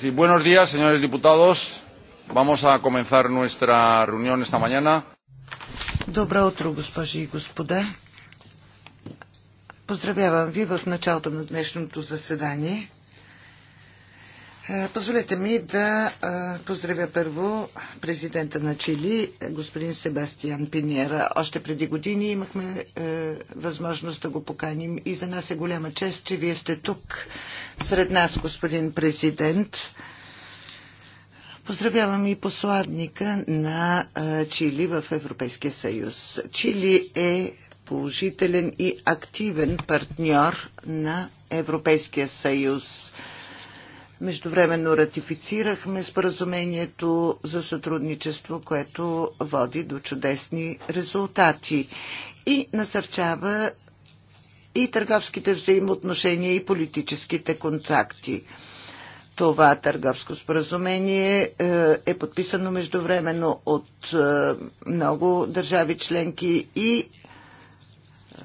Sí, buenos días, señores diputados. Vamos a comenzar nuestra reunión esta mañana. Доброе утро, госпожи и господа. Поздравявам ви в началото на днешното заседание. Е, позволете ми да е, поздравя първо президента на Чили, господин Себастиан Пиньера. Още преди години имахме е, възможност да го поканим и за нас е голяма чест, че вие сте тук сред нас, господин президент. Поздравявам и посладника на Чили в Европейския съюз. Чили е положителен и активен партньор на Европейския съюз. Междувременно ратифицирахме споразумението за сътрудничество, което води до чудесни резултати и насърчава и търговските взаимоотношения и политическите контакти. Това търговско споразумение е, е подписано междувременно от е, много държави членки и е,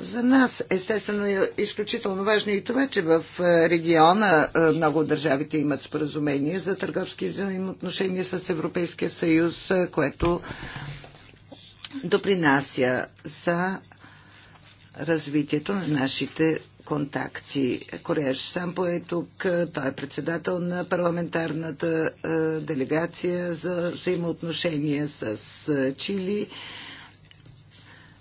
за нас, естествено, е изключително важно и това, че в е, региона е, много от държавите имат споразумение за търговски взаимоотношения с Европейския съюз, е, което допринася за развитието на нашите контакти. Кореш Сампо е тук. Той е председател на парламентарната делегация за взаимоотношения с Чили.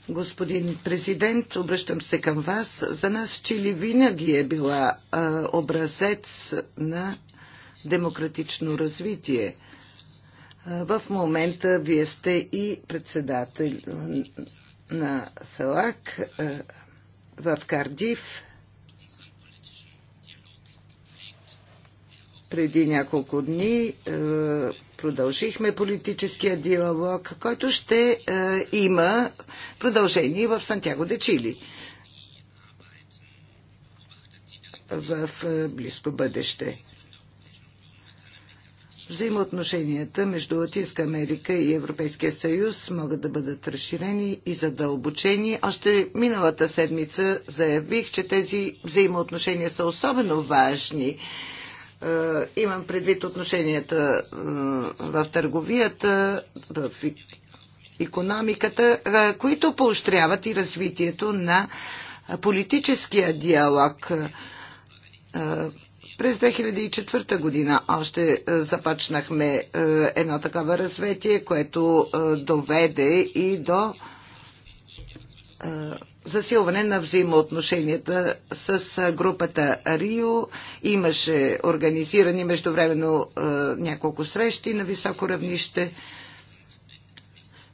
Господин президент, обръщам се към вас. За нас Чили винаги е била а, образец на демократично развитие. А, в момента вие сте и председател на ФЕЛАК в Кардив. Преди няколко дни а, Продължихме политическия диалог, който ще е, има продължение в Сантяго де Чили в е, близко бъдеще. Взаимоотношенията между Латинска Америка и Европейския съюз могат да бъдат разширени и задълбочени. Още миналата седмица заявих, че тези взаимоотношения са особено важни е, имам предвид отношенията в търговията, в економиката, е, които поощряват и развитието на политическия диалог. Е, през 2004 година още започнахме едно такова развитие, което доведе и до засилване на взаимоотношенията с групата Рио. Имаше организирани междувременно няколко срещи на високо равнище.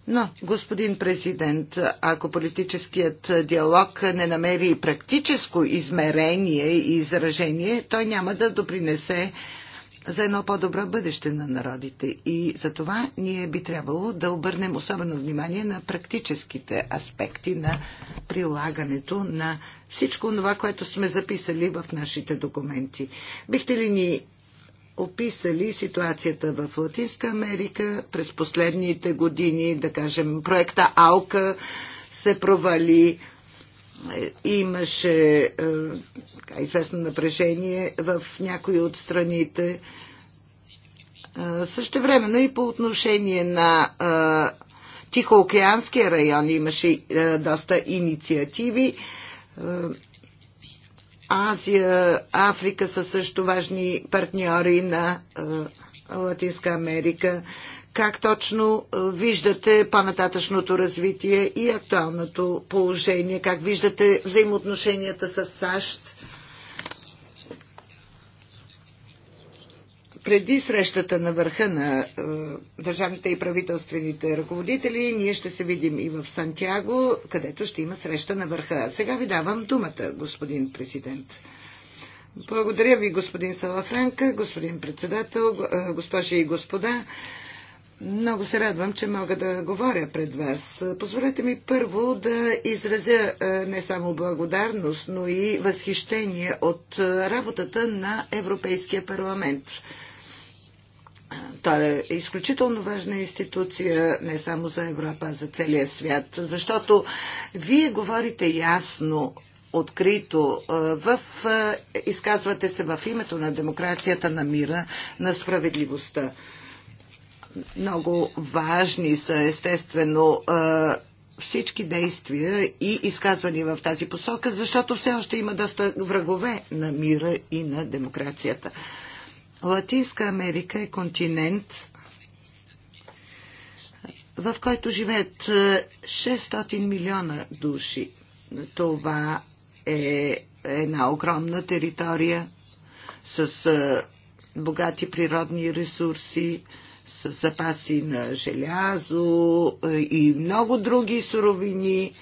Но, господин президент, ако политическият диалог не намери практическо измерение и изражение, той няма да допринесе за едно по-добро бъдеще на народите. И за това ние би трябвало да обърнем особено внимание на практическите аспекти на прилагането на всичко това, което сме записали в нашите документи. Бихте ли ни описали ситуацията в Латинска Америка през последните години, да кажем, проекта АЛКА се провали, имаше е, така, известно напрежение в някои от страните. Също времено и по отношение на Тихоокеанския район имаше доста инициативи. Азия, Африка са също важни партньори на Латинска Америка. Как точно виждате по-нататъчното развитие и актуалното положение? Как виждате взаимоотношенията с САЩ? преди срещата на върха на е, държавните и правителствените ръководители. Ние ще се видим и в Сантьяго, където ще има среща на върха. Сега ви давам думата, господин президент. Благодаря ви, господин Салафранка, господин председател, е, госпожи и господа. Много се радвам, че мога да говоря пред вас. Позволете ми първо да изразя е, не само благодарност, но и възхищение от е, работата на Европейския парламент. Той е изключително важна институция не само за Европа, а за целия свят, защото вие говорите ясно, открито, в, изказвате се в името на демокрацията, на мира, на справедливостта. Много важни са, естествено, всички действия и изказвания в тази посока, защото все още има доста врагове на мира и на демокрацията. Латинска Америка е континент, в който живеят 600 е, милиона души. Това е една огромна територия с е, богати природни ресурси, с запаси на желязо е, и много други суровини.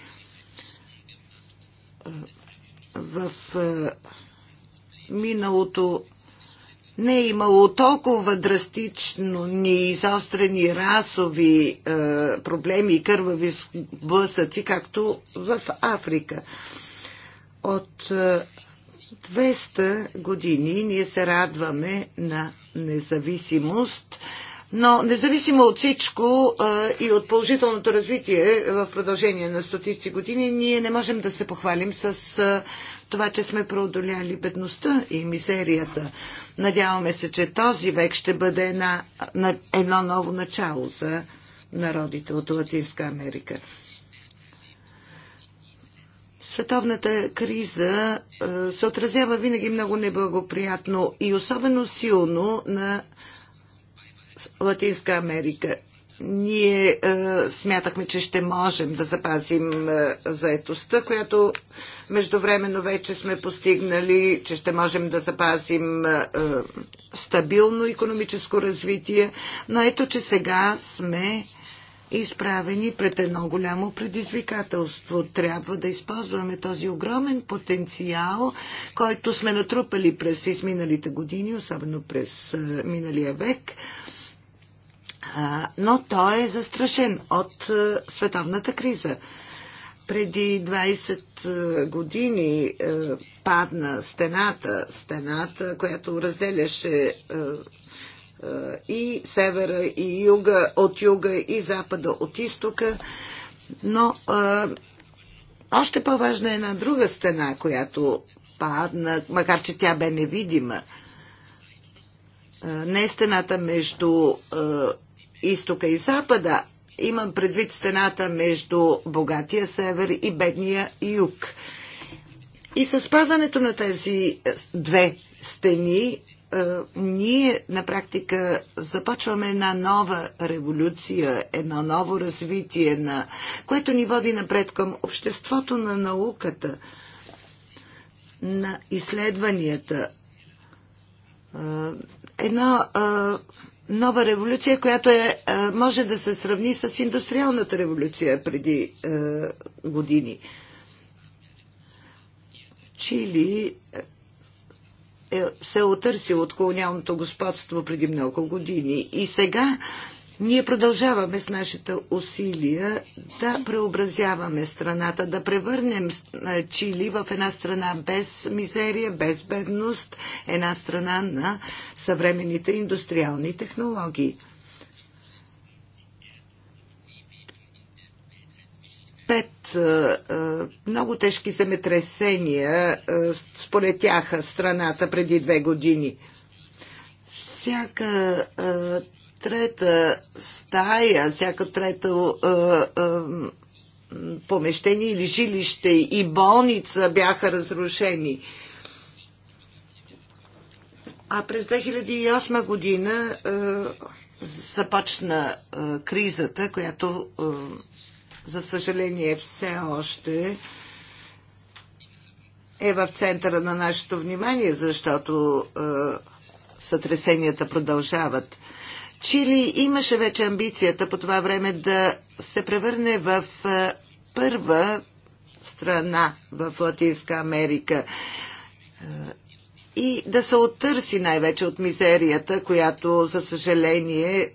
В миналото не е имало толкова драстично ни изострени расови е, проблеми и кървави сблъсъци, както в Африка. От е, 200 години ние се радваме на независимост, но независимо от всичко е, и от положителното развитие в продължение на стотици години, ние не можем да се похвалим с е, това, че сме преодоляли бедността и мизерията. Надяваме се, че този век ще бъде една, едно ново начало за народите от Латинска Америка. Световната криза е, се отразява винаги много неблагоприятно и особено силно на Латинска Америка ние е, смятахме, че ще можем да запазим е, заетостта, която междувременно вече сме постигнали, че ще можем да запазим е, е стабилно економическо развитие, но ето, че сега сме изправени пред едно голямо предизвикателство. Трябва да използваме този огромен потенциал, който сме натрупали през изминалите години, особено през е, миналия век но той е застрашен от е, световната криза. Преди 20 е, години е, падна стената, стената, която разделяше и севера, и юга, от юга, и запада, от изтока. Но още по-важна е една друга стена, която падна, макар че тя бе невидима. Не е стената между изтока и запада. Имам предвид стената между богатия север и бедния юг. И с падането на тези е, две стени е, ние на практика започваме една нова революция, едно ново развитие, на, което ни води напред към обществото на науката, на изследванията. Е, едно нова революция, която е, е, може да се сравни с индустриалната революция преди е, години. Чили е, се отърси от колониалното господство преди много години и сега ние продължаваме с нашите усилия да преобразяваме страната, да превърнем е, Чили в една страна без мизерия, без бедност, една страна на съвременните индустриални технологии. пет е, е, много тежки земетресения сполетяха страната преди две години. Всяка трета стая, всяка трета помещение или жилище и болница бяха разрушени. А през 2008 година е, започна е, кризата, която е, за съжаление все още е в центъра на нашето внимание, защото е, сътресенията продължават. Чили имаше вече амбицията по това време да се превърне в е, първа страна в Латинска Америка е, и да се оттърси най-вече от мизерията, която, за съжаление,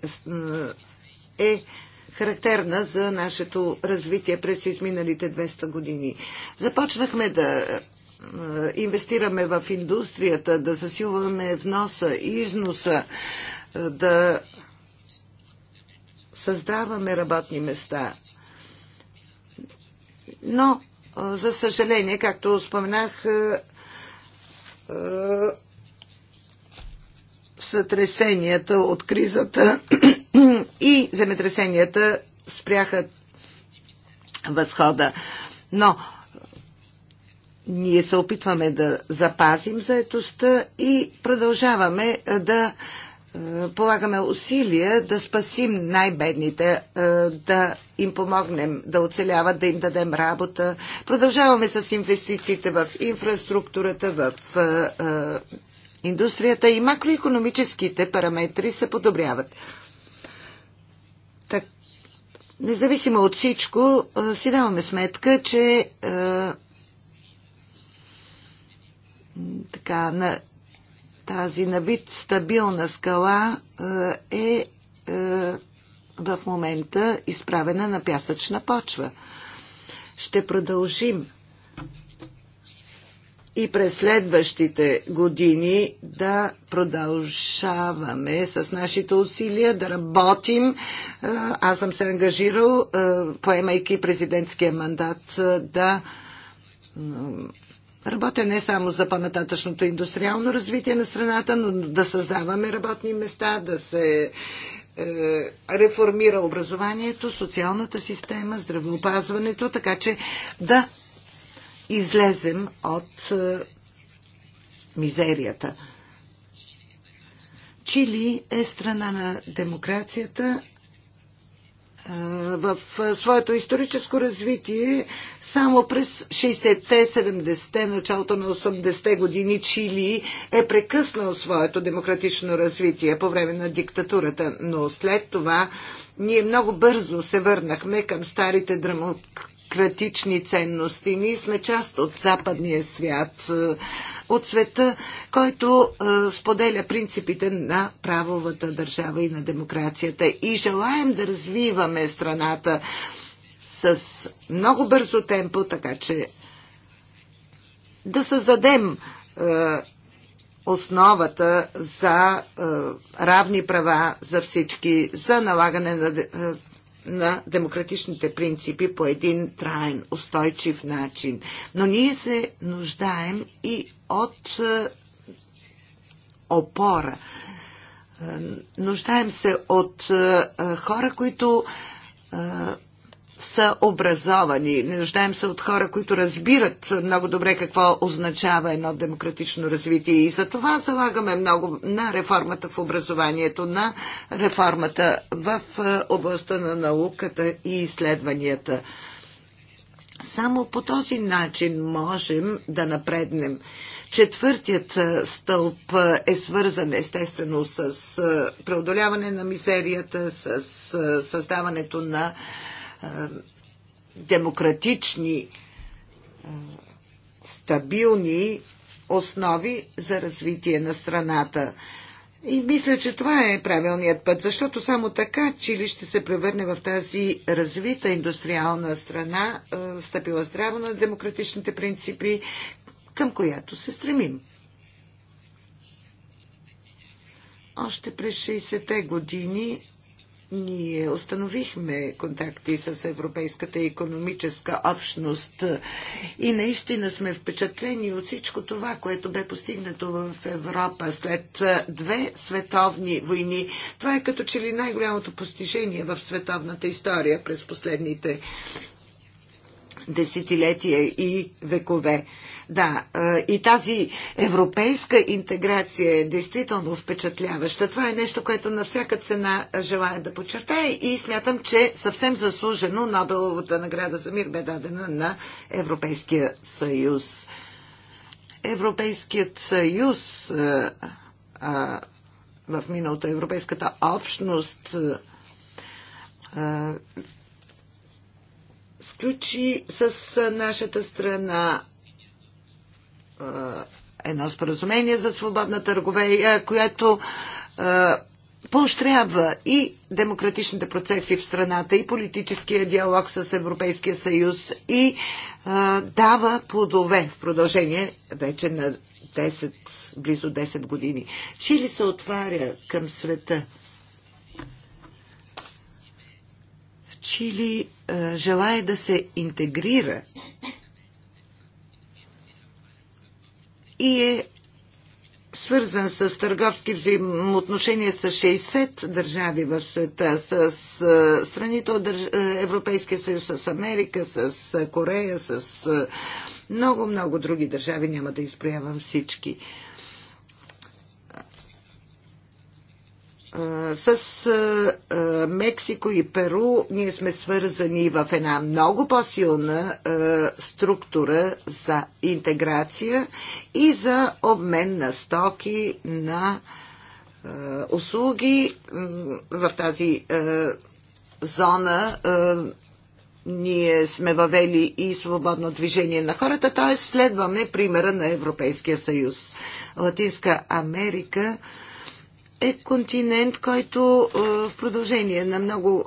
е характерна за нашето развитие през изминалите 200 години. Започнахме да е, инвестираме в индустрията, да засилваме вноса, износа, да създаваме работни места. Но, за съжаление, както споменах, сътресенията от кризата и земетресенията спряха възхода. Но ние се опитваме да запазим заетостта и продължаваме да полагаме усилия да спасим най-бедните, е, да им помогнем да оцеляват, да им дадем работа. Продължаваме с инвестициите в инфраструктурата, в е, е, индустрията и макроекономическите параметри се подобряват. Так, независимо от всичко, си даваме сметка, че така, на тази на вид стабилна скала е, е, е в момента изправена на пясъчна почва. Ще продължим и през следващите години да продължаваме с нашите усилия, да работим. Е, аз съм се ангажирал, поемайки президентския мандат, да работя не само за по-нататъчното индустриално развитие на страната, но да създаваме работни места, да се е, реформира образованието, социалната система, здравеопазването, така че да излезем от е, мизерията. Чили е страна на демокрацията в своето историческо развитие само през 60-те, 70-те, началото на 80-те години Чили е прекъснал своето демократично развитие по време на диктатурата, но след това ние много бързо се върнахме към старите демократични ценности. Ние сме част от западния свят от света, който споделя принципите на правовата държава и на демокрацията. И желаем да развиваме страната с много бързо темпо, така че да създадем основата за равни права за всички, за налагане на на демократичните принципи по един траен, устойчив начин. Но ние се нуждаем и от е, опора. Е, нуждаем се от е, хора, които са образовани. Не нуждаем се от хора, които разбират много добре какво означава едно демократично развитие. И за това залагаме много на реформата в образованието, на реформата в е, областта на науката и изследванията. Само по този начин можем да напреднем. Четвъртият е, стълб е, е свързан естествено с преодоляване на мизерията, с създаването на демократични, стабилни основи за развитие на страната. И мисля, че това е правилният път, защото само така Чили ще се превърне в тази развита индустриална страна, стъпила здраво на демократичните принципи, към която се стремим. Още през 60-те години ние установихме контакти с Европейската економическа общност и наистина сме впечатлени от всичко това, което бе постигнато в Европа след две световни войни. Това е като че ли най-голямото постижение в световната история през последните десетилетия и векове. Да, и тази европейска интеграция е действително впечатляваща. Това е нещо, което на всяка цена желая да подчертая и смятам, че съвсем заслужено Нобеловата награда за мир бе дадена на Европейския съюз. Европейският съюз в миналото Европейската общност сключи с нашата страна е, едно споразумение за свободна търговия, е, което е, поощрява и демократичните процеси в страната, и политическия диалог с Европейския съюз, и а, дава плодове в продължение вече на 10, близо 10 години. Чили се отваря към света. Чили а, желая да се интегрира и е свързан с търговски взаимоотношения с 60 държави в света, с страните от Европейския съюз, с Америка, с Корея, с много-много други държави. Няма да изброявам всички. с Мексико и Перу ние сме свързани в една много по-силна структура за интеграция и за обмен на стоки, на услуги в тази зона ние сме въвели и свободно движение на хората, т.е. следваме примера на Европейския съюз. Латинска Америка е континент, който е, в продължение на много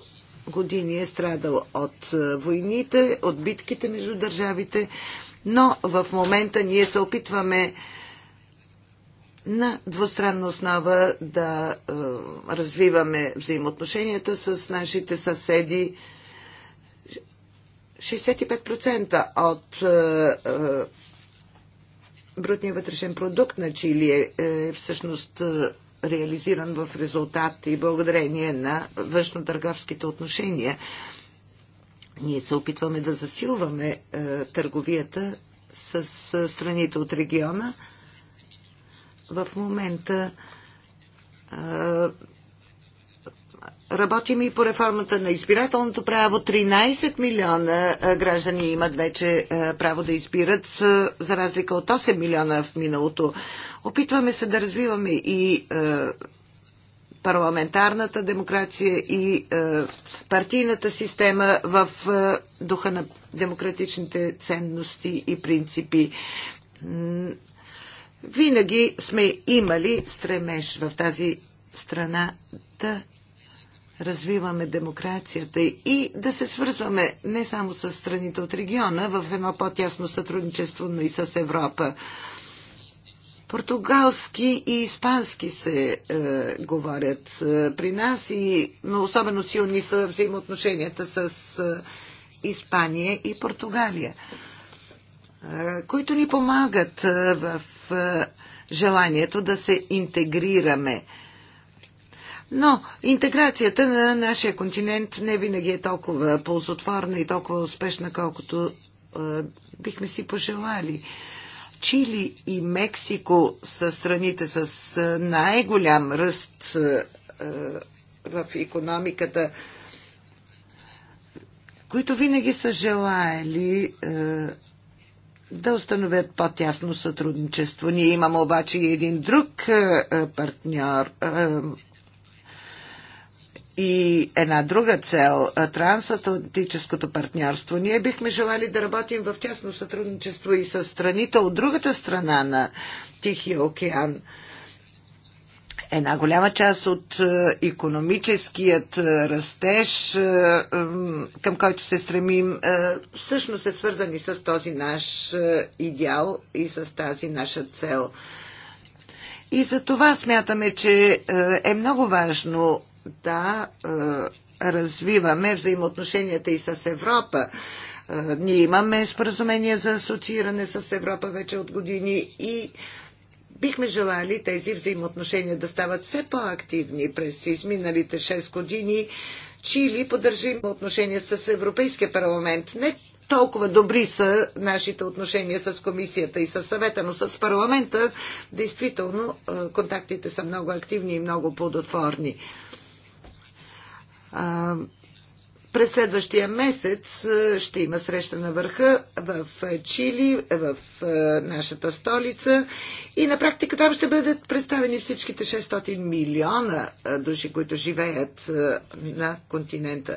години е страдал от е, войните, от битките между държавите, но в момента ние се опитваме на двустранна основа да е, развиваме взаимоотношенията с нашите съседи. 65% от е, е, брутния вътрешен продукт на Чили е, е всъщност е, реализиран в резултат и благодарение на външно-търговските отношения. Ние се опитваме да засилваме е, търговията с е, страните от региона. В момента е, Работим и по реформата на избирателното право. 13 милиона граждани имат вече право да избират, за разлика от 8 милиона в миналото. Опитваме се да развиваме и парламентарната демокрация и партийната система в духа на демократичните ценности и принципи. Винаги сме имали стремеж в тази страна да развиваме демокрацията и да се свързваме не само с страните от региона в едно по-тясно сътрудничество, но и с Европа. Португалски и испански се е, говорят е, при нас, и, но особено силни са взаимоотношенията с е, Испания и Португалия, е, които ни помагат е, в е, желанието да се интегрираме. Е, но интеграцията на нашия континент не винаги е толкова ползотворна и толкова успешна, колкото е, бихме си пожелали. Чили и Мексико са страните с е, най-голям ръст е, е в економиката, които винаги са желаели е, да установят по-тясно сътрудничество. Ние имаме обаче и един друг е, партньор, и една друга цел трансатлантическото партньорство. Ние бихме желали да работим в тясно сътрудничество и с страните от другата страна на Тихия океан. Една голяма част от економическият растеж, към който се стремим, всъщност е свързани с този наш идеал и с тази наша цел. И за това смятаме, че е много важно да е, развиваме взаимоотношенията и с Европа. Е, ние имаме споразумение за асоцииране с Европа вече от години и бихме желали тези взаимоотношения да стават все по-активни през изминалите 6 години. Чили поддържим отношения с Европейския парламент. Не толкова добри са нашите отношения с комисията и с съвета, но с парламента действително е, контактите са много активни и много плодотворни. През следващия месец ще има среща на върха в Чили, в нашата столица и на практика там ще бъдат представени всичките 600 милиона души, които живеят на континента.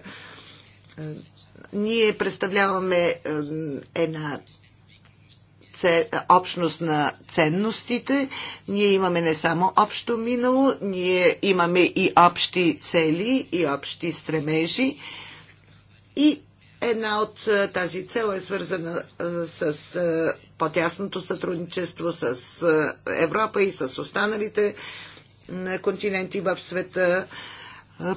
Ние представляваме една общност на ценностите. Ние имаме не само общо минало, ние имаме и общи цели, и общи стремежи. И една от тази цел е свързана с по-тясното сътрудничество с Европа и с останалите континенти в света.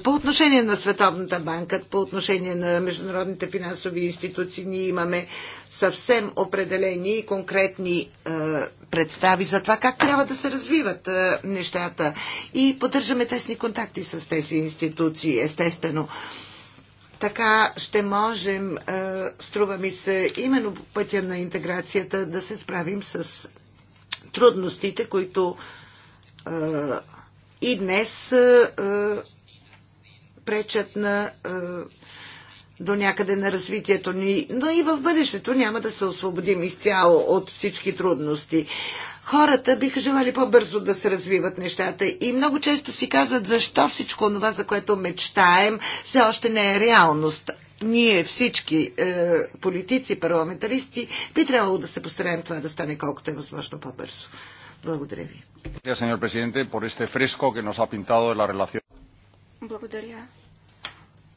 По отношение на Световната банка, по отношение на международните финансови институции, ние имаме съвсем определени и конкретни е, представи за това как трябва да се развиват е, нещата. И поддържаме тесни контакти с тези институции, естествено. Така ще можем, е, струва ми се, именно по пътя на интеграцията да се справим с трудностите, които е, и днес. Е, пречат на е, до някъде на развитието ни, но и в бъдещето няма да се освободим изцяло от всички трудности. Хората биха желали по-бързо да се развиват нещата и много често си казват защо всичко това, за което мечтаем, все още не е реалност. Ние всички е, политици, парламентаристи, би трябвало да се постараем това да стане колкото е възможно по-бързо. Благодаря ви. Señor presidente, por este fresco que nos ha pintado la relación. Благодаря,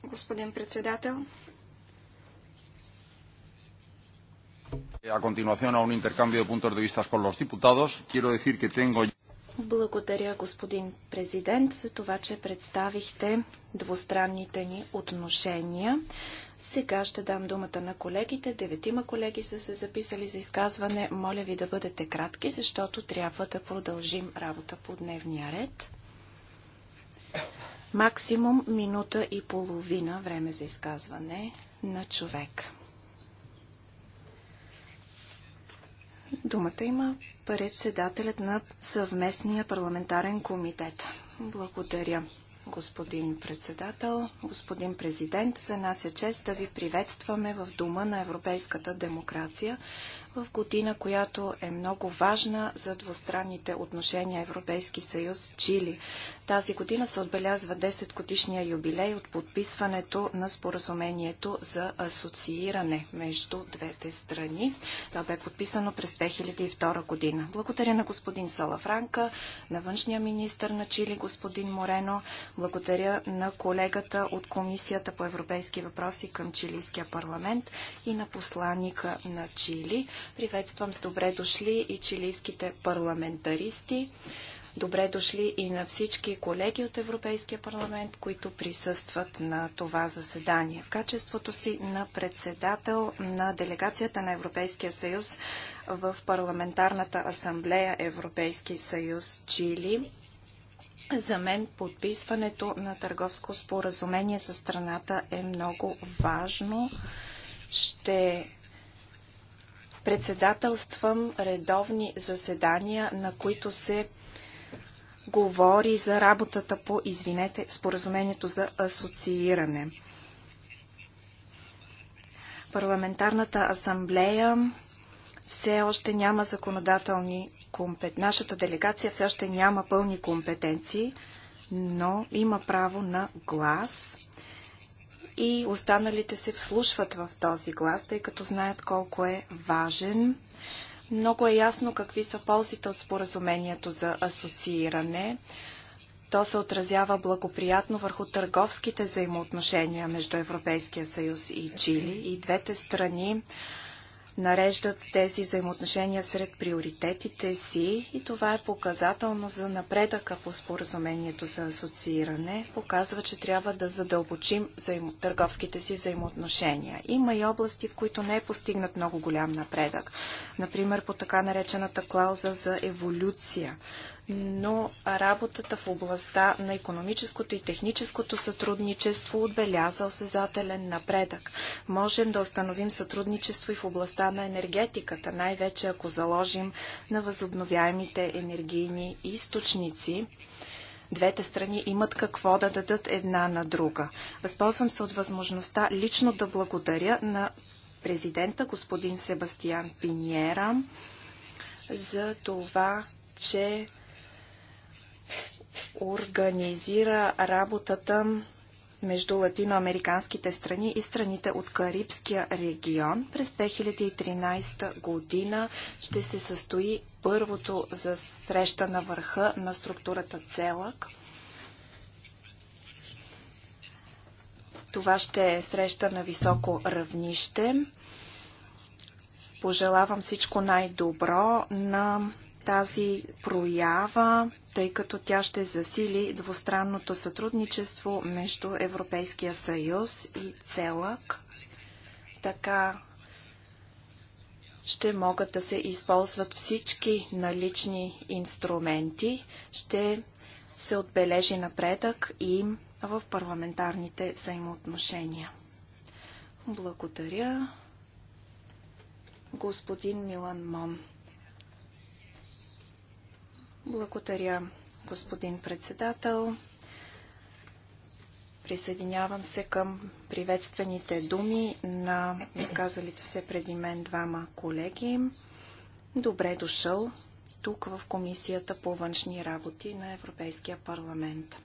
господин председател. A continuación a un intercambio de puntos de vista con los diputados, quiero decir que tengo... Благодаря, господин президент, за това, че представихте двустранните ни отношения. Сега ще дам думата на колегите. Деветима колеги са се записали за изказване. Моля ви да бъдете кратки, защото трябва да продължим работа по дневния ред. Максимум минута и половина време за изказване на човек. Думата има председателят на съвместния парламентарен комитет. Благодаря, господин председател, господин президент. За нас е чест да ви приветстваме в Дума на европейската демокрация в година, която е много важна за двустранните отношения Европейски съюз Чили. Тази година се отбелязва 10 годишния юбилей от подписването на споразумението за асоцииране между двете страни. Това бе подписано през 2002 година. Благодаря на господин Салафранка, на външния министр на Чили господин Морено, благодаря на колегата от Комисията по европейски въпроси към Чилийския парламент и на посланника на Чили. Приветствам с добре дошли и чилийските парламентаристи. Добре дошли и на всички колеги от Европейския парламент, които присъстват на това заседание. В качеството си на председател на делегацията на Европейския съюз в Парламентарната асамблея Европейски съюз Чили, за мен подписването на търговско споразумение с страната е много важно. Ще Председателствам редовни заседания, на които се говори за работата по, извинете, споразумението за асоцииране. Парламентарната асамблея все още няма законодателни компетенции. Нашата делегация все още няма пълни компетенции, но има право на глас и останалите се вслушват в този глас, тъй като знаят колко е важен. Много е ясно какви са ползите от споразумението за асоцииране. То се отразява благоприятно върху търговските взаимоотношения между Европейския съюз и Чили. И двете страни нареждат тези взаимоотношения сред приоритетите си и това е показателно за напредъка по споразумението за асоцииране. Показва, че трябва да задълбочим взаимо... търговските си взаимоотношения. Има и области, в които не е постигнат много голям напредък. Например, по така наречената клауза за еволюция но работата в областта на економическото и техническото сътрудничество отбеляза осезателен напредък. Можем да установим сътрудничество и в областта на енергетиката, най-вече ако заложим на възобновяемите енергийни източници двете страни имат какво да дадат една на друга. Възползвам се от възможността лично да благодаря на президента господин Себастиан Пиньера за това, че организира работата между латиноамериканските страни и страните от Карибския регион. През 2013 година ще се състои първото за среща на върха на структурата ЦЕЛАК. Това ще е среща на високо равнище. Пожелавам всичко най-добро на тази проява, тъй като тя ще засили двустранното сътрудничество между Европейския съюз и ЦЕЛАК. Така ще могат да се използват всички налични инструменти, ще се отбележи напредък и в парламентарните взаимоотношения. Благодаря. Господин Милан Мон. Благодаря, господин председател. Присъединявам се към приветствените думи на изказалите се преди мен двама колеги. Добре дошъл тук в Комисията по външни работи на Европейския парламент.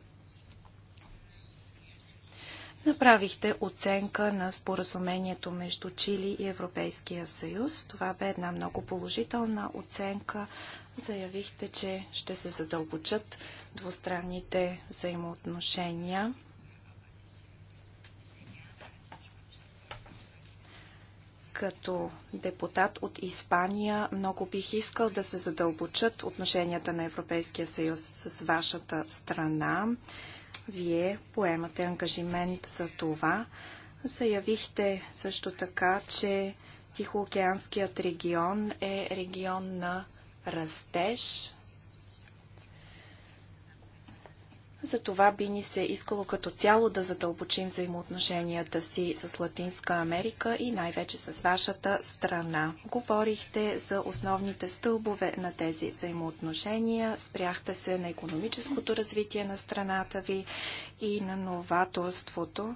Направихте оценка на споразумението между Чили и Европейския съюз. Това бе една много положителна оценка заявихте, че ще се задълбочат двустранните взаимоотношения. Като депутат от Испания много бих искал да се задълбочат отношенията на Европейския съюз с вашата страна. Вие поемате ангажимент за това. Заявихте също така, че Тихоокеанският регион е регион на растеж. За това би ни се искало като цяло да задълбочим взаимоотношенията си с Латинска Америка и най-вече с вашата страна. Говорихте за основните стълбове на тези взаимоотношения, спряхте се на економическото развитие на страната ви и на новаторството.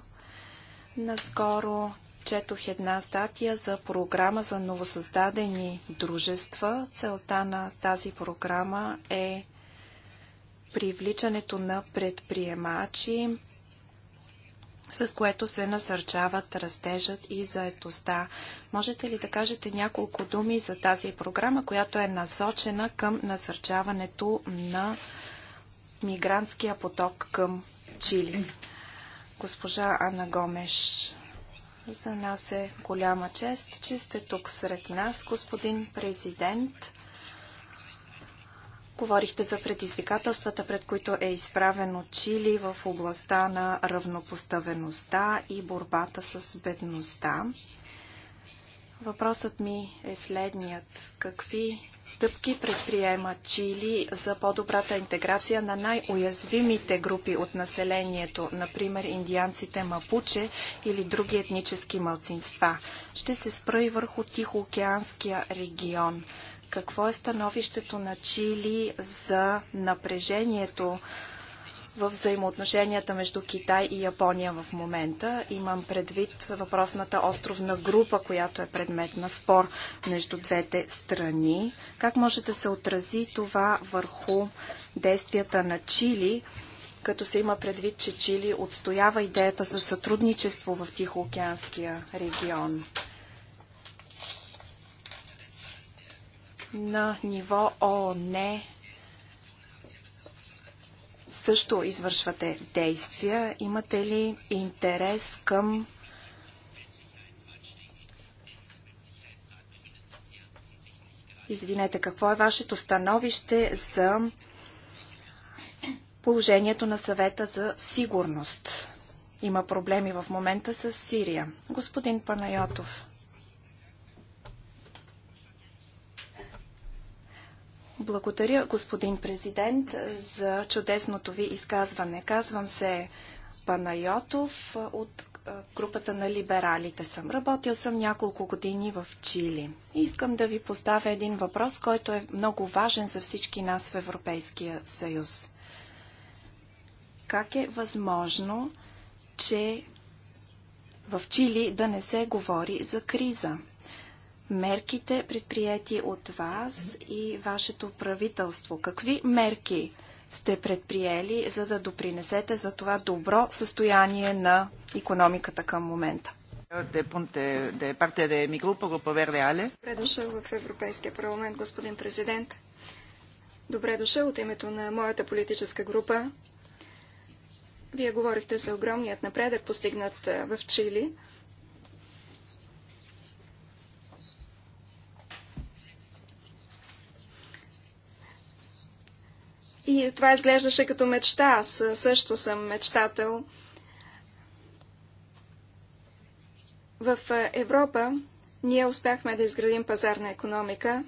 Наскоро четох една статия за програма за новосъздадени дружества. Целта на тази програма е привличането на предприемачи, с което се насърчават растежът и заетостта. Можете ли да кажете няколко думи за тази програма, която е насочена към насърчаването на мигрантския поток към Чили? Госпожа Анна Гомеш. За нас е голяма чест, че сте тук сред нас, господин президент. Говорихте за предизвикателствата, пред които е изправено Чили в областта на равнопоставеността и борбата с бедността. Въпросът ми е следният. Какви стъпки предприема Чили за по-добрата интеграция на най-уязвимите групи от населението, например индианците мапуче или други етнически малцинства? Ще се спра и върху Тихоокеанския регион. Какво е становището на Чили за напрежението в взаимоотношенията между Китай и Япония в момента. Имам предвид въпросната островна група, която е предмет на спор между двете страни. Как може да се отрази това върху действията на Чили, като се има предвид, че Чили отстоява идеята за сътрудничество в Тихоокеанския регион? На ниво ООН също извършвате действия. Имате ли интерес към Извинете, какво е вашето становище за положението на съвета за сигурност? Има проблеми в момента с Сирия. Господин Панайотов. Благодаря, господин президент, за чудесното ви изказване. Казвам се Панайотов от групата на либералите съм. Работил съм няколко години в Чили. И искам да ви поставя един въпрос, който е много важен за всички нас в Европейския съюз. Как е възможно, че в Чили да не се говори за криза? мерките, предприяти от вас и вашето правителство. Какви мерки сте предприели, за да допринесете за това добро състояние на економиката към момента? Добре дошъл в Европейския парламент, господин президент. Добре дошъл от името на моята политическа група. Вие говорихте за огромният напредък, постигнат в Чили – И това изглеждаше като мечта. Аз също съм мечтател. В Европа ние успяхме да изградим пазарна економика.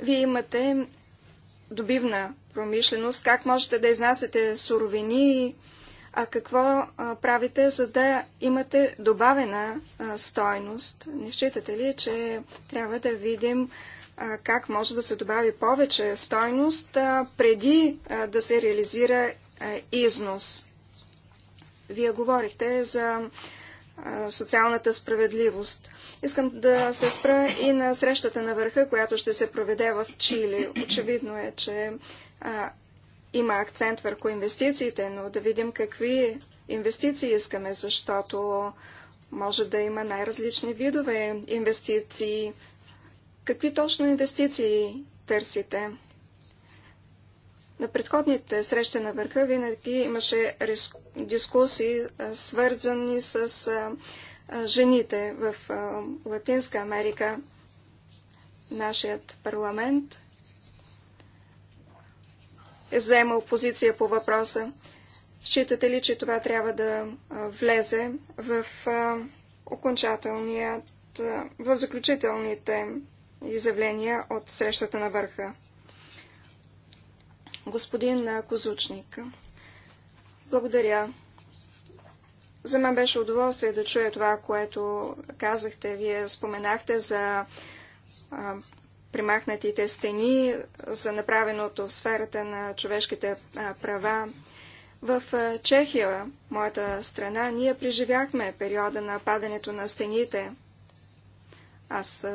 Вие имате добивна промишленост. Как можете да изнасяте суровини, а какво правите, за да имате добавена стойност? Не считате ли, че трябва да видим как може да се добави повече стойност преди да се реализира износ? Вие говорихте за социалната справедливост. Искам да се спра и на срещата на върха, която ще се проведе в Чили. Очевидно е, че има акцент върху инвестициите, но да видим какви инвестиции искаме, защото може да има най-различни видове инвестиции. Какви точно инвестиции търсите? На предходните срещи на върха винаги имаше дискусии, свързани с жените в Латинска Америка. Нашият парламент е заемал позиция по въпроса. Считате ли, че това трябва да влезе в окончателният, в заключителните изявления от срещата на върха? Господин Козучник, благодаря. За мен беше удоволствие да чуя това, което казахте. Вие споменахте за примахнатите стени за направеното в сферата на човешките права. В Чехия, моята страна, ние преживяхме периода на падането на стените. Аз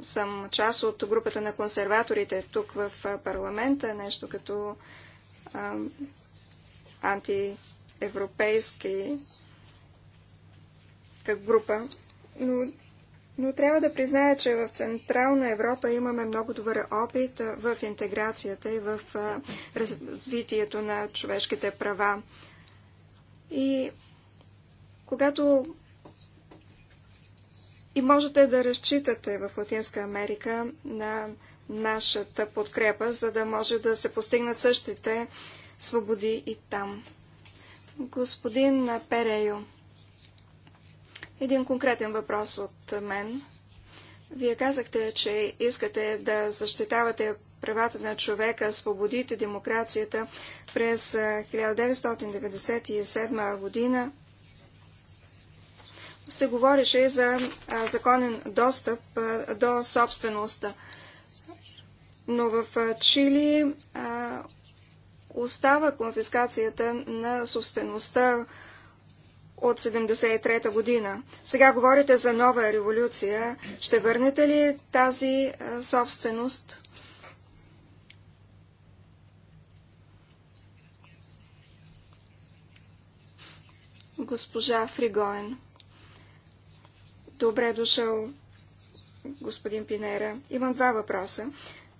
съм част от групата на консерваторите тук в парламента, нещо като а, антиевропейски как група. Но но трябва да призная, че в Централна Европа имаме много добър опит в интеграцията и в развитието на човешките права. И когато и можете да разчитате в Латинска Америка на нашата подкрепа, за да може да се постигнат същите свободи и там. Господин Перейо. Един конкретен въпрос от мен. Вие казахте, че искате да защитавате правата на човека, свободите, демокрацията през 1997 година се говореше за законен достъп до собствеността. Но в Чили остава конфискацията на собствеността, от 73-та година. Сега говорите за нова революция. Ще върнете ли тази е, собственост? Госпожа Фригоен. Добре дошъл, господин Пинера. Имам два въпроса.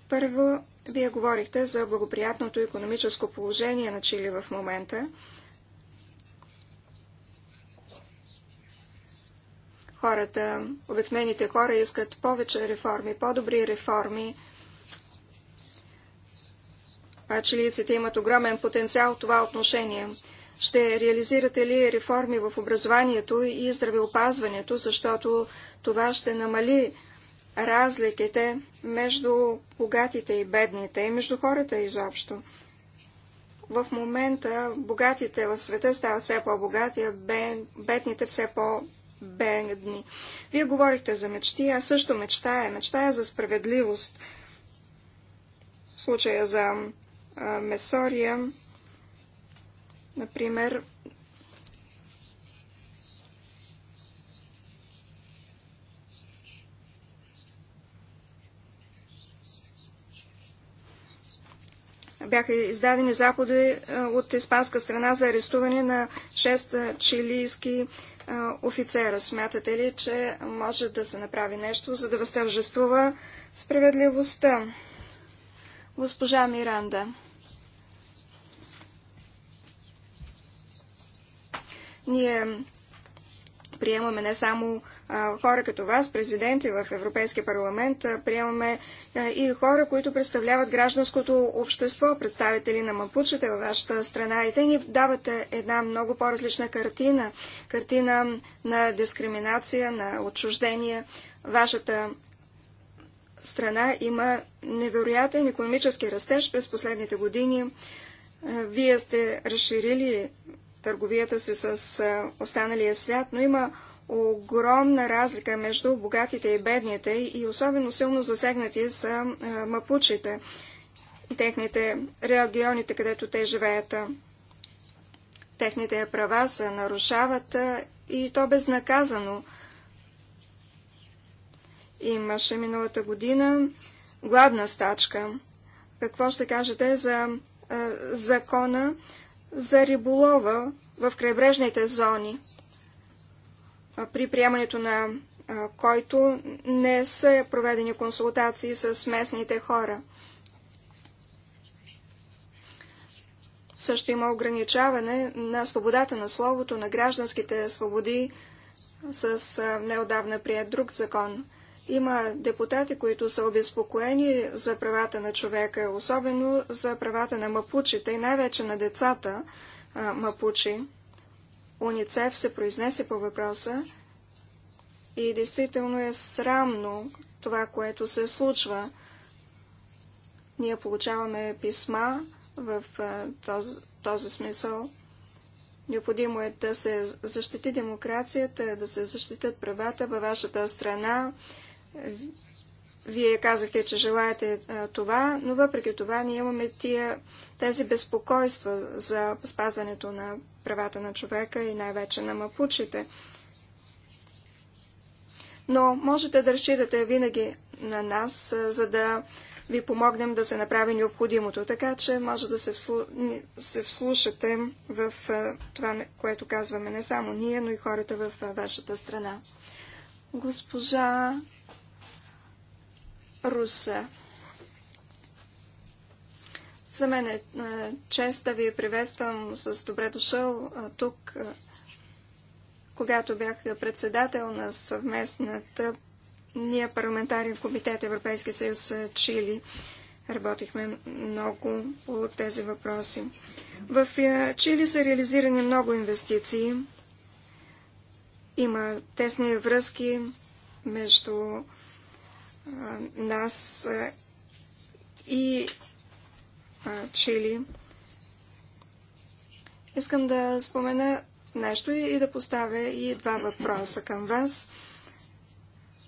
Първо, вие говорихте за благоприятното економическо положение на Чили в момента. Хората, обикновените хора искат повече реформи, по-добри реформи. А чилийците имат огромен потенциал в това отношение. Ще реализирате ли реформи в образованието и здравеопазването, защото това ще намали разликите между богатите и бедните и между хората изобщо. В момента богатите в света стават все по-богати, а бедните все по бедни. Вие говорихте за мечти, аз също мечтая. Е мечтая за справедливост. В случая за а, Месория, например, бяха издадени заходи от испанска страна за арестуване на 6 чилийски офицера. Смятате ли, че може да се направи нещо, за да възтържествува справедливостта? Госпожа Миранда. Ние приемаме не само хора като вас, президенти в Европейския парламент, приемаме и хора, които представляват гражданското общество, представители на мапучите във вашата страна и те ни дават една много по-различна картина, картина на дискриминация, на отчуждение. Вашата страна има невероятен економически растеж през последните години. Вие сте разширили търговията си с останалия свят, но има огромна разлика между богатите и бедните и особено силно засегнати са мапучите и техните регионите, където те живеят. Техните права се нарушават и то безнаказано. Имаше миналата година гладна стачка. Какво ще кажете за закона за риболова в крайбрежните зони? при приемането на който не са проведени консултации с местните хора. Също има ограничаване на свободата на словото, на гражданските свободи с неодавна прият друг закон. Има депутати, които са обезпокоени за правата на човека, особено за правата на мапучите и най-вече на децата мапучи. УНИЦЕФ се произнесе по въпроса и действително е срамно това, което се случва. Ние получаваме писма в този, този смисъл. Необходимо е да се защити демокрацията, да се защитят правата във вашата страна. Вие казахте, че желаете а, това, но въпреки това ние имаме тия, тези безпокойства за спазването на правата на човека и най-вече на мапучите. Но можете да разчитате винаги на нас, а, за да ви помогнем да се направи необходимото. Така че може да се, вслу... се вслушате в а, това, което казваме не само ние, но и хората в вашата страна. Госпожа Руса. За мен е, е чест да ви приветствам с добре дошъл тук, когато бях председател на съвместната ние парламентарен комитет Европейски съюз Чили. Работихме много по тези въпроси. В е, Чили са реализирани много инвестиции. Има тесни връзки между нас и Чили. Искам да спомена нещо и да поставя и два въпроса към вас.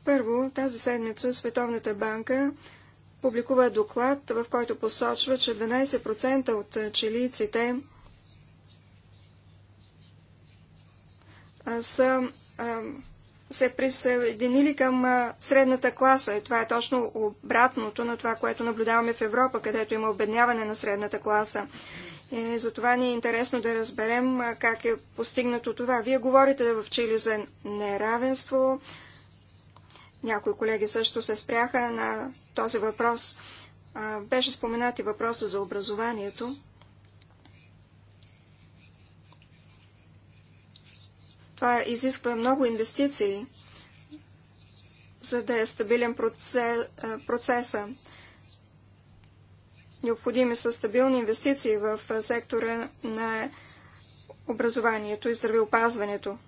Първо, тази седмица Световната банка публикува доклад, в който посочва, че 12% от чилийците са се присъединили към средната класа. И това е точно обратното на това, което наблюдаваме в Европа, където има обедняване на средната класа. И затова ни е интересно да разберем как е постигнато това. Вие говорите в Чили за неравенство. Някои колеги също се спряха на този въпрос. Беше споменати въпроса за образованието. Това изисква много инвестиции, за да е стабилен процес, процеса. Необходими са стабилни инвестиции в сектора на образованието и здравеопазването.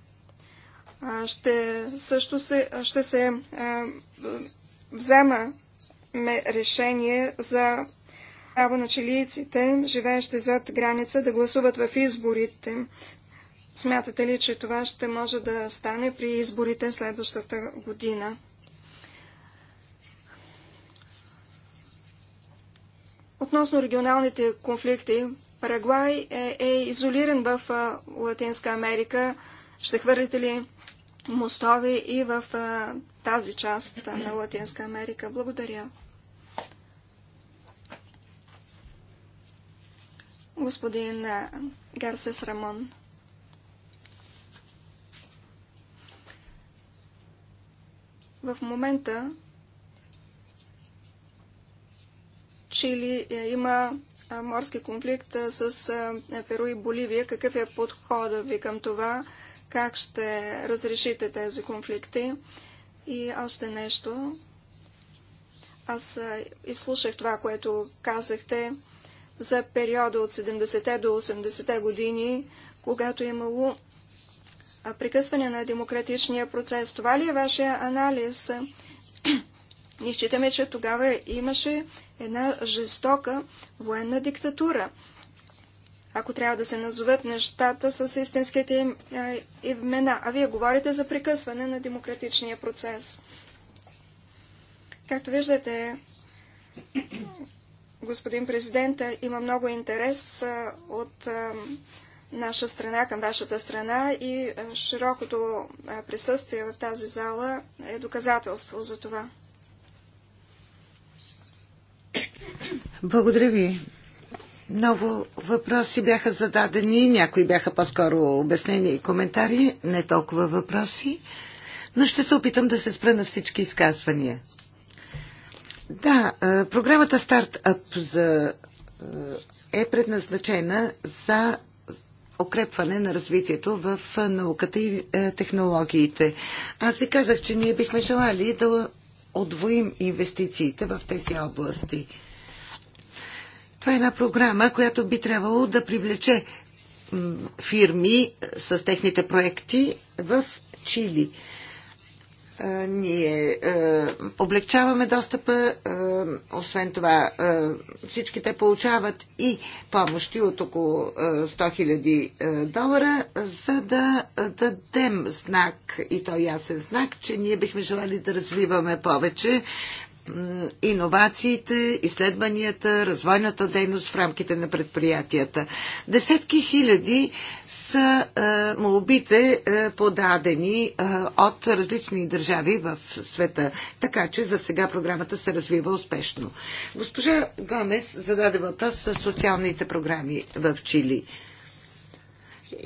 Ще също се, ще се взема решение за право на чилийците, живеещи зад граница, да гласуват в изборите. Смятате ли, че това ще може да стане при изборите следващата година? Относно регионалните конфликти, Парагвай е, е изолиран в а, Латинска Америка. Ще хвърлите ли мостови и в а, тази част на Латинска Америка? Благодаря. Господин Гарсес Рамон. В момента Чили е, има морски конфликт с Перу и Боливия. Какъв е подходът ви към това? Как ще разрешите тези конфликти? И още нещо. Аз изслушах това, което казахте за периода от 70-те до 80-те години, когато е имало прекъсване на демократичния процес. Това ли е вашия анализ? Ние считаме, че тогава имаше една жестока военна диктатура. Ако трябва да се назоват нещата с истинските им имена. А вие говорите за прекъсване на демократичния процес. Както виждате, господин президента има много интерес от наша страна към вашата страна и е, широкото е, присъствие в тази зала е доказателство за това. Благодаря ви. Много въпроси бяха зададени, някои бяха по-скоро обяснения и коментари, не толкова въпроси, но ще се опитам да се спра на всички изказвания. Да, е, програмата Startup за, е предназначена за укрепване на развитието в науката и е, технологиите. Аз ви казах, че ние бихме желали да отвоим инвестициите в тези области. Това е една програма, която би трябвало да привлече фирми е, с техните проекти в Чили. Е, ние е, облегчаваме достъпа. Е, освен това, всички те получават и помощи от около 100 000 долара, за да дадем знак, и то ясен знак, че ние бихме желали да развиваме повече иновациите, изследванията, развойната дейност в рамките на предприятията. Десетки хиляди са е, молбите е, подадени е, от различни държави в света, така че за сега програмата се развива успешно. Госпожа Гомес зададе въпрос за социалните програми в Чили.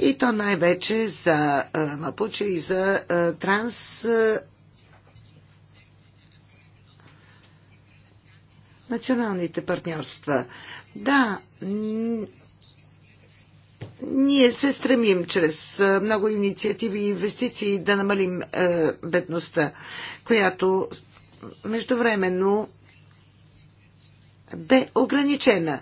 И то най-вече за Мапуче и за транс националните партньорства. Да, ние се стремим чрез много инициативи и инвестиции да намалим е, бедността, която междувременно бе ограничена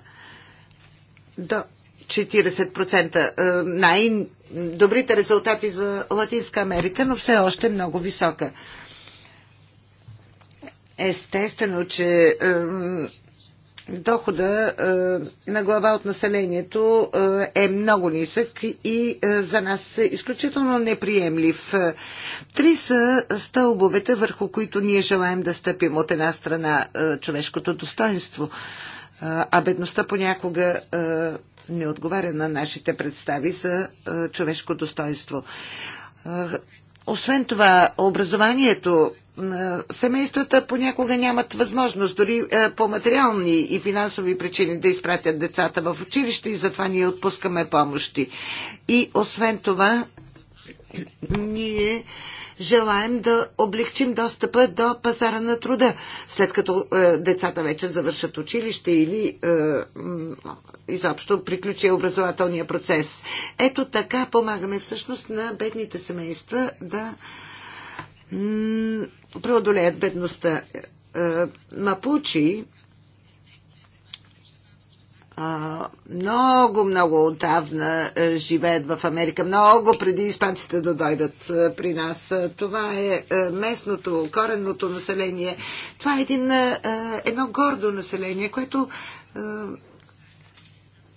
до 40%. най-добрите резултати за Латинска Америка, но все още много висока. Естествено, че дохода е, на глава от населението е, е много нисък и е, за нас е изключително неприемлив. Три са стълбовете, върху които ние желаем да стъпим от една страна човешкото достоинство, а бедността понякога не отговаря на нашите представи за човешко достоинство. Освен това, образованието семействата понякога нямат възможност дори по материални и финансови причини да изпратят децата в училище и затова ние отпускаме помощи. И освен това, ние желаем да облегчим достъпа до пазара на труда, след като е, децата вече завършат училище или е, изобщо приключи образователния процес. Ето така помагаме всъщност на бедните семейства да е, преодолеят бедността. Е, Мапучи много, много отдавна е, живеят в Америка, много преди испанците да дойдат е, при нас. Това е местното, коренното население. Това е един, едно гордо население, което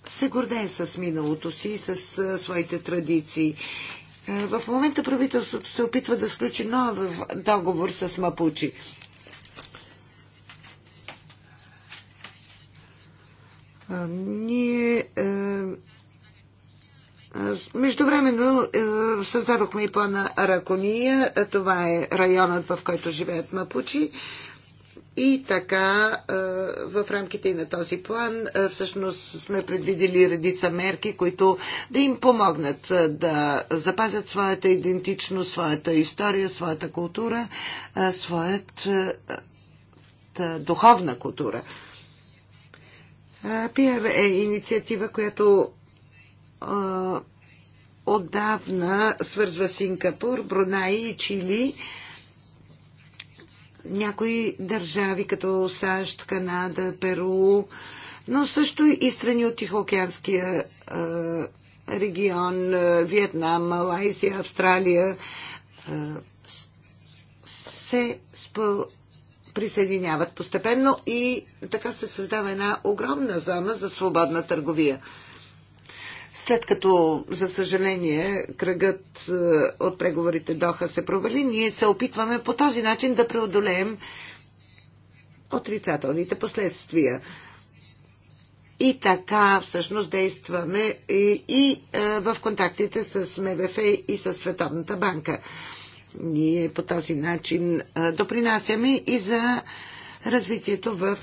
се гордее с миналото си, с своите традиции. В момента правителството се опитва да сключи нов договор с Мапучи. Ние е, е, Междувременно е, създадохме и плана Ракония. Това е районът, в който живеят мапучи. И така, в рамките на този план, всъщност сме предвидели редица мерки, които да им помогнат да запазят своята идентичност, своята история, своята култура, своята духовна култура. Пиер е инициатива, която отдавна свързва Сингапур, Брунай и Чили някои държави, като САЩ, Канада, Перу, но също и страни от Тихоокеанския регион, Виетнам, Малайзия, Австралия, се спо присъединяват постепенно и така се създава една огромна зона за свободна търговия. След като, за съжаление, кръгът е, от преговорите Доха се провали, ние се опитваме по този начин да преодолеем отрицателните последствия. И така всъщност действаме и, и е, в контактите с МВФ и с Световната банка. Ние по този начин е, допринасяме и за развитието в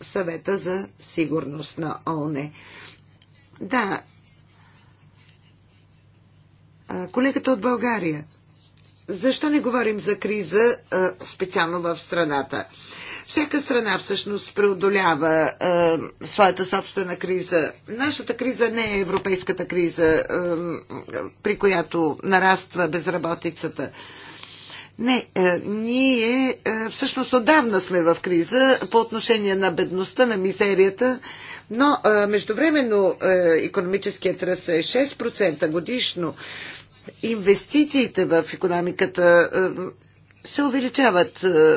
съвета за сигурност на ОНЕ. Да, Колегата от България. Защо не говорим за криза специално в страната? Всяка страна всъщност преодолява а, своята собствена криза. Нашата криза не е европейската криза, а, при която нараства безработицата. Не, а, ние а, всъщност отдавна сме в криза по отношение на бедността, на мизерията, но а, междувременно економическият ръст е 6% годишно. А, инвестициите в економиката е, се увеличават е,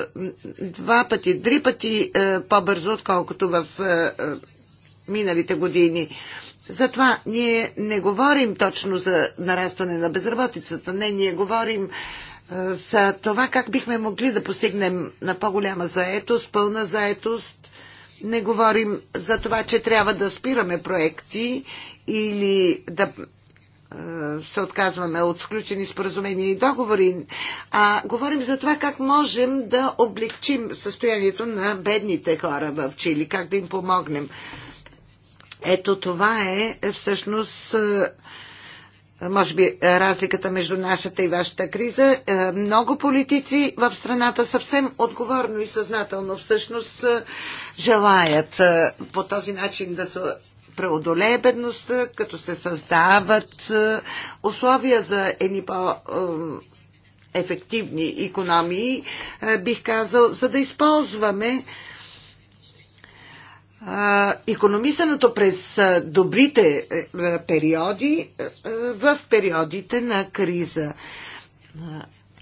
два пъти, три пъти е, по-бързо, отколкото в миналите години. Затова ние не говорим точно за нарастване на безработицата. Не, ние говорим за това как бихме могли да постигнем на по-голяма заетост, пълна заетост. Не говорим за това, че трябва да спираме проекти или да е, се отказваме от сключени споразумения и договори, а говорим за това как можем да облегчим състоянието на бедните хора в Чили, как да им помогнем. Ето това е, е всъщност е, може би разликата между нашата и вашата криза. Много политици в страната съвсем отговорно и съзнателно всъщност желаят по този начин да се преодолее бедността, като се създават е, условия за едни по- ефективни економии, е, бих казал, за да използваме економисаното през е, добрите периоди в периодите на криза.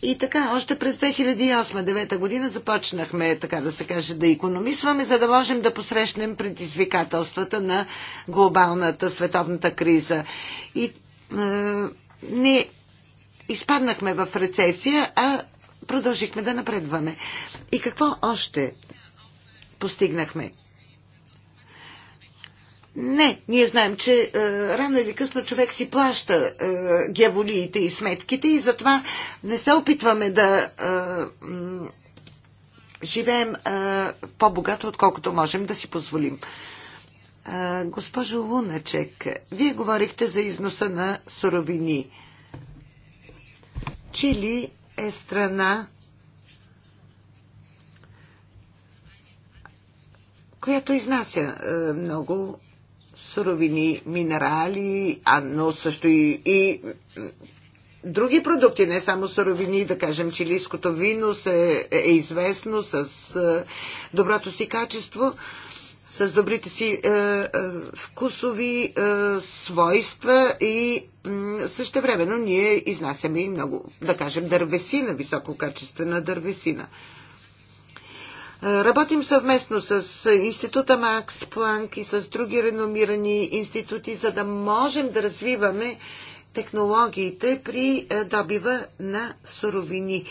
И така, още през 2008-2009 година започнахме, така да се каже, да економисваме, за да можем да посрещнем предизвикателствата на глобалната световната криза. И е, не изпаднахме в рецесия, а продължихме да напредваме. И какво още постигнахме? Не, ние знаем, че е, рано или късно човек си плаща е, геволиите и сметките и затова не се опитваме да е, живеем е, по-богато, отколкото можем да си позволим. Е, госпожо Луначек, вие говорихте за износа на суровини. Чили е страна, която изнася е, много суровини, минерали, а, но също и, и други продукти, не само суровини. Да кажем, чилийското вино се, е, е известно с е, доброто си качество с добрите си е, е, вкусови е, свойства и също времено ние изнасяме и много, да кажем, дървесина, висококачествена дървесина. Е, работим съвместно с Института Макс Планк и с други реномирани институти, за да можем да развиваме технологиите при е, добива на суровини,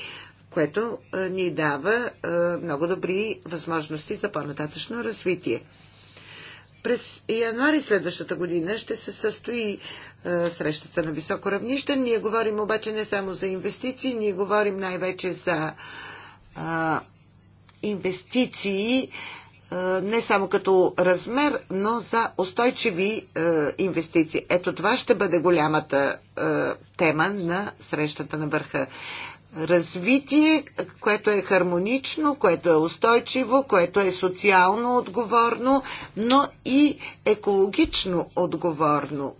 което е, ни дава много добри възможности за по-нататъчно развитие. През януари следващата година ще се състои е, срещата на високо равнище. Ние говорим обаче не само за инвестиции, ние говорим най-вече за инвестиции е, не само като размер, но за устойчиви е, инвестиции. Ето това ще бъде голямата е, тема на срещата на върха. Развитие, което е хармонично, което е устойчиво, което е социално отговорно, но и екологично отговорно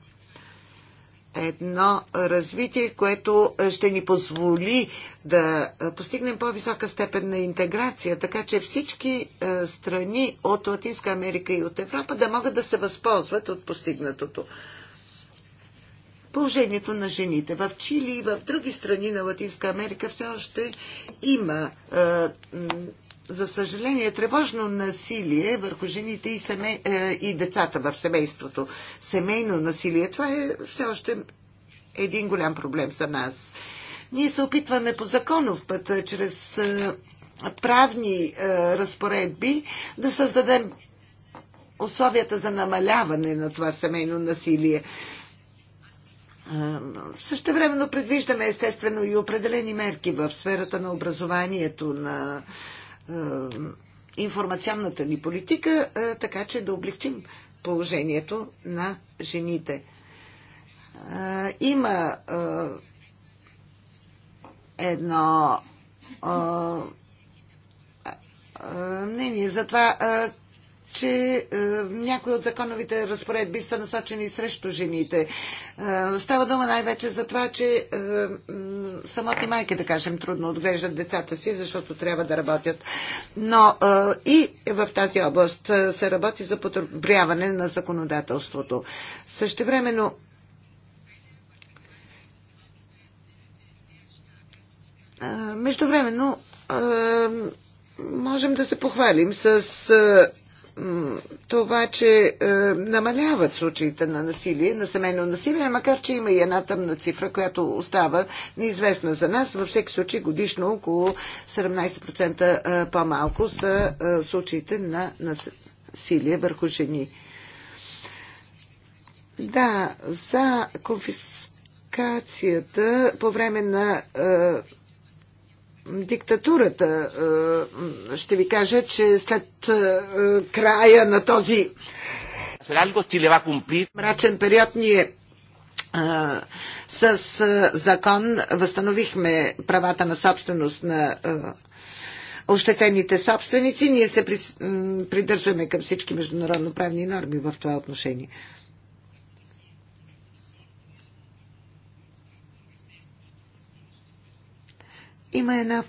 едно развитие, което е, ще ни позволи да е, постигнем по-висока степен на интеграция, така че всички е, страни от Латинска Америка и от Европа да могат да се възползват от постигнатото. Положението на жените в Чили и в други страни на Латинска Америка все още има за съжаление, тревожно насилие върху жените и, семе, е, и децата в семейството. Семейно насилие, това е все още един голям проблем за нас. Ние се опитваме по законов път, е, чрез е, правни разпоредби, да създадем условията за намаляване на това семейно насилие. Също времено предвиждаме естествено и определени мерки в сферата на образованието, на е, информационната ни политика, е, така че да облегчим положението на жените. Е, има едно мнение за това че е, някои от законовите разпоредби са насочени срещу жените. Е, става дума най-вече за това, че е, самотни майки, да кажем, трудно отглеждат децата си, защото трябва да работят. Но е, и в тази област е, се работи за подобряване на законодателството. Същевременно е, Междувременно е, можем да се похвалим с е, това, че е, намаляват случаите на насилие, на семейно насилие, макар че има и една тъмна цифра, която остава неизвестна за нас. Във всеки случай годишно около 17% е, по-малко са е, случаите на насилие върху жени. Да, за конфискацията по време на е, диктатурата. Е, ще ви кажа, че след е, края на този мрачен период ние е, с закон възстановихме правата на собственост на ощетените собственици. Ние се придържаме към всички международно правни норми в това отношение. Има една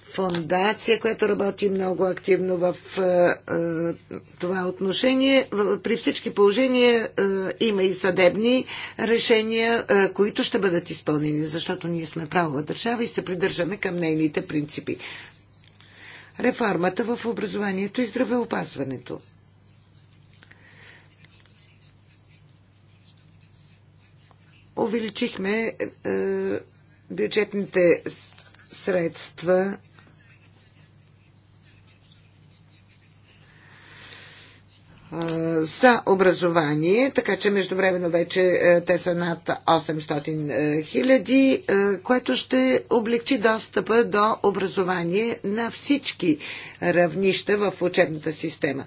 фондация, която работи много активно в е, е, това отношение. При всички положения е, има и съдебни решения, които ще бъдат изпълнени, защото ние сме правова държава и се придържаме към нейните принципи. Реформата в образованието и здравеопазването. Увеличихме бюджетните средства за образование, така че междувременно вече те са над 800 хиляди, което ще облегчи достъпа до образование на всички равнища в учебната система.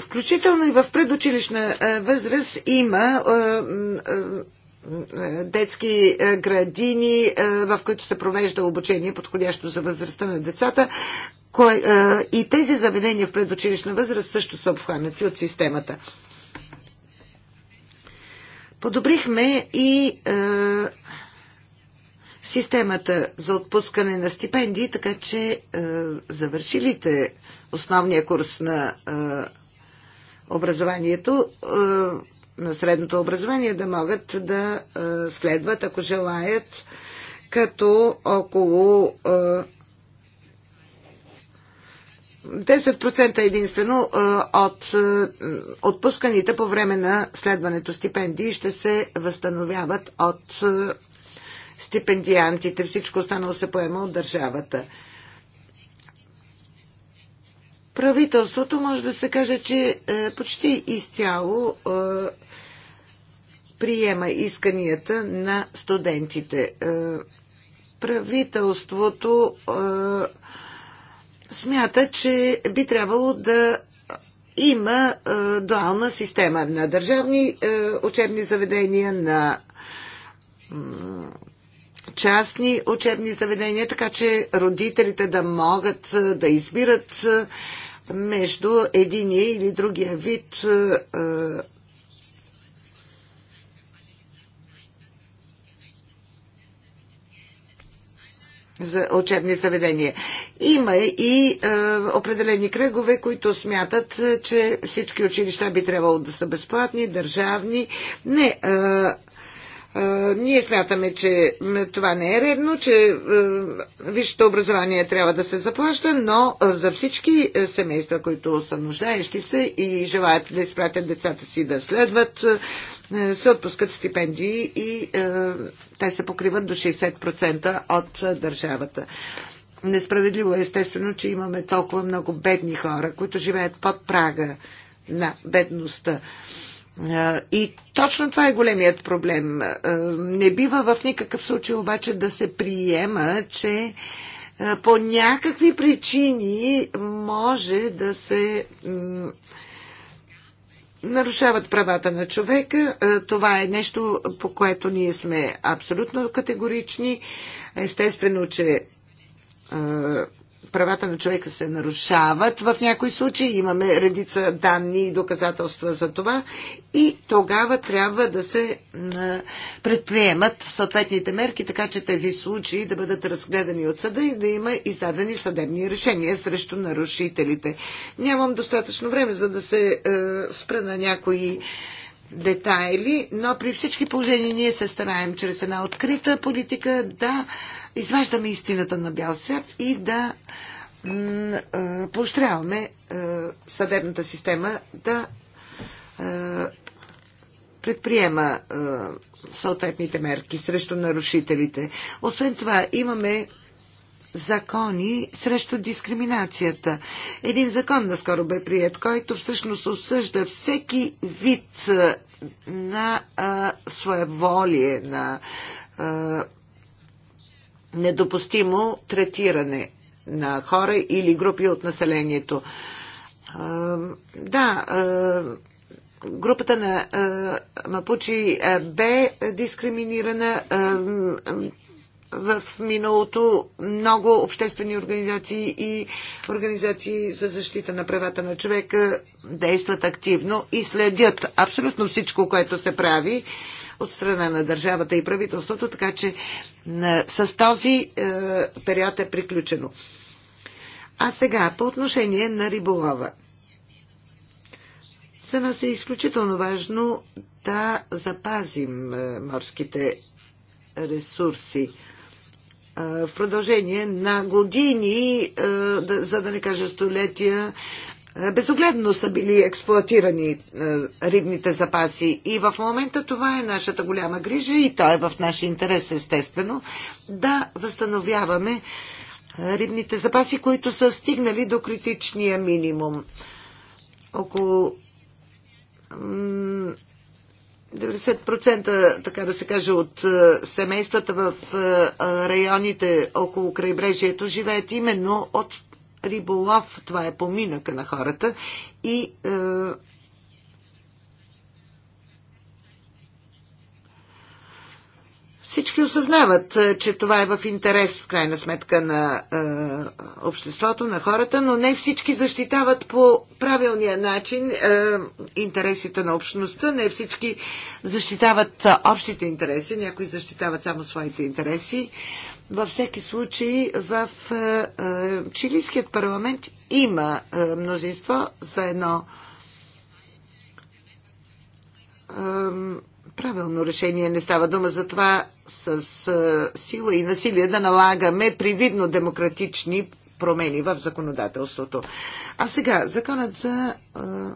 Включително и в предучилищна възраст има детски е, градини, е, в които се провежда обучение, подходящо за възрастта на децата. Е, и тези заведения в предучилищна възраст също са обхванати от системата. Подобрихме и е, системата за отпускане на стипендии, така че е, завършилите основния курс на е, образованието е, на средното образование да могат да следват, ако желаят, като около 10% единствено от отпусканите по време на следването стипендии ще се възстановяват от стипендиантите. Всичко останало се поема от държавата правителството може да се каже, че е, почти изцяло е, приема исканията на студентите. Е, правителството смята, че би трябвало да има е, дуална система на държавни е, учебни заведения, на частни учебни заведения, така че родителите да могат да избират между единия или другия вид е, е, за учебни заведения. Има и е, определени кръгове, които смятат, е, че всички училища би трябвало да са безплатни, държавни. Не, е, ние смятаме, че това не е редно, че е, висшето образование трябва да се заплаща, но е, за всички е, семейства, които са нуждаещи се и желаят да изпратят децата си да следват, се отпускат стипендии и те се покриват до 60% от държавата. Несправедливо е естествено, че имаме толкова много бедни хора, които живеят под прага на бедността. И точно това е големият проблем. Не бива в никакъв случай обаче да се приема, че по някакви причини може да се нарушават правата на човека. Това е нещо, по което ние сме абсолютно категорични. Естествено, че правата на човека се нарушават в някои случаи, имаме редица данни и доказателства за това и тогава трябва да се предприемат съответните мерки, така че тези случаи да бъдат разгледани от съда и да има издадени съдебни решения срещу нарушителите. Нямам достатъчно време, за да се спра на някои детайли, но при всички положения ние се стараем чрез една открита политика да изваждаме истината на бял свят и да поощряваме съдебната система да предприема съответните мерки срещу нарушителите. Освен това, имаме закони срещу дискриминацията. Един закон наскоро бе прият, който всъщност осъжда всеки вид на а, своеволие, на а, недопустимо третиране на хора или групи от населението. А, да, а, групата на а, Мапучи бе дискриминирана в миналото много обществени организации и организации за защита на правата на човека действат активно и следят абсолютно всичко, което се прави от страна на държавата и правителството, така че с този е, период е приключено. А сега, по отношение на риболова. За нас е изключително важно да запазим е, морските ресурси в продължение на години, за да не кажа столетия, безогледно са били експлоатирани рибните запаси. И в момента това е нашата голяма грижа и то е в наш интерес, естествено, да възстановяваме рибните запаси, които са стигнали до критичния минимум. Около 90% така да се каже от е, семействата в е, е, районите около крайбрежието живеят именно от риболов. Това е поминъка на хората и Всички осъзнават, е, че това е в интерес, в крайна сметка, на е, обществото, на хората, но не всички защитават по правилния начин е, интересите на общността, не всички защитават е, общите интереси, някои защитават само своите интереси. Във всеки случай, в е, е, чилийският парламент има е, мнозинство за едно. Е, правилно решение. Не става дума за това с сила и насилие да налагаме привидно демократични промени в законодателството. А сега, законът за а,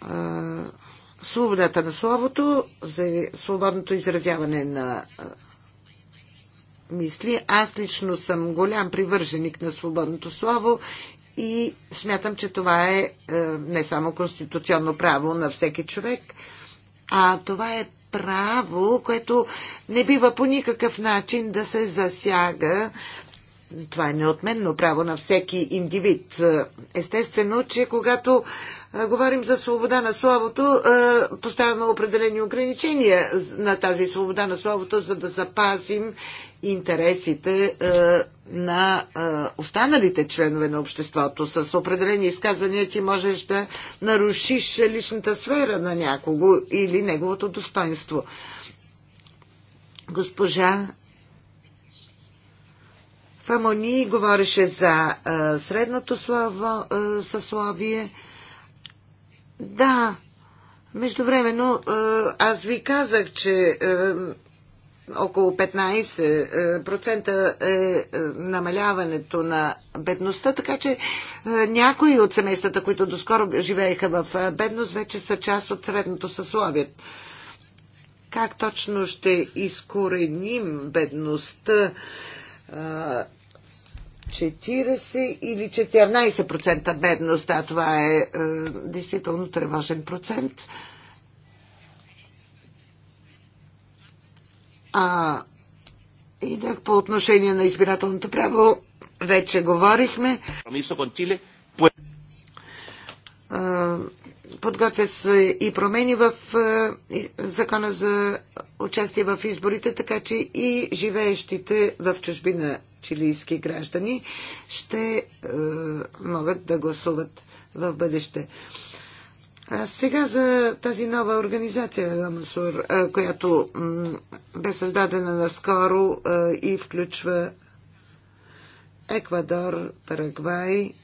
а, свободата на словото, за свободното изразяване на а, мисли. Аз лично съм голям привърженик на свободното слово и смятам, че това е, е не само конституционно право на всеки човек, а това е право, което не бива по никакъв начин да се засяга това е неотменно право на всеки индивид. Е, естествено, че когато е, говорим за свобода на словото, е, поставяме определени ограничения на тази свобода на словото, за да запазим интересите на останалите членове на обществото. С определени изказвания ти можеш да нарушиш личната сфера на някого или неговото достоинство. Госпожа само ни говореше за а, средното слава, а, съсловие. Да, междувременно аз ви казах, че а, около 15% е намаляването на бедността, така че някои от семействата, които доскоро живееха в бедност, вече са част от средното съсловие. Как точно ще изкореним бедността? 40 или 14% бедност. Да, това е, е действително тревожен процент. А идах по отношение на избирателното право. Вече говорихме. Подготвя се и промени в е, закона за участие в изборите, така че и живеещите в чужбина чилийски граждани ще е, могат да гласуват в бъдеще. А сега за тази нова организация на Масур, е, която бе създадена наскоро е, и включва Еквадор, Парагвай,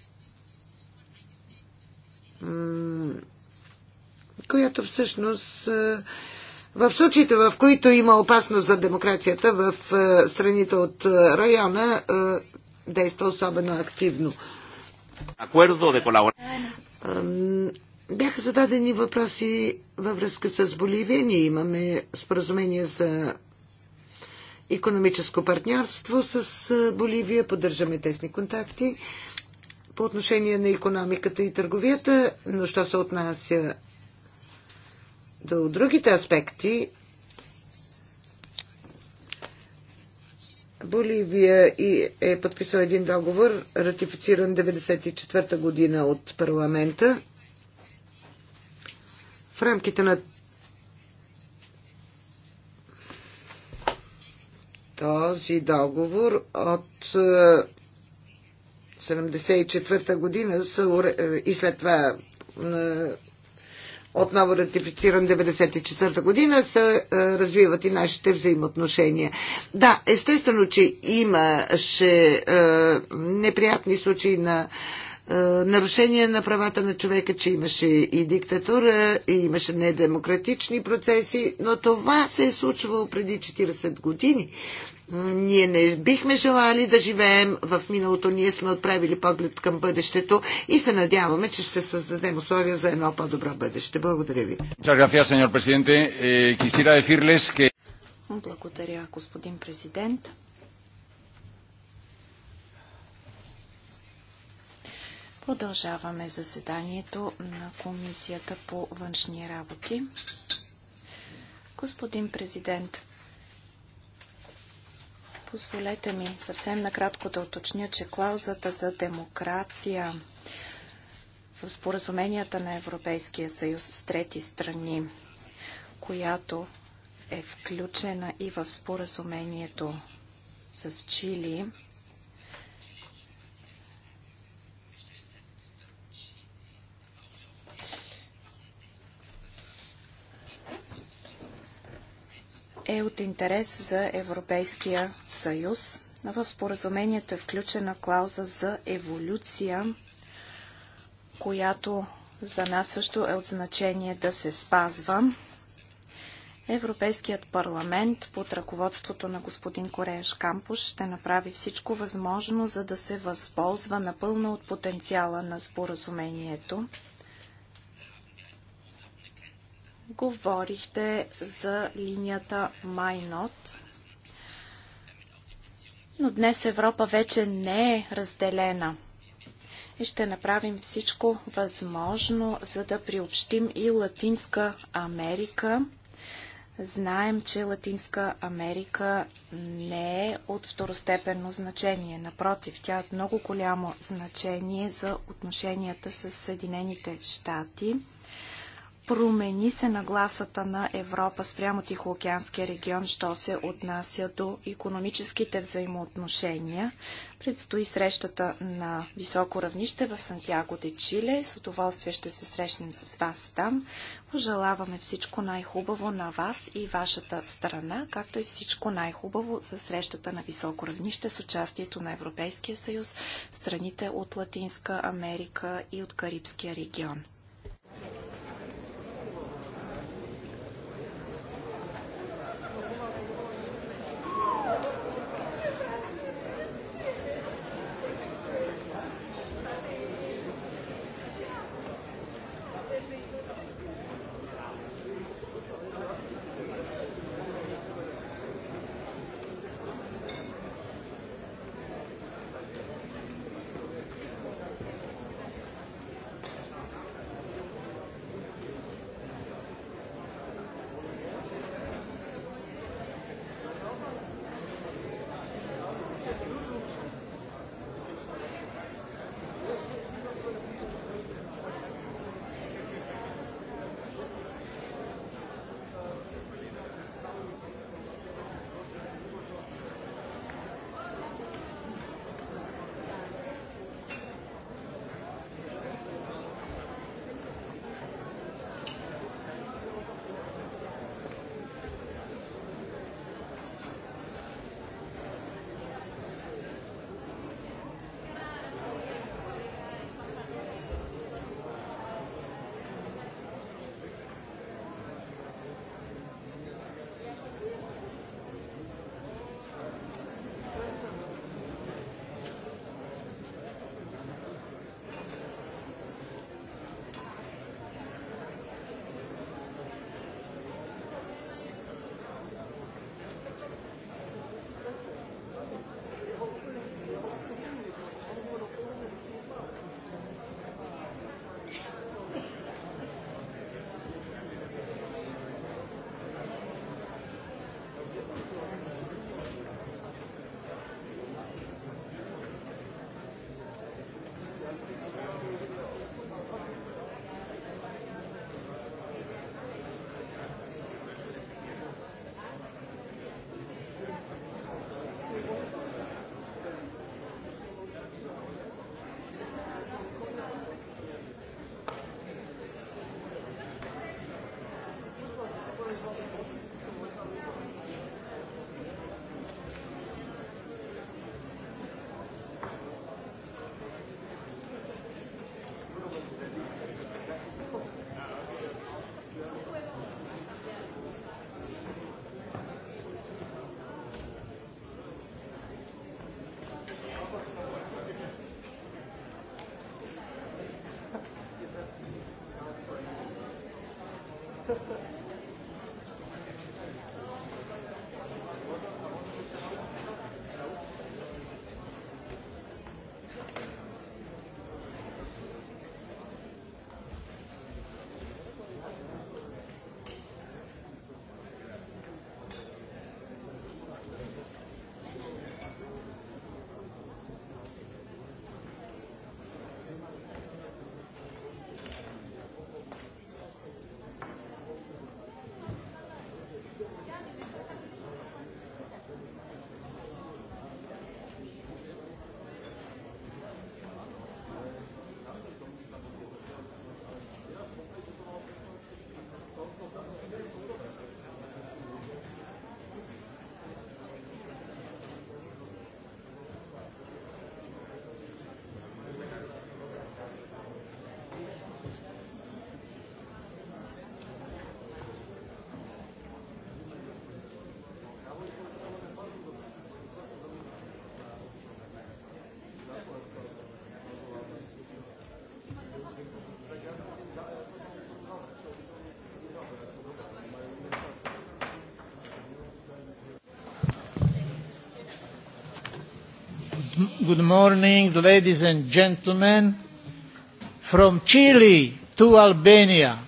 която всъщност е, в случаите, в които има опасност за демокрацията в е, страните от е, района, е, действа особено активно. Бяха зададени въпроси във връзка с Боливия. Ние имаме споразумение за економическо партньорство с Боливия. Поддържаме тесни контакти по отношение на економиката и търговията, но що се отнася до другите аспекти, Боливия и е подписал един договор, ратифициран 1994 година от парламента. В рамките на този договор от 1974 е, година е, и след това е, отново ратифициран 1994 година, се е, развиват и нашите взаимоотношения. Да, естествено, че имаше е, неприятни случаи на е, нарушение на правата на човека, че имаше и диктатура, и имаше недемократични процеси, но това се е случвало преди 40 години. Ние не бихме желали да живеем в миналото, ние сме отправили поглед към бъдещето и се надяваме, че ще създадем условия за едно по-добро бъдеще. Благодаря ви. Eh, Благодаря, господин президент. Продължаваме заседанието на Комисията по външни работи. Господин президент, позволете ми съвсем накратко да уточня, че клаузата за демокрация в споразуменията на Европейския съюз с трети страни, която е включена и в споразумението с Чили, е от интерес за Европейския съюз. В споразумението е включена клауза за еволюция, която за нас също е от значение да се спазва. Европейският парламент под ръководството на господин Корееш Кампуш ще направи всичко възможно, за да се възползва напълно от потенциала на споразумението. Говорихте за линията Майнот, но днес Европа вече не е разделена и ще направим всичко възможно, за да приобщим и Латинска Америка. Знаем, че Латинска Америка не е от второстепенно значение. Напротив, тя е от много голямо значение за отношенията с Съединените щати. Промени се нагласата на Европа спрямо Тихоокеанския регион, що се отнася до економическите взаимоотношения. Предстои срещата на високо равнище в Сантьяго де Чиле. С удоволствие ще се срещнем с вас там. Пожелаваме всичко най-хубаво на вас и вашата страна, както и всичко най-хубаво за срещата на високо равнище с участието на Европейския съюз, страните от Латинска Америка и от Карибския регион. Good morning, ladies and gentlemen. From Chile to Albania.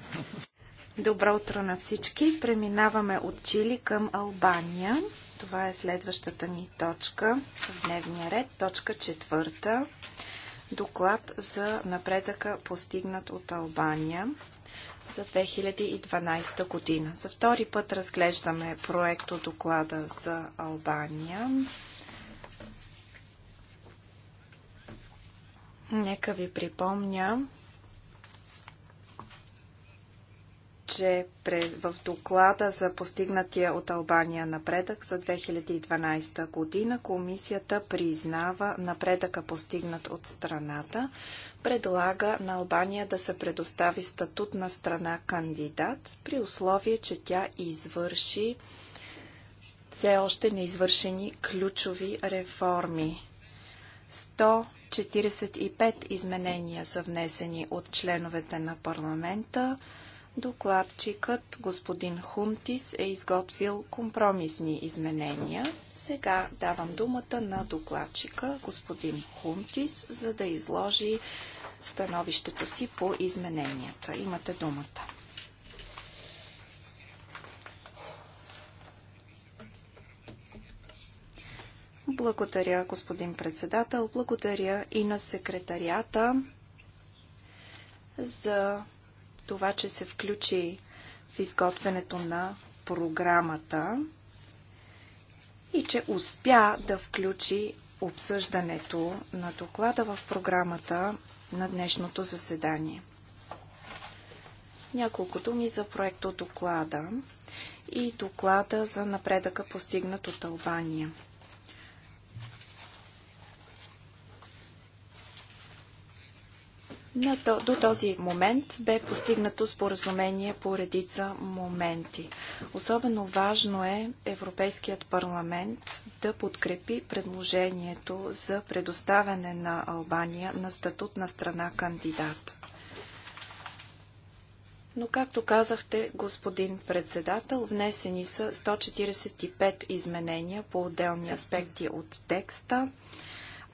Добро утро на всички. Преминаваме от Чили към Албания. Това е следващата ни точка в дневния ред. Точка четвърта. Доклад за напредъка постигнат от Албания за 2012 година. За втори път разглеждаме проекто доклада за Албания. Нека ви припомня, че в доклада за постигнатия от Албания напредък за 2012 година комисията признава напредъка постигнат от страната, предлага на Албания да се предостави статут на страна кандидат при условие, че тя извърши все още неизвършени ключови реформи. 45 изменения са внесени от членовете на парламента. Докладчикът господин Хунтис е изготвил компромисни изменения. Сега давам думата на докладчика господин Хунтис, за да изложи становището си по измененията. Имате думата. Благодаря, господин председател. Благодаря и на секретарията за това, че се включи в изготвянето на програмата и че успя да включи обсъждането на доклада в програмата на днешното заседание. Няколко думи за проекто доклада и доклада за напредъка постигнат от Албания. На то, до този момент бе постигнато споразумение по редица моменти. Особено важно е Европейският парламент да подкрепи предложението за предоставяне на Албания на статут на страна кандидат. Но както казахте, господин председател, внесени са 145 изменения по отделни аспекти от текста.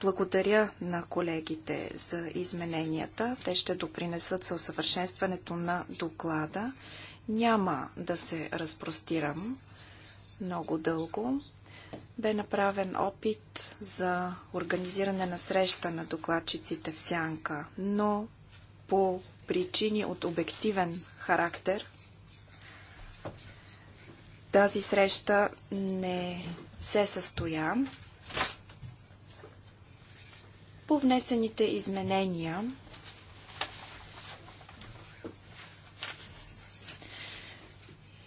Благодаря на колегите за измененията. Те ще допринесат за усъвършенстването на доклада. Няма да се разпростирам много дълго. Бе направен опит за организиране на среща на докладчиците в Сянка, но по причини от обективен характер тази среща не се състоя. По внесените изменения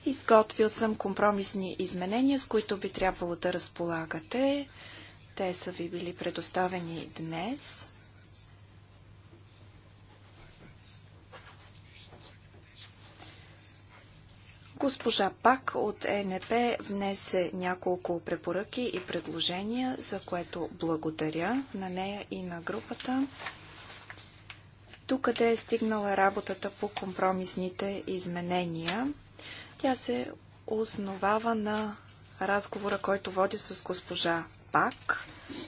изготвил съм компромисни изменения, с които би трябвало да разполагате. Те са ви били предоставени днес. Госпожа Пак от ЕНП внесе няколко препоръки и предложения, за което благодаря на нея и на групата. Тук къде е стигнала работата по компромисните изменения. Тя се основава на разговора, който води с госпожа пак,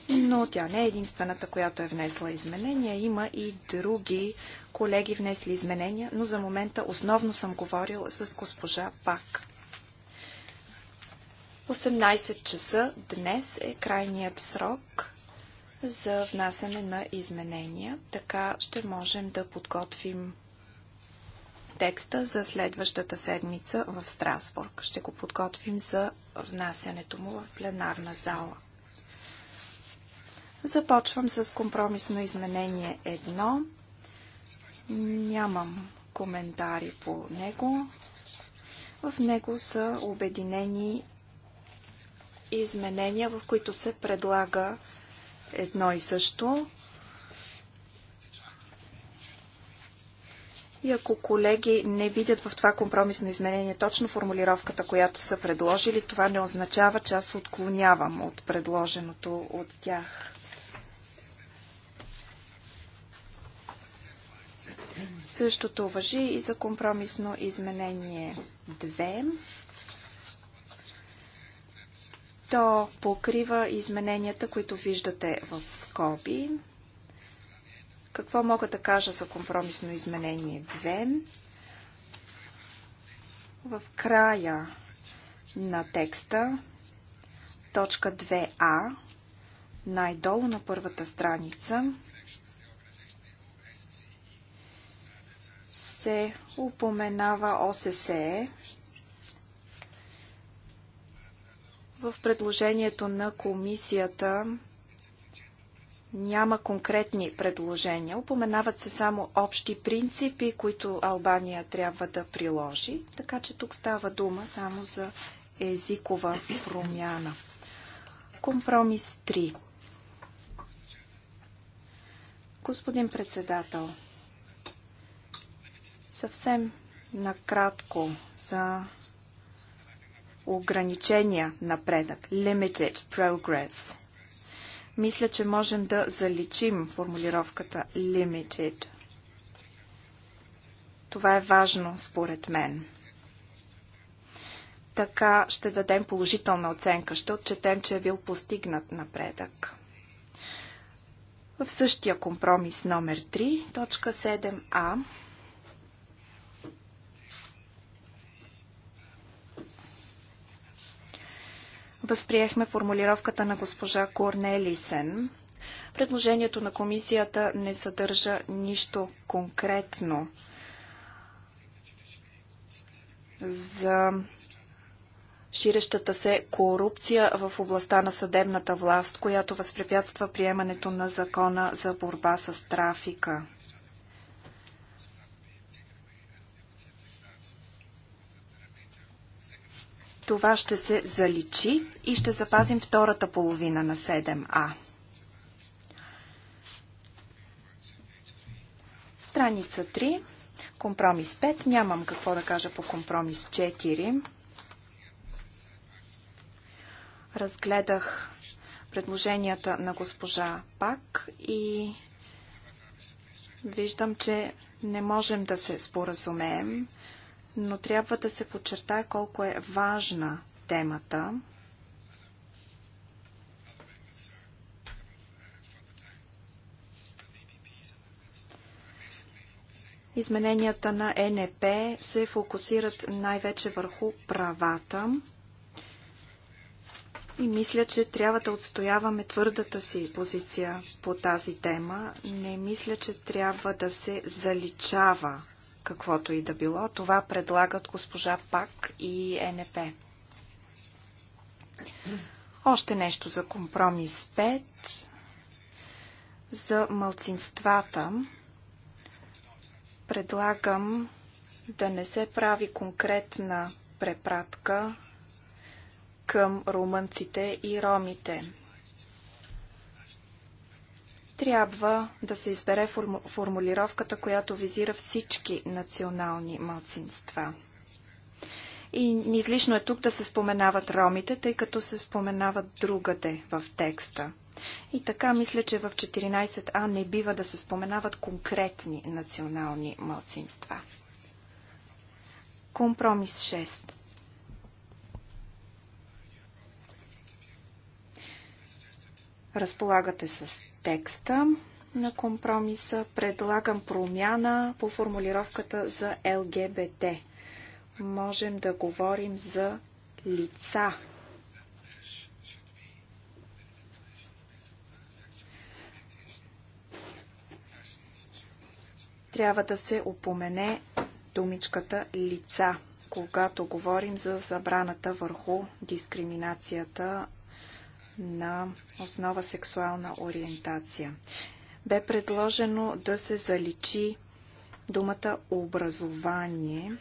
но тя не е единствената, която е внесла изменения. Има и други колеги внесли изменения, но за момента основно съм говорил с госпожа Пак. 18 часа днес е крайният срок за внасяне на изменения. Така ще можем да подготвим текста за следващата седмица в Страсбург. Ще го подготвим за внасянето му в пленарна зала. Започвам с компромисно изменение Нямам коментари по него. В него са обединени изменения, в които се предлага едно и също. И ако колеги не видят в това компромисно изменение точно формулировката, която са предложили, това не означава, че аз отклонявам от предложеното от тях. Същото въжи и за компромисно изменение 2. То покрива измененията, които виждате в скоби. Какво мога да кажа за компромисно изменение 2? В края на текста, точка 2а, най-долу на първата страница, се упоменава ОССЕ. В предложението на комисията няма конкретни предложения. Упоменават се само общи принципи, които Албания трябва да приложи, така че тук става дума само за езикова промяна. Компромис 3. Господин председател, Съвсем накратко за ограничения напредък. Limited progress. Мисля, че можем да заличим формулировката limited. Това е важно, според мен. Така ще дадем положителна оценка. Ще отчетем, че е бил постигнат напредък. В същия компромис номер 3, точка 7а, възприехме формулировката на госпожа Корнелисен. Предложението на комисията не съдържа нищо конкретно за ширещата се корупция в областта на съдебната власт, която възпрепятства приемането на закона за борба с трафика. Това ще се заличи и ще запазим втората половина на 7а. Страница 3. Компромис 5. Нямам какво да кажа по компромис 4. Разгледах предложенията на госпожа Пак и виждам, че не можем да се споразумеем но трябва да се подчертае колко е важна темата. Измененията на НП се фокусират най-вече върху правата и мисля, че трябва да отстояваме твърдата си позиция по тази тема. Не мисля, че трябва да се заличава каквото и да било. Това предлагат госпожа Пак и НП. Още нещо за компромис 5, за мълцинствата. Предлагам да не се прави конкретна препратка към румънците и ромите трябва да се избере форму... формулировката, която визира всички национални малцинства. И излишно е тук да се споменават ромите, тъй като се споменават другаде в текста. И така мисля, че в 14а не бива да се споменават конкретни национални малцинства. Компромис 6. Разполагате с текста на компромиса предлагам промяна по формулировката за ЛГБТ. Можем да говорим за лица. Трябва да се упомене думичката лица, когато говорим за забраната върху дискриминацията на основа сексуална ориентация. Бе предложено да се заличи думата образование.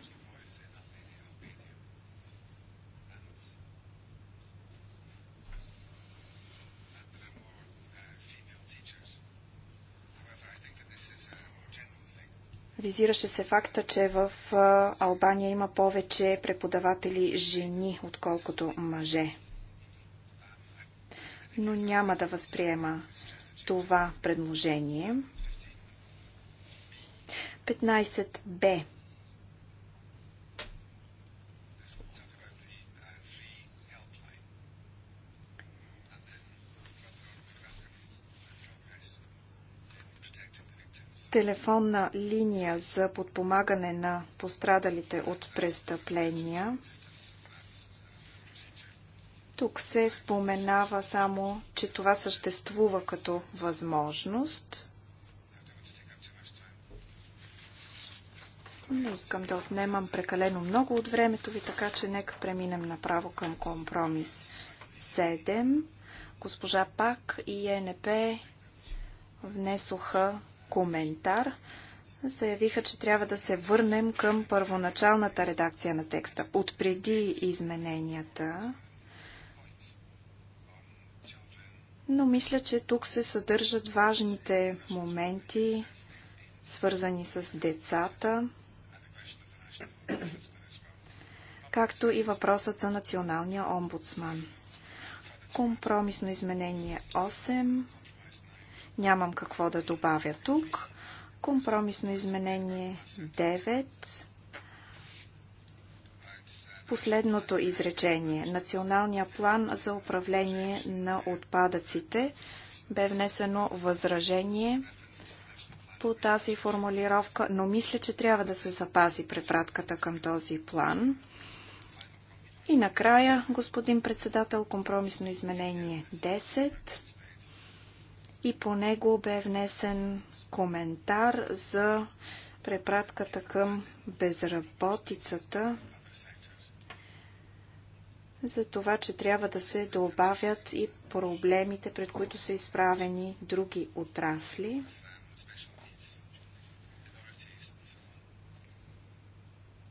Визираше се факта, че в Албания има повече преподаватели жени, отколкото мъже но няма да възприема това предложение. 15б. телефонна линия за подпомагане на пострадалите от престъпления. Тук се споменава само, че това съществува като възможност. Не искам да отнемам прекалено много от времето ви, така че нека преминем направо към компромис 7. Госпожа Пак и ЕНП внесоха коментар. Заявиха, че трябва да се върнем към първоначалната редакция на текста, отпреди измененията. но мисля, че тук се съдържат важните моменти, свързани с децата, както и въпросът за националния омбудсман. Компромисно изменение 8. Нямам какво да добавя тук. Компромисно изменение 9 последното изречение. Националния план за управление на отпадъците бе внесено възражение по тази формулировка, но мисля, че трябва да се запази препратката към този план. И накрая, господин председател, компромисно изменение 10 и по него бе внесен коментар за препратката към безработицата за това, че трябва да се добавят и проблемите, пред които са изправени други отрасли.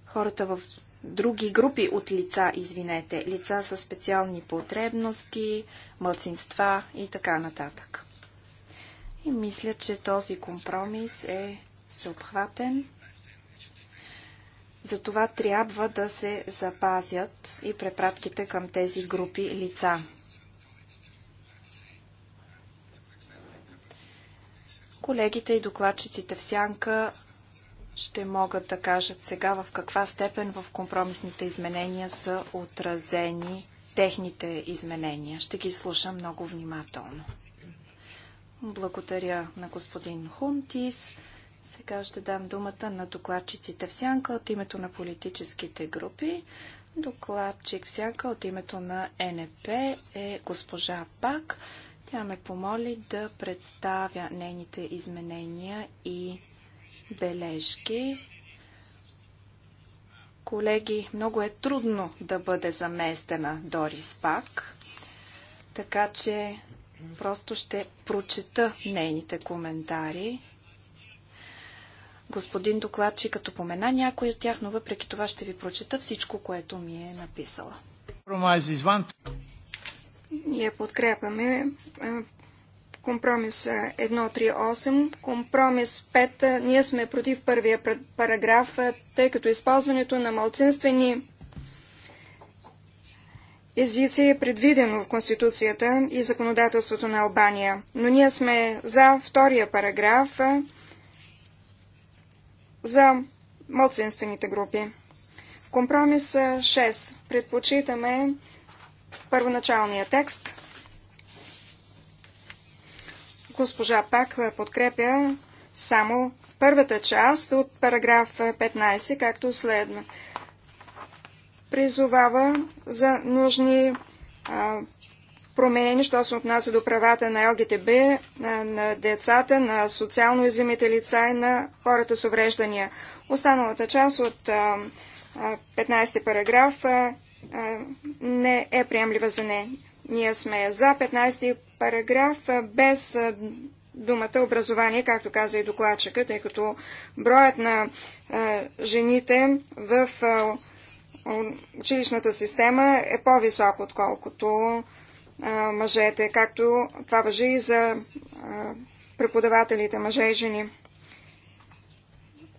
Хората в други групи от лица, извинете, лица с специални потребности, мълцинства и така нататък. И мисля, че този компромис е съобхватен. Затова трябва да се запазят и препратките към тези групи лица. Колегите и докладчиците в сянка ще могат да кажат сега в каква степен в компромисните изменения са отразени техните изменения. Ще ги слушам много внимателно. Благодаря на господин Хунтис. Сега ще дам думата на докладчиците в сянка от името на политическите групи. Докладчик в сянка от името на НП е госпожа Пак. Тя ме помоли да представя нейните изменения и бележки. Колеги, много е трудно да бъде заместена Дорис Пак, така че просто ще прочета нейните коментари Господин докладчик, като помена някои от тях, но въпреки това ще ви прочета всичко, което ми е написала. Ние подкрепяме е, компромис 138, е, компромис 5. Е, ние сме против първия параграф, тъй като използването на малцинствени езици е предвидено в Конституцията и законодателството на Албания. Но ние сме за втория параграф, за младсинствените групи. Компромис 6. Предпочитаме първоначалния текст. Госпожа Пак подкрепя само първата част от параграф 15, както следва. Призовава за нужни а, променени, що се отнася до правата на ЛГТБ, на, на децата, на социално извимите лица и на хората с увреждания. Останалата част от а, 15 параграф а, а, не е приемлива за не. Ние сме за 15 параграф без думата образование, както каза и докладчика, тъй като броят на жените в училищната система е по-висок, отколкото мъжете, както това въжи и за преподавателите, мъже и жени.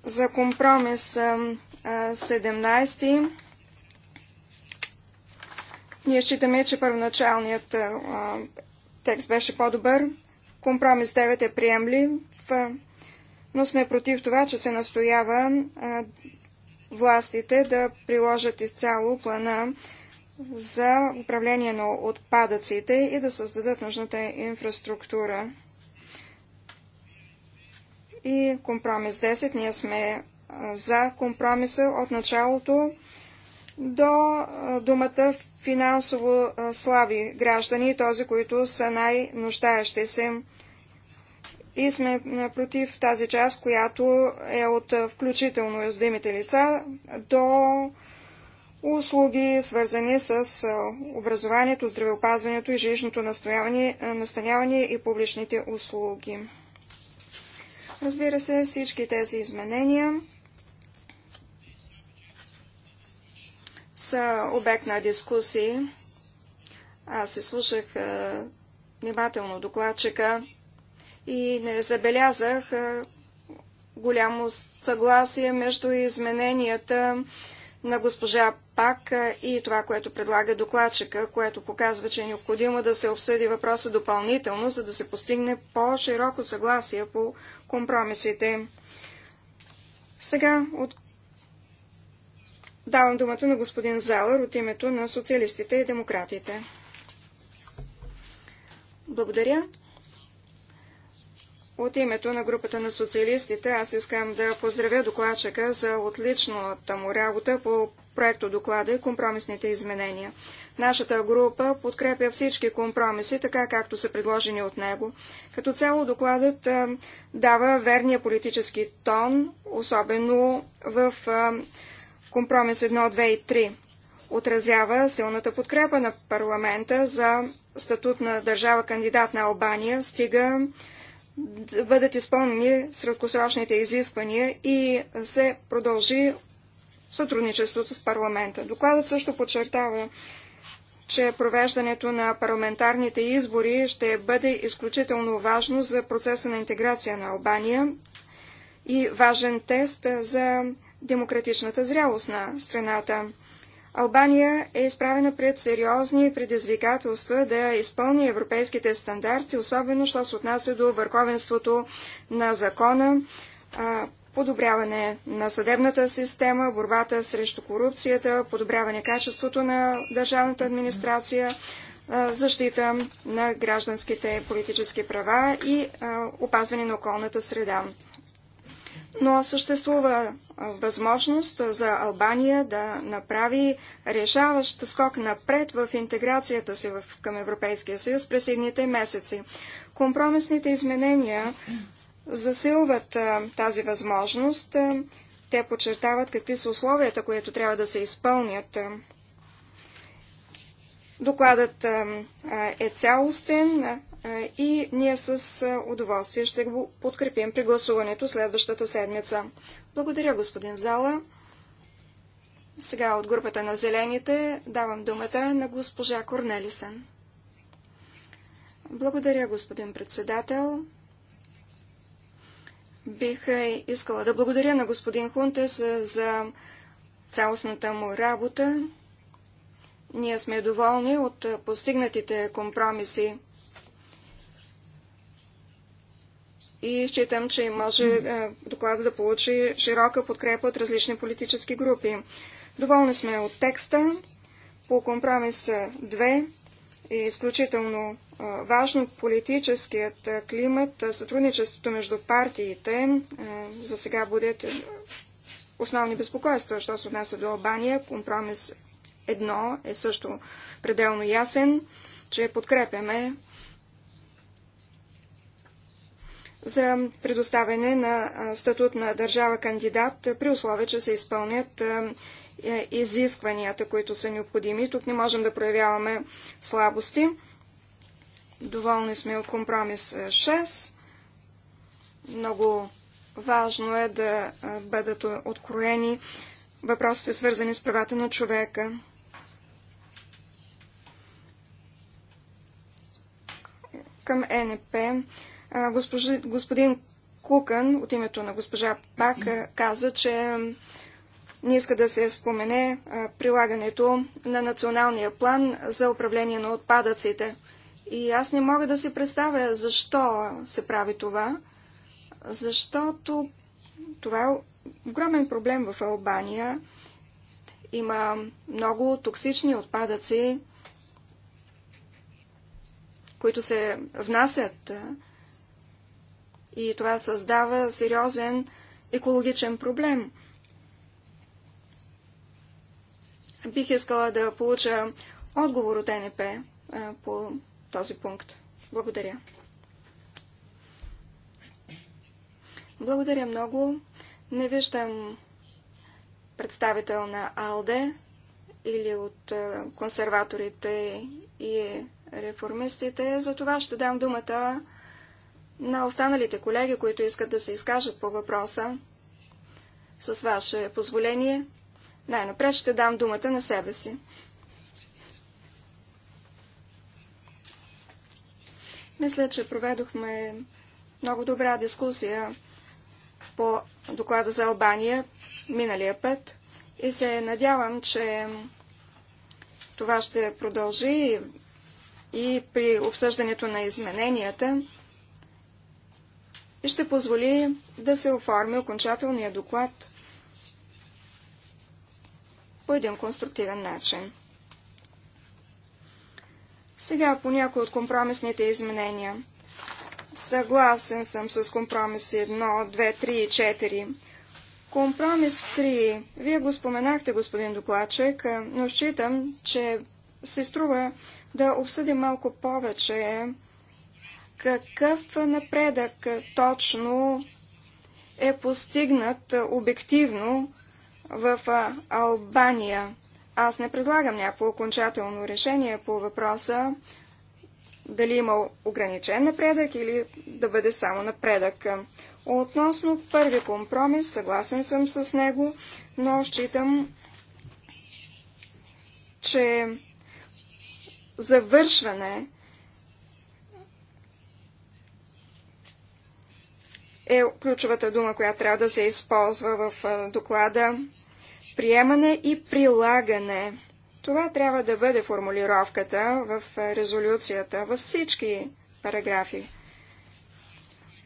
За компромис 17 ние считаме, че първоначалният текст беше по-добър. Компромис 9 е приемлив, но сме против това, че се настоява властите да приложат изцяло плана за управление на отпадъците и да създадат нужната инфраструктура. И компромис 10. Ние сме за компромиса от началото до думата финансово слаби граждани, този, които са най-нуждаещи се. И сме против тази част, която е от включително издимите лица до услуги, свързани с образованието, здравеопазването и жилищното настаняване и публичните услуги. Разбира се, всички тези изменения са обект на дискусии. Аз се слушах внимателно докладчика и не забелязах голямо съгласие между измененията, на госпожа Пак и това, което предлага докладчика, което показва, че е необходимо да се обсъди въпроса допълнително, за да се постигне по-широко съгласие по компромисите. Сега от... давам думата на господин Залър от името на социалистите и демократите. Благодаря. От името на групата на социалистите аз искам да поздравя докладчика за отличната му работа по проекто доклада и компромисните изменения. Нашата група подкрепя всички компромиси, така както са предложени от него. Като цяло докладът а, дава верния политически тон, особено в а, компромис 1, 2 и 3. Отразява силната подкрепа на парламента за статут на държава кандидат на Албания, стига да бъдат изпълнени средкосрочните изисквания и се продължи сътрудничеството с парламента. Докладът също подчертава, че провеждането на парламентарните избори ще бъде изключително важно за процеса на интеграция на Албания и важен тест за демократичната зрялост на страната. Албания е изправена пред сериозни предизвикателства да изпълни европейските стандарти, особено що се отнася до върховенството на закона, подобряване на съдебната система, борбата срещу корупцията, подобряване качеството на държавната администрация, защита на гражданските политически права и опазване на околната среда но съществува възможност за Албания да направи решаващ скок напред в интеграцията си към Европейския съюз през едните месеци. Компромисните изменения засилват тази възможност. Те подчертават какви са условията, които трябва да се изпълнят. Докладът е цялостен, е, и ние с е, удоволствие ще го подкрепим при гласуването следващата седмица. Благодаря, господин Зала. Сега от групата на зелените давам думата на госпожа Корнелисен. Благодаря, господин председател. Бих е, искала да благодаря на господин Хунтес за цялостната му работа. Ние сме доволни от постигнатите компромиси. и считам, че може е, доклада да получи широка подкрепа от различни политически групи. Доволни сме от текста. По компромис 2 е изключително е, важно политическият е, климат, сътрудничеството между партиите за сега будят основни безпокойства, що се отнася до Албания. Компромис 1 е също пределно ясен, че подкрепяме за предоставяне на статут на държава кандидат при условие, че се изпълнят е, изискванията, които са необходими. Тук не можем да проявяваме слабости. Доволни сме от компромис 6. Много важно е да бъдат откроени въпросите, свързани с правата на човека. Към НП Госпожи, господин Кукън от името на госпожа Пак каза, че не иска да се спомене прилагането на националния план за управление на отпадъците. И аз не мога да си представя защо се прави това, защото това е огромен проблем в Албания. Има много токсични отпадъци, които се внасят и това създава сериозен екологичен проблем. Бих искала да получа отговор от НП по този пункт. Благодаря. Благодаря много. Не виждам представител на АЛДЕ или от консерваторите и реформистите. За това ще дам думата на останалите колеги, които искат да се изкажат по въпроса. С ваше позволение, най-напред ще дам думата на себе си. Мисля, че проведохме много добра дискусия по доклада за Албания миналия път и се надявам, че това ще продължи и при обсъждането на измененията и ще позволи да се оформи окончателния доклад по един конструктивен начин. Сега по някои от компромисните изменения. Съгласен съм с компромис 1, 2, 3 и 4. Компромис 3. Вие го споменахте, господин докладчик, но считам, че се струва да обсъдим малко повече какъв напредък точно е постигнат обективно в Албания? Аз не предлагам някакво окончателно решение по въпроса дали има ограничен напредък или да бъде само напредък. Относно първи компромис, съгласен съм с него, но считам, че завършване е ключовата дума, която трябва да се използва в доклада. Приемане и прилагане. Това трябва да бъде формулировката в резолюцията, във всички параграфи.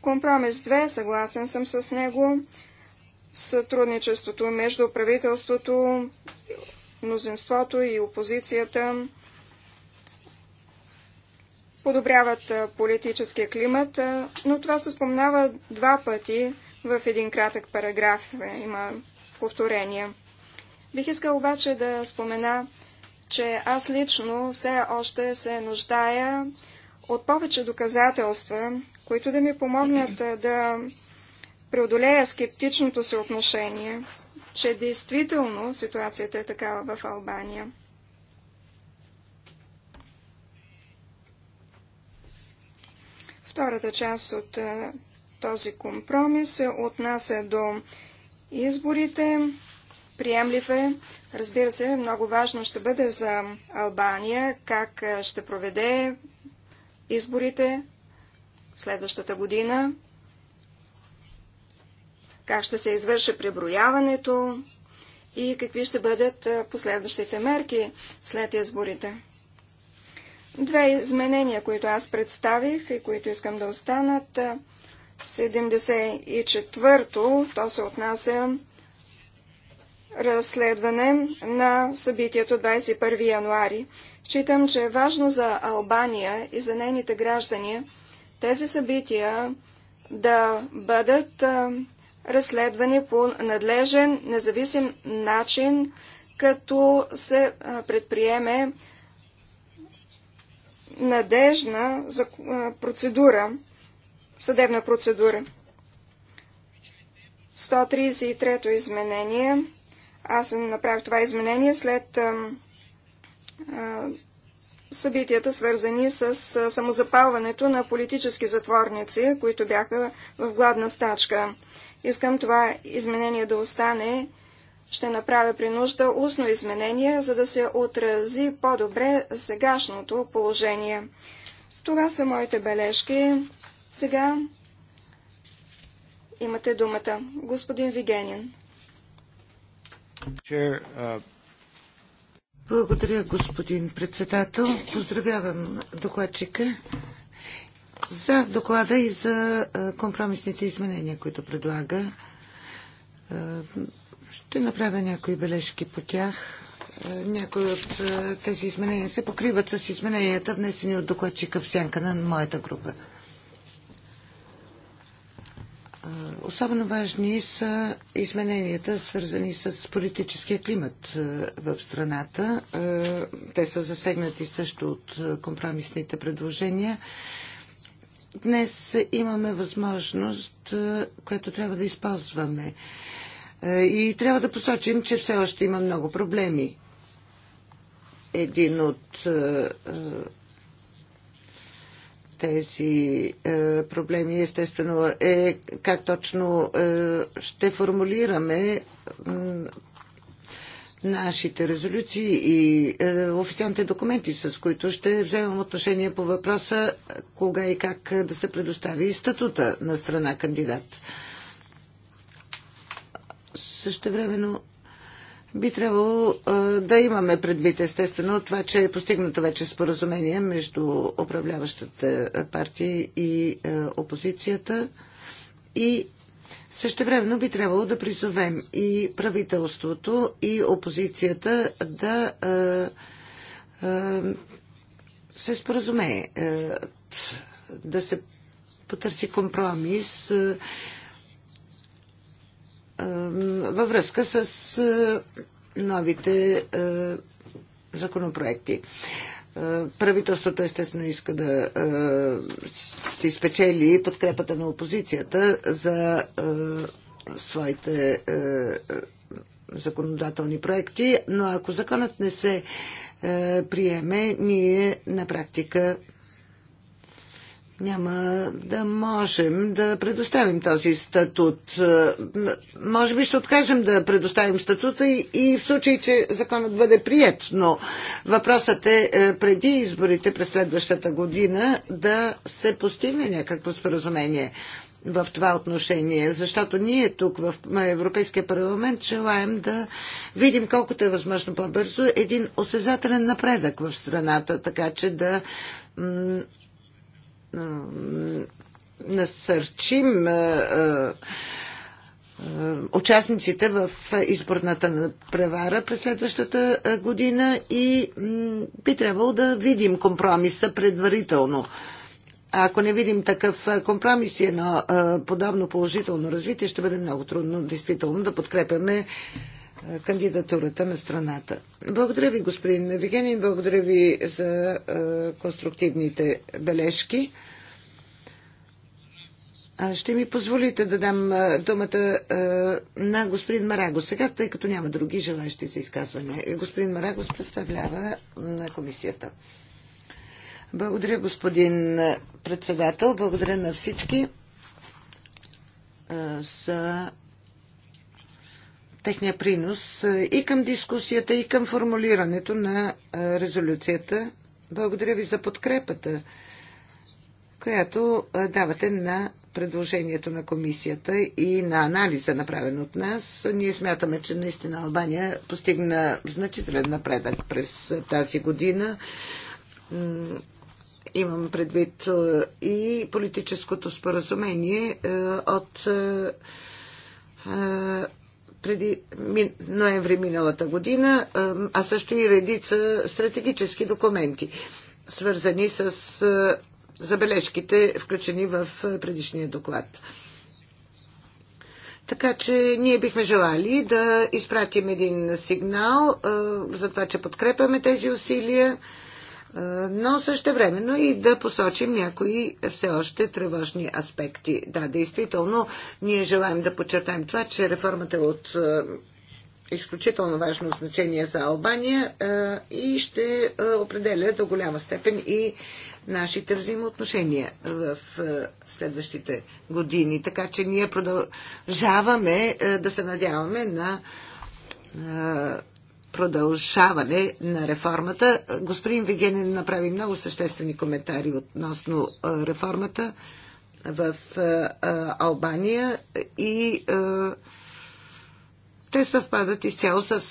Компромис 2, съгласен съм с него. Сътрудничеството между правителството, мнозинството и опозицията подобряват политическия климат, но това се спомнава два пъти в един кратък параграф. Е, има повторения. Бих искал обаче да спомена, че аз лично все още се нуждая от повече доказателства, които да ми помогнат да преодолея скептичното си отношение, че действително ситуацията е такава в Албания. Втората част от е, този компромис се отнася до изборите. Приемлив е. Разбира се, много важно ще бъде за Албания как е, ще проведе изборите следващата година, как ще се извърши преброяването и какви ще бъдат е, последващите мерки след изборите. Две изменения, които аз представих и които искам да останат. 74-то, то се отнася разследване на събитието 21 януари. Считам, че е важно за Албания и за нейните граждани тези събития да бъдат разследвани по надлежен, независим начин, като се предприеме надежна за процедура, съдебна процедура. 133-то изменение. Аз направих това изменение след събитията, свързани с самозапалването на политически затворници, които бяха в гладна стачка. Искам това изменение да остане ще направя при нужда устно изменение, за да се отрази по-добре сегашното положение. Това са моите бележки. Сега имате думата. Господин Вигенин. Uh, Благодаря, господин председател. Поздравявам докладчика за доклада и за uh, компромисните изменения, които предлага. Uh, ще направя някои бележки по тях. Е, някои от е, тези изменения се покриват с измененията, внесени от докладчика в сянка на моята група. Е, особено важни са измененията, свързани с политическия климат в страната. Те са засегнати също от компромисните предложения. Днес имаме възможност, която трябва да използваме. Е, и трябва да посочим, че все още има много проблеми. Един от е, е, тези проблеми естествено е как точно ще формулираме нашите резолюции и официалните документи, с които ще вземам отношение по въпроса кога и как да се предостави статута на страна кандидат. Същевременно би трябвало да имаме предвид естествено това, че е постигнато вече споразумение между управляващата партия и опозицията и Същевременно би трябвало да призовем и правителството, и опозицията да а, а, се споразумее, а, да се потърси компромис във връзка с новите законопроекти. Правителството естествено иска да си спечели подкрепата на опозицията за своите законодателни проекти, но ако законът не се приеме, ние на практика няма да можем да предоставим този статут. Може би ще откажем да предоставим статута и, и в случай, че законът бъде прият, но въпросът е, е преди изборите през следващата година да се постигне някакво споразумение в това отношение, защото ние тук в Европейския парламент желаем да видим колкото е възможно по-бързо един осезателен напредък в страната, така че да насърчим участниците в изборната превара през следващата година и би трябвало да видим компромиса предварително. А ако не видим такъв компромис и едно подобно положително развитие, ще бъде много трудно действително да подкрепяме кандидатурата на страната. Благодаря ви, господин Вигенин, благодаря ви за конструктивните бележки. Ще ми позволите да дам думата на господин Мараго сега, тъй като няма други желащи за изказване. Господин Марагос представлява на комисията. Благодаря, господин председател. Благодаря на всички за техния принос е, и към дискусията, и към формулирането на е, резолюцията. Благодаря ви за подкрепата, която е, давате на предложението на комисията и на анализа, направен от нас. Ние смятаме, че наистина Албания постигна значителен напредък през тази година. Имам предвид и политическото споразумение от преди ми, ноември миналата година, а също и редица стратегически документи, свързани с забележките, включени в предишния доклад. Така че ние бихме желали да изпратим един сигнал за това, че подкрепяме тези усилия е, но също времено и да посочим някои все още тревожни аспекти. Да, действително, ние желаем да подчертаем това, че реформата е от е, изключително важно значение за Албания е, и ще определя до голяма степен и нашите взаимоотношения в следващите години. Така че ние продължаваме да се надяваме на продължаване на реформата. Господин Вигенин направи много съществени коментари относно реформата в Албания и те съвпадат изцяло с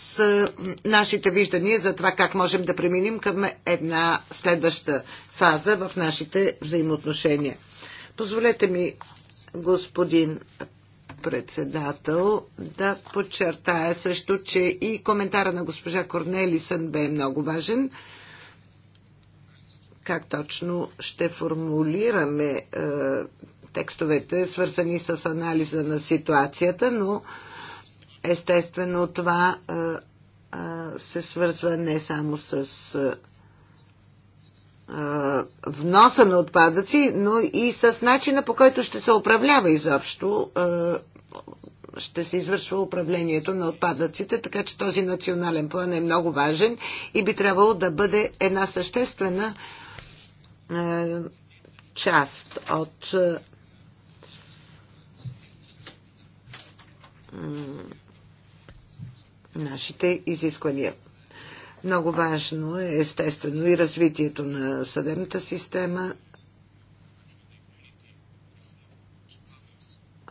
нашите виждания за това как можем да преминем към една следваща фаза в нашите взаимоотношения. Позволете ми, господин председател, да подчертая също, че и коментара на госпожа Корнелисън бе много важен. Как точно ще формулираме е, текстовете, свързани с анализа на ситуацията, но естествено това е, е, се свързва не само с. Е, е вноса на отпадъци, но и с начина по който ще се управлява изобщо е, ще се извършва управлението на отпадъците, така че този национален план е много важен и би трябвало да бъде една съществена е, част от е, нашите изисквания. Много важно е естествено и развитието на съдебната система.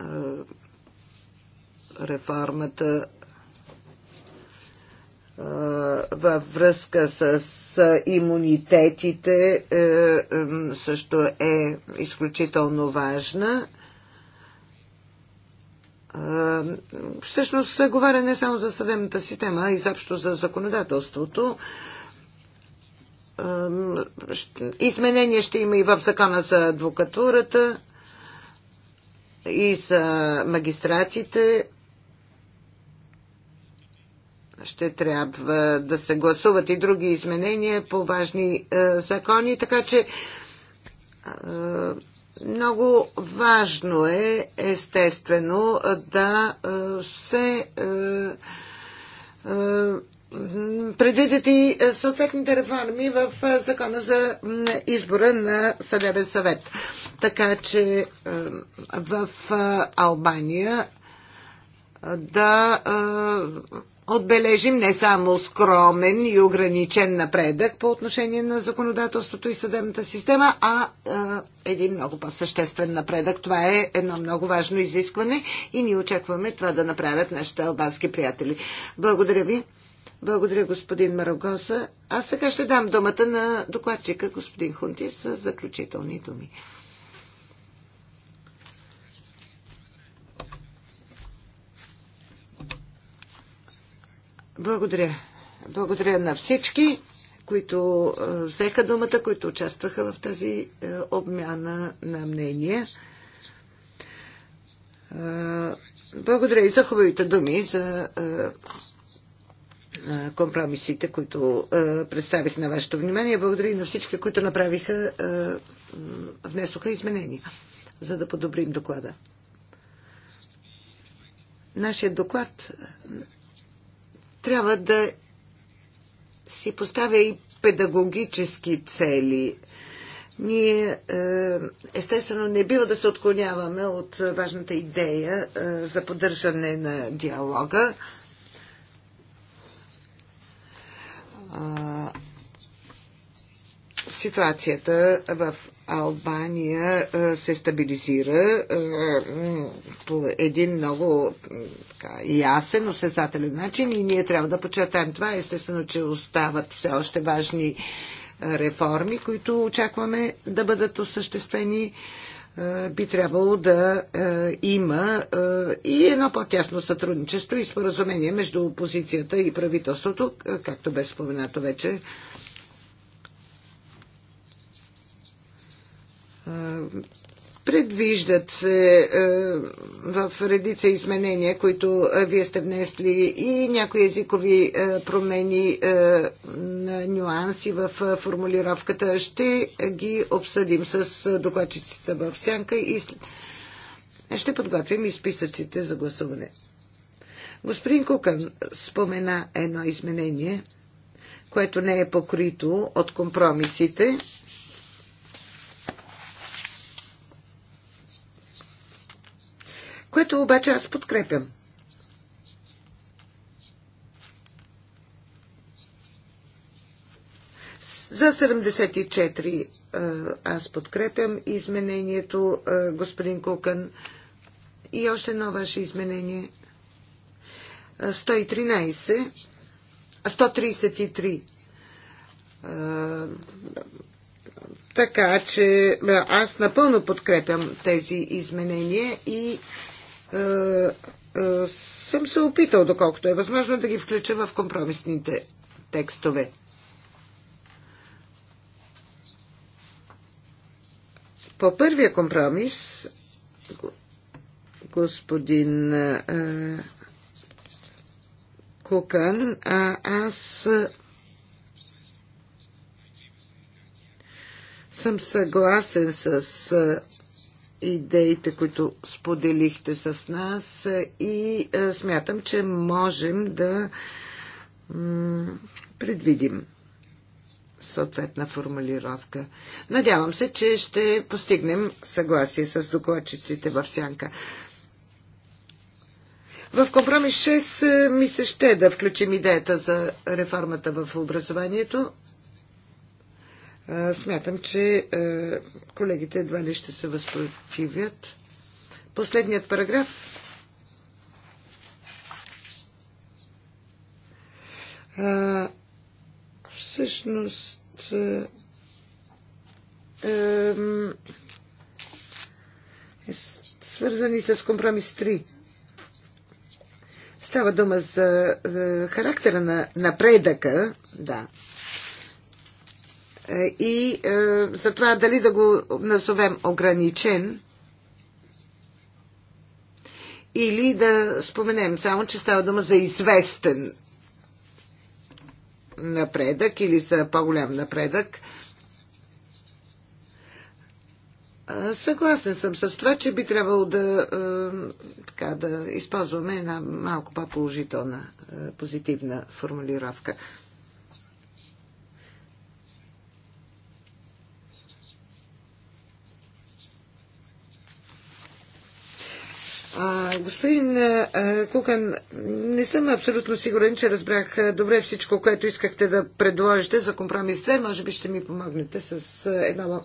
Е, реформата във връзка с имунитетите е, също е изключително важна. Всъщност се говоря не само за съдебната система, а и заобщо за законодателството. Изменения ще има и в закона за адвокатурата и за магистратите ще трябва да се гласуват и други изменения по важни е, закони, така че е, много важно е, естествено, да е, се предвидят и съответните реформи в закона за избора на съдебен съвет. Така че в Албания да отбележим не само скромен и ограничен напредък по отношение на законодателството и съдебната система, а е, един много по-съществен напредък. Това е едно много важно изискване и ние очакваме това да направят нашите албански приятели. Благодаря ви. Благодаря, господин Марогоса. Аз сега ще дам думата на докладчика, господин Хунти, с заключителни думи. Благодаря. Благодаря на всички, които взеха думата, които участваха в тази обмяна на мнения. Благодаря и за хубавите думи, за компромисите, които представих на вашето внимание. Благодаря и на всички, които направиха, внесоха изменения, за да подобрим доклада. Нашият доклад трябва да си поставя и педагогически цели. Ние е, естествено не бива да се отклоняваме от важната идея е, за поддържане на диалога. Е, ситуацията в Албания се стабилизира по един много така, ясен, осезателен начин и ние трябва да подчертаем това. Естествено, че остават все още важни реформи, които очакваме да бъдат осъществени. Би трябвало да има и едно по-тясно сътрудничество и споразумение между опозицията и правителството, както бе споменато вече Предвиждат се е, в редица изменения, които е, вие сте внесли и някои езикови е, промени, нюанси в формулировката. Ще ги обсъдим с докладчиците в сянка и ще подготвим и списъците за гласуване. Господин Кукан спомена едно изменение, което не е покрито от компромисите – което обаче аз подкрепям. За 74 аз подкрепям изменението, господин Кукън. И още едно ваше изменение. 113, 133. Така че аз напълно подкрепям тези изменения и е, е, съм се опитал, доколкото е възможно, да ги включа в компромисните текстове. По първия компромис, господин а, е, Кукан, а, аз съм съгласен с идеите, които споделихте с нас е, и е, смятам, че можем да предвидим съответна формулировка. Надявам се, че ще постигнем съгласие с докладчиците в сянка. В компромис 6 е, ми се ще да включим идеята за реформата в образованието. Смятам, че колегите едва ли ще се възпротивят. Последният параграф. Всъщност. Е свързани с компромис 3. Става дума за е, характера на напредъка, да, е, и е, за това дали да го назовем ограничен или да споменем само, че става дума за известен напредък или за по-голям напредък. Е, съгласен съм с това, че би трябвало да, така, да използваме една малко по-положителна, позитивна формулировка. А, господин а, Кукан, не съм абсолютно сигурен, че разбрах добре всичко, което искахте да предложите за компромис 2. Може би ще ми помогнете с едно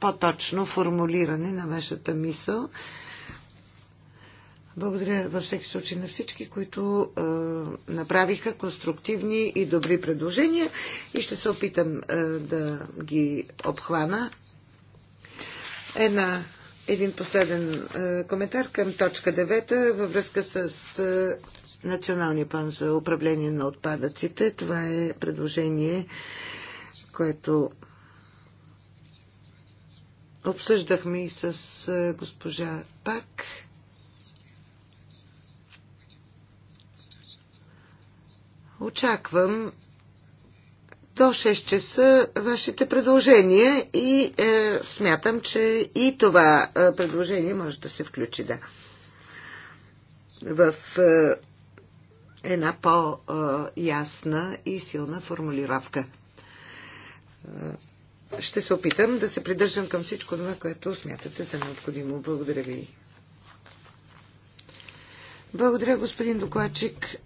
по-точно формулиране на вашата мисъл. Благодаря във всеки случай на всички, които е, направиха конструктивни и добри предложения и ще се опитам е, да ги обхвана. Една един последен е, коментар към точка 9 във връзка с е, Националния план за управление на отпадъците. Това е предложение, което обсъждахме и с е, госпожа Пак. Очаквам до 6 часа вашите предложения и е, смятам, че и това е, предложение може да се включи, да. В е, една по-ясна и силна формулировка. Е, ще се опитам да се придържам към всичко това, което смятате за необходимо. Благодаря ви. Благодаря, господин докладчик.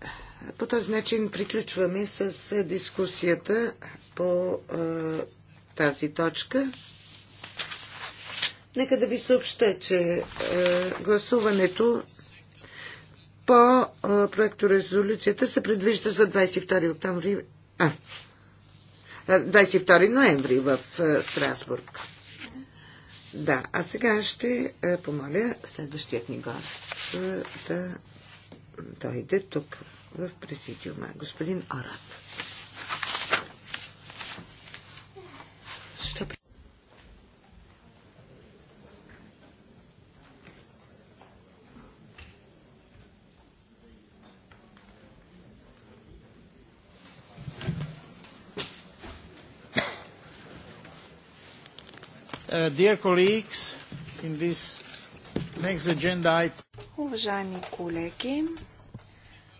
По този начин приключваме с дискусията по а, тази точка. Нека да ви съобща, че а, гласуването по е, проекторезолюцията се предвижда за 22 октомври. А, 22 ноември в Страсбург. Да, а сега ще помоля следващият ни гост да дойде тук в пресидиума. Господин Араб. Uh, Уважаеми колеги,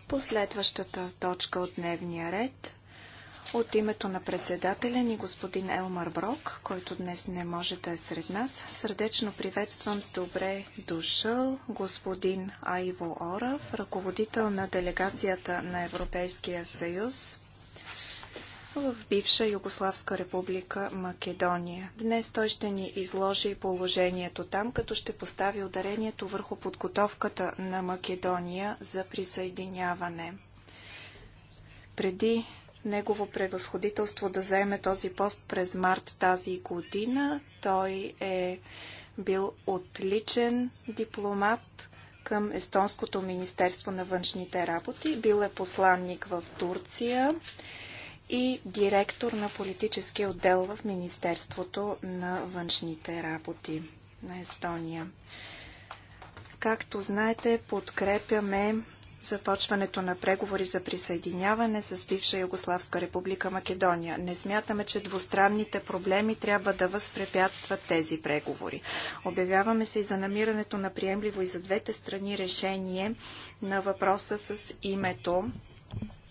Последващата точка от дневния ред от името на председателя ни господин Елмар Брок, който днес не може да е сред нас, сърдечно приветствам с добре дошъл господин Айво Орав, ръководител на делегацията на Европейския съюз в бивша Югославска република Македония. Днес той ще ни изложи положението там, като ще постави ударението върху подготовката на Македония за присъединяване. Преди негово превъзходителство да заеме този пост през март тази година, той е бил отличен дипломат, към Естонското Министерство на външните работи. Бил е посланник в Турция и директор на политическия отдел в Министерството на външните работи на Естония. Както знаете, подкрепяме започването на преговори за присъединяване с бивша Югославска република Македония. Не смятаме, че двустранните проблеми трябва да възпрепятстват тези преговори. Обявяваме се и за намирането на приемливо и за двете страни решение на въпроса с името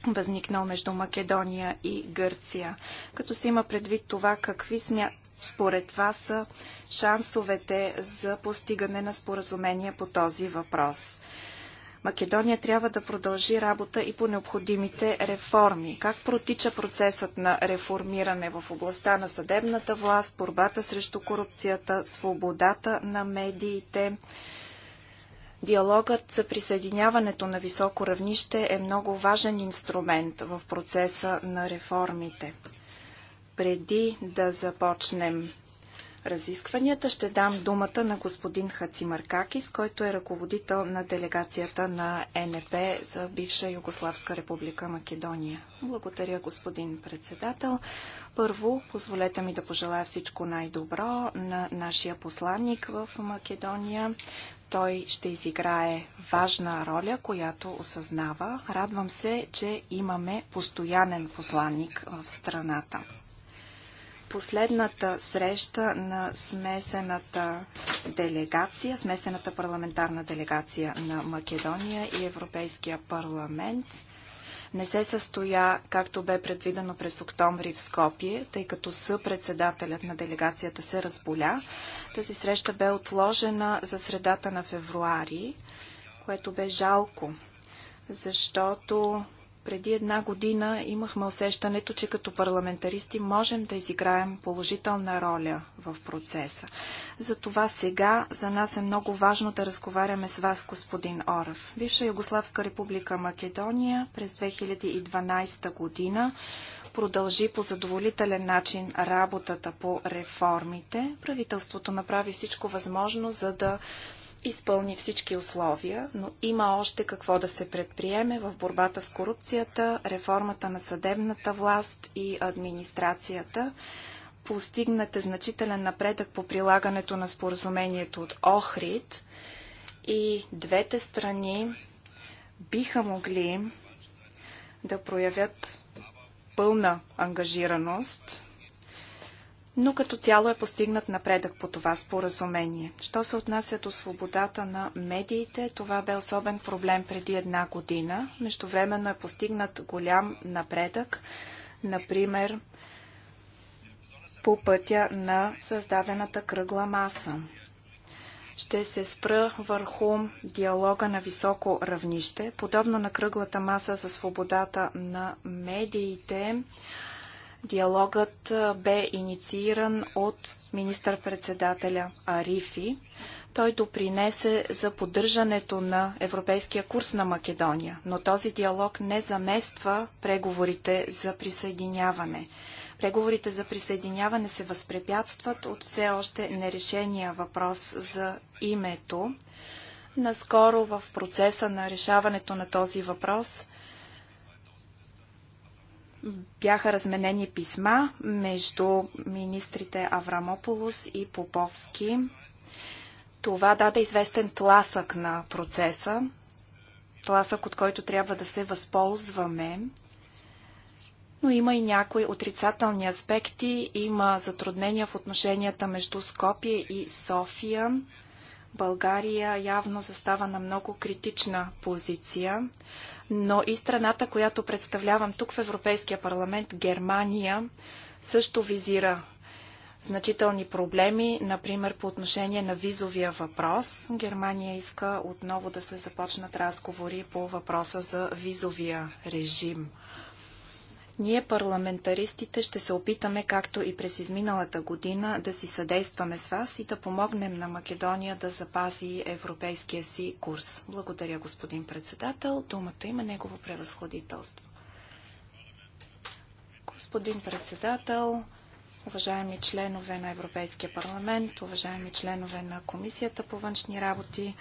възникнал между Македония и Гърция. Като се има предвид това, какви смя... според вас са шансовете за постигане на споразумение по този въпрос? Македония трябва да продължи работа и по необходимите реформи. Как протича процесът на реформиране в областта на съдебната власт, борбата срещу корупцията, свободата на медиите, Диалогът за присъединяването на високо равнище е много важен инструмент в процеса на реформите. Преди да започнем разискванията, ще дам думата на господин Хацимаркакис, който е ръководител на делегацията на НП за бивша Югославска република Македония. Благодаря, господин председател. Първо, позволете ми да пожелая всичко най-добро на нашия посланник в Македония, той ще изиграе важна роля, която осъзнава. Радвам се, че имаме постоянен посланник в страната. Последната среща на смесената делегация, смесената парламентарна делегация на Македония и Европейския парламент – не се състоя, както бе предвидено през октомври в Скопие, тъй като съпредседателят на делегацията се разболя. Тази среща бе отложена за средата на февруари, което бе жалко, защото преди една година имахме усещането, че като парламентаристи можем да изиграем положителна роля в процеса. Затова сега за нас е много важно да разговаряме с вас, господин Оръв. Бивша Югославска република Македония през 2012 година продължи по задоволителен начин работата по реформите. Правителството направи всичко възможно, за да изпълни всички условия, но има още какво да се предприеме в борбата с корупцията, реформата на съдебната власт и администрацията. Постигнат е значителен напредък по прилагането на споразумението от Охрид и двете страни биха могли да проявят пълна ангажираност но като цяло е постигнат напредък по това споразумение. Що се отнася до свободата на медиите, това бе особен проблем преди една година. Междувременно е постигнат голям напредък, например по пътя на създадената кръгла маса. Ще се спра върху диалога на високо равнище. Подобно на кръглата маса за свободата на медиите, Диалогът бе иницииран от министър-председателя Арифи. Той допринесе за поддържането на европейския курс на Македония, но този диалог не замества преговорите за присъединяване. Преговорите за присъединяване се възпрепятстват от все още нерешения въпрос за името. Наскоро в процеса на решаването на този въпрос бяха разменени писма между министрите Аврамополос и Поповски. Това даде известен тласък на процеса, тласък от който трябва да се възползваме. Но има и някои отрицателни аспекти. Има затруднения в отношенията между Скопие и София. България явно застава на много критична позиция но и страната, която представлявам тук в Европейския парламент, Германия, също визира значителни проблеми, например по отношение на визовия въпрос. Германия иска отново да се започнат разговори по въпроса за визовия режим. Ние, парламентаристите, ще се опитаме, както и през изминалата година, да си съдействаме с вас и да помогнем на Македония да запази европейския си курс. Благодаря, господин председател. Думата има негово превъзходителство. Господин председател, уважаеми членове на Европейския парламент, уважаеми членове на Комисията по външни работи,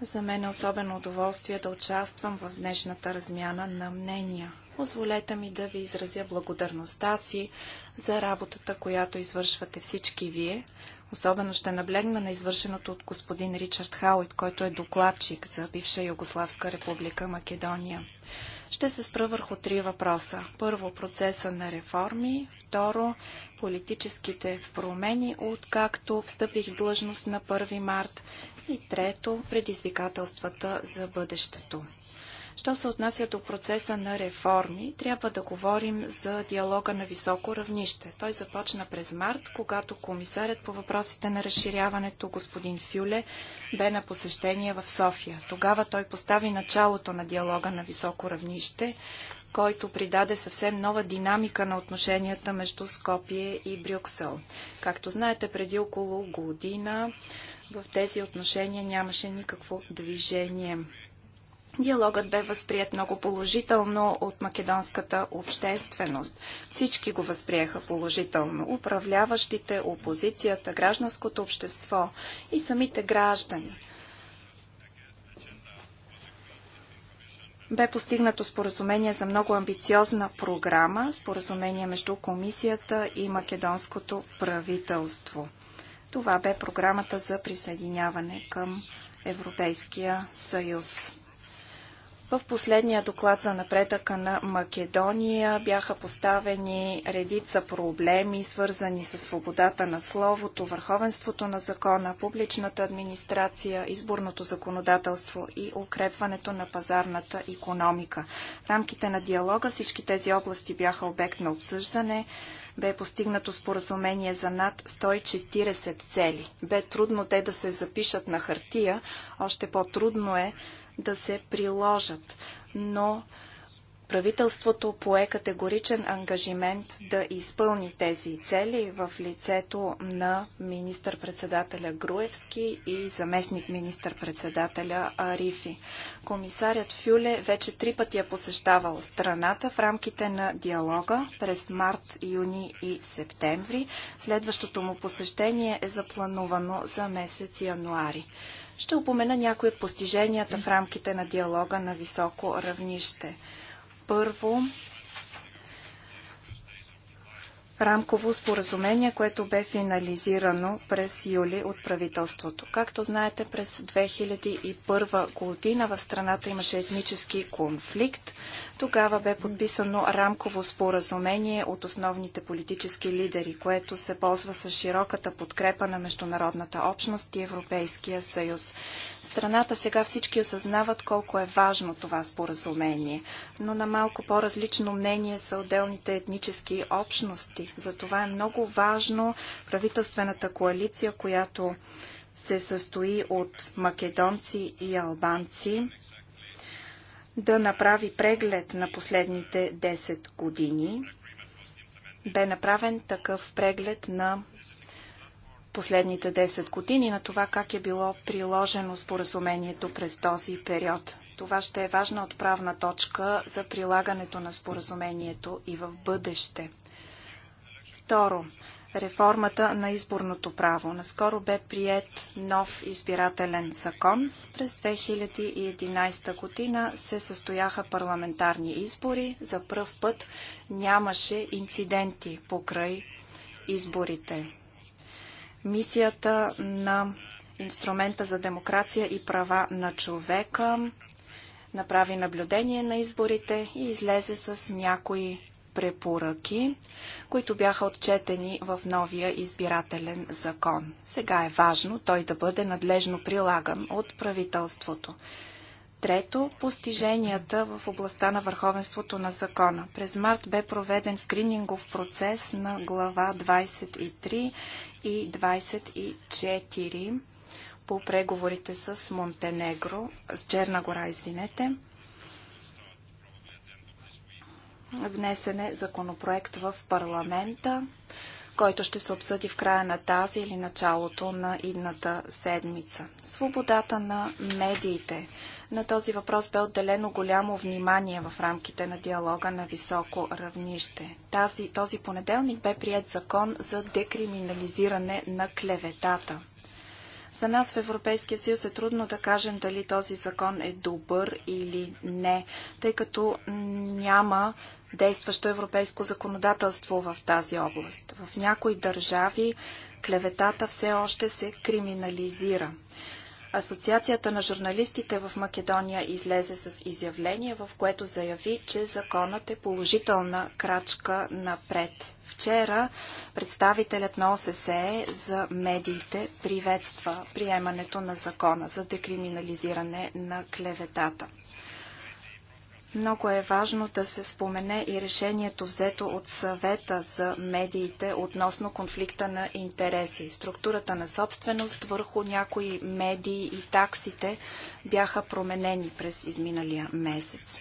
за мен е особено удоволствие да участвам в днешната размяна на мнения. Позволете ми да ви изразя благодарността си за работата, която извършвате всички вие. Особено ще наблегна на извършеното от господин Ричард Хауит, който е докладчик за бивша Югославска република Македония. Ще се спра върху три въпроса. Първо, процеса на реформи. Второ, политическите промени, откакто встъпих в длъжност на 1 март. И трето, предизвикателствата за бъдещето. Що се отнася до процеса на реформи, трябва да говорим за диалога на високо равнище. Той започна през март, когато комисарят по въпросите на разширяването, господин Фюле, бе на посещение в София. Тогава той постави началото на диалога на високо равнище, който придаде съвсем нова динамика на отношенията между Скопие и Брюксел. Както знаете, преди около година в тези отношения нямаше никакво движение. Диалогът бе възприят много положително от македонската общественост. Всички го възприеха положително. Управляващите, опозицията, гражданското общество и самите граждани. Бе постигнато споразумение за много амбициозна програма, споразумение между комисията и македонското правителство. Това бе програмата за присъединяване към Европейския съюз. В последния доклад за напредъка на Македония бяха поставени редица проблеми, свързани с свободата на словото, върховенството на закона, публичната администрация, изборното законодателство и укрепването на пазарната економика. В рамките на диалога всички тези области бяха обект на обсъждане бе постигнато споразумение за над 140 цели. Бе трудно те да се запишат на хартия, още по-трудно е да се приложат, но правителството пое категоричен ангажимент да изпълни тези цели в лицето на министър-председателя Груевски и заместник министър-председателя Арифи. Комисарят Фюле вече три пъти е посещавал страната в рамките на диалога през март, юни и септември. Следващото му посещение е заплановано за месец януари. Ще упомена някои от постиженията в рамките на диалога на високо равнище. Първо, рамково споразумение, което бе финализирано през юли от правителството. Както знаете, през 2001 година в страната имаше етнически конфликт. Тогава бе подписано рамково споразумение от основните политически лидери, което се ползва с широката подкрепа на международната общност и Европейския съюз. страната сега всички осъзнават колко е важно това споразумение, но на малко по-различно мнение са отделните етнически общности. Затова е много важно правителствената коалиция, която се състои от македонци и албанци, да направи преглед на последните 10 години. Бе направен такъв преглед на последните 10 години на това как е било приложено споразумението през този период. Това ще е важна отправна точка за прилагането на споразумението и в бъдеще. Второ, реформата на изборното право. Наскоро бе прият нов избирателен закон. През 2011 година се състояха парламентарни избори. За пръв път нямаше инциденти покрай изборите. Мисията на инструмента за демокрация и права на човека направи наблюдение на изборите и излезе с някои препоръки, които бяха отчетени в новия избирателен закон. Сега е важно той да бъде надлежно прилаган от правителството. Трето, постиженията в областта на върховенството на закона. През март бе проведен скринингов процес на глава 23 и 24 по преговорите с Монтенегро, с Черна гора, извинете. Внесен е законопроект в парламента, който ще се обсъди в края на тази или началото на идната седмица. Свободата на медиите. На този въпрос бе отделено голямо внимание в рамките на диалога на високо равнище. Тази, този понеделник бе прият закон за декриминализиране на клеветата. За нас в Европейския съюз е трудно да кажем дали този закон е добър или не, тъй като няма действащо европейско законодателство в тази област. В някои държави клеветата все още се криминализира. Асоциацията на журналистите в Македония излезе с изявление, в което заяви, че законът е положителна крачка напред. Вчера представителят на ОССЕ за медиите приветства приемането на закона за декриминализиране на клеветата. Много е важно да се спомене и решението взето от съвета за медиите относно конфликта на интереси. Структурата на собственост върху някои медии и таксите бяха променени през изминалия месец.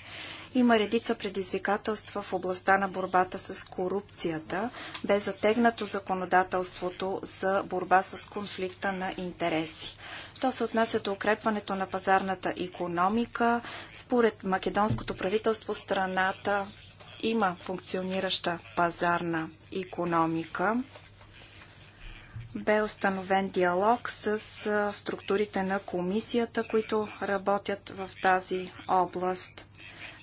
Има редица предизвикателства в областта на борбата с корупцията, бе затегнато законодателството за борба с конфликта на интереси. То се отнася до укрепването на пазарната економика, според македонското правителство страната има функционираща пазарна економика. Бе установен диалог с структурите на комисията, които работят в тази област.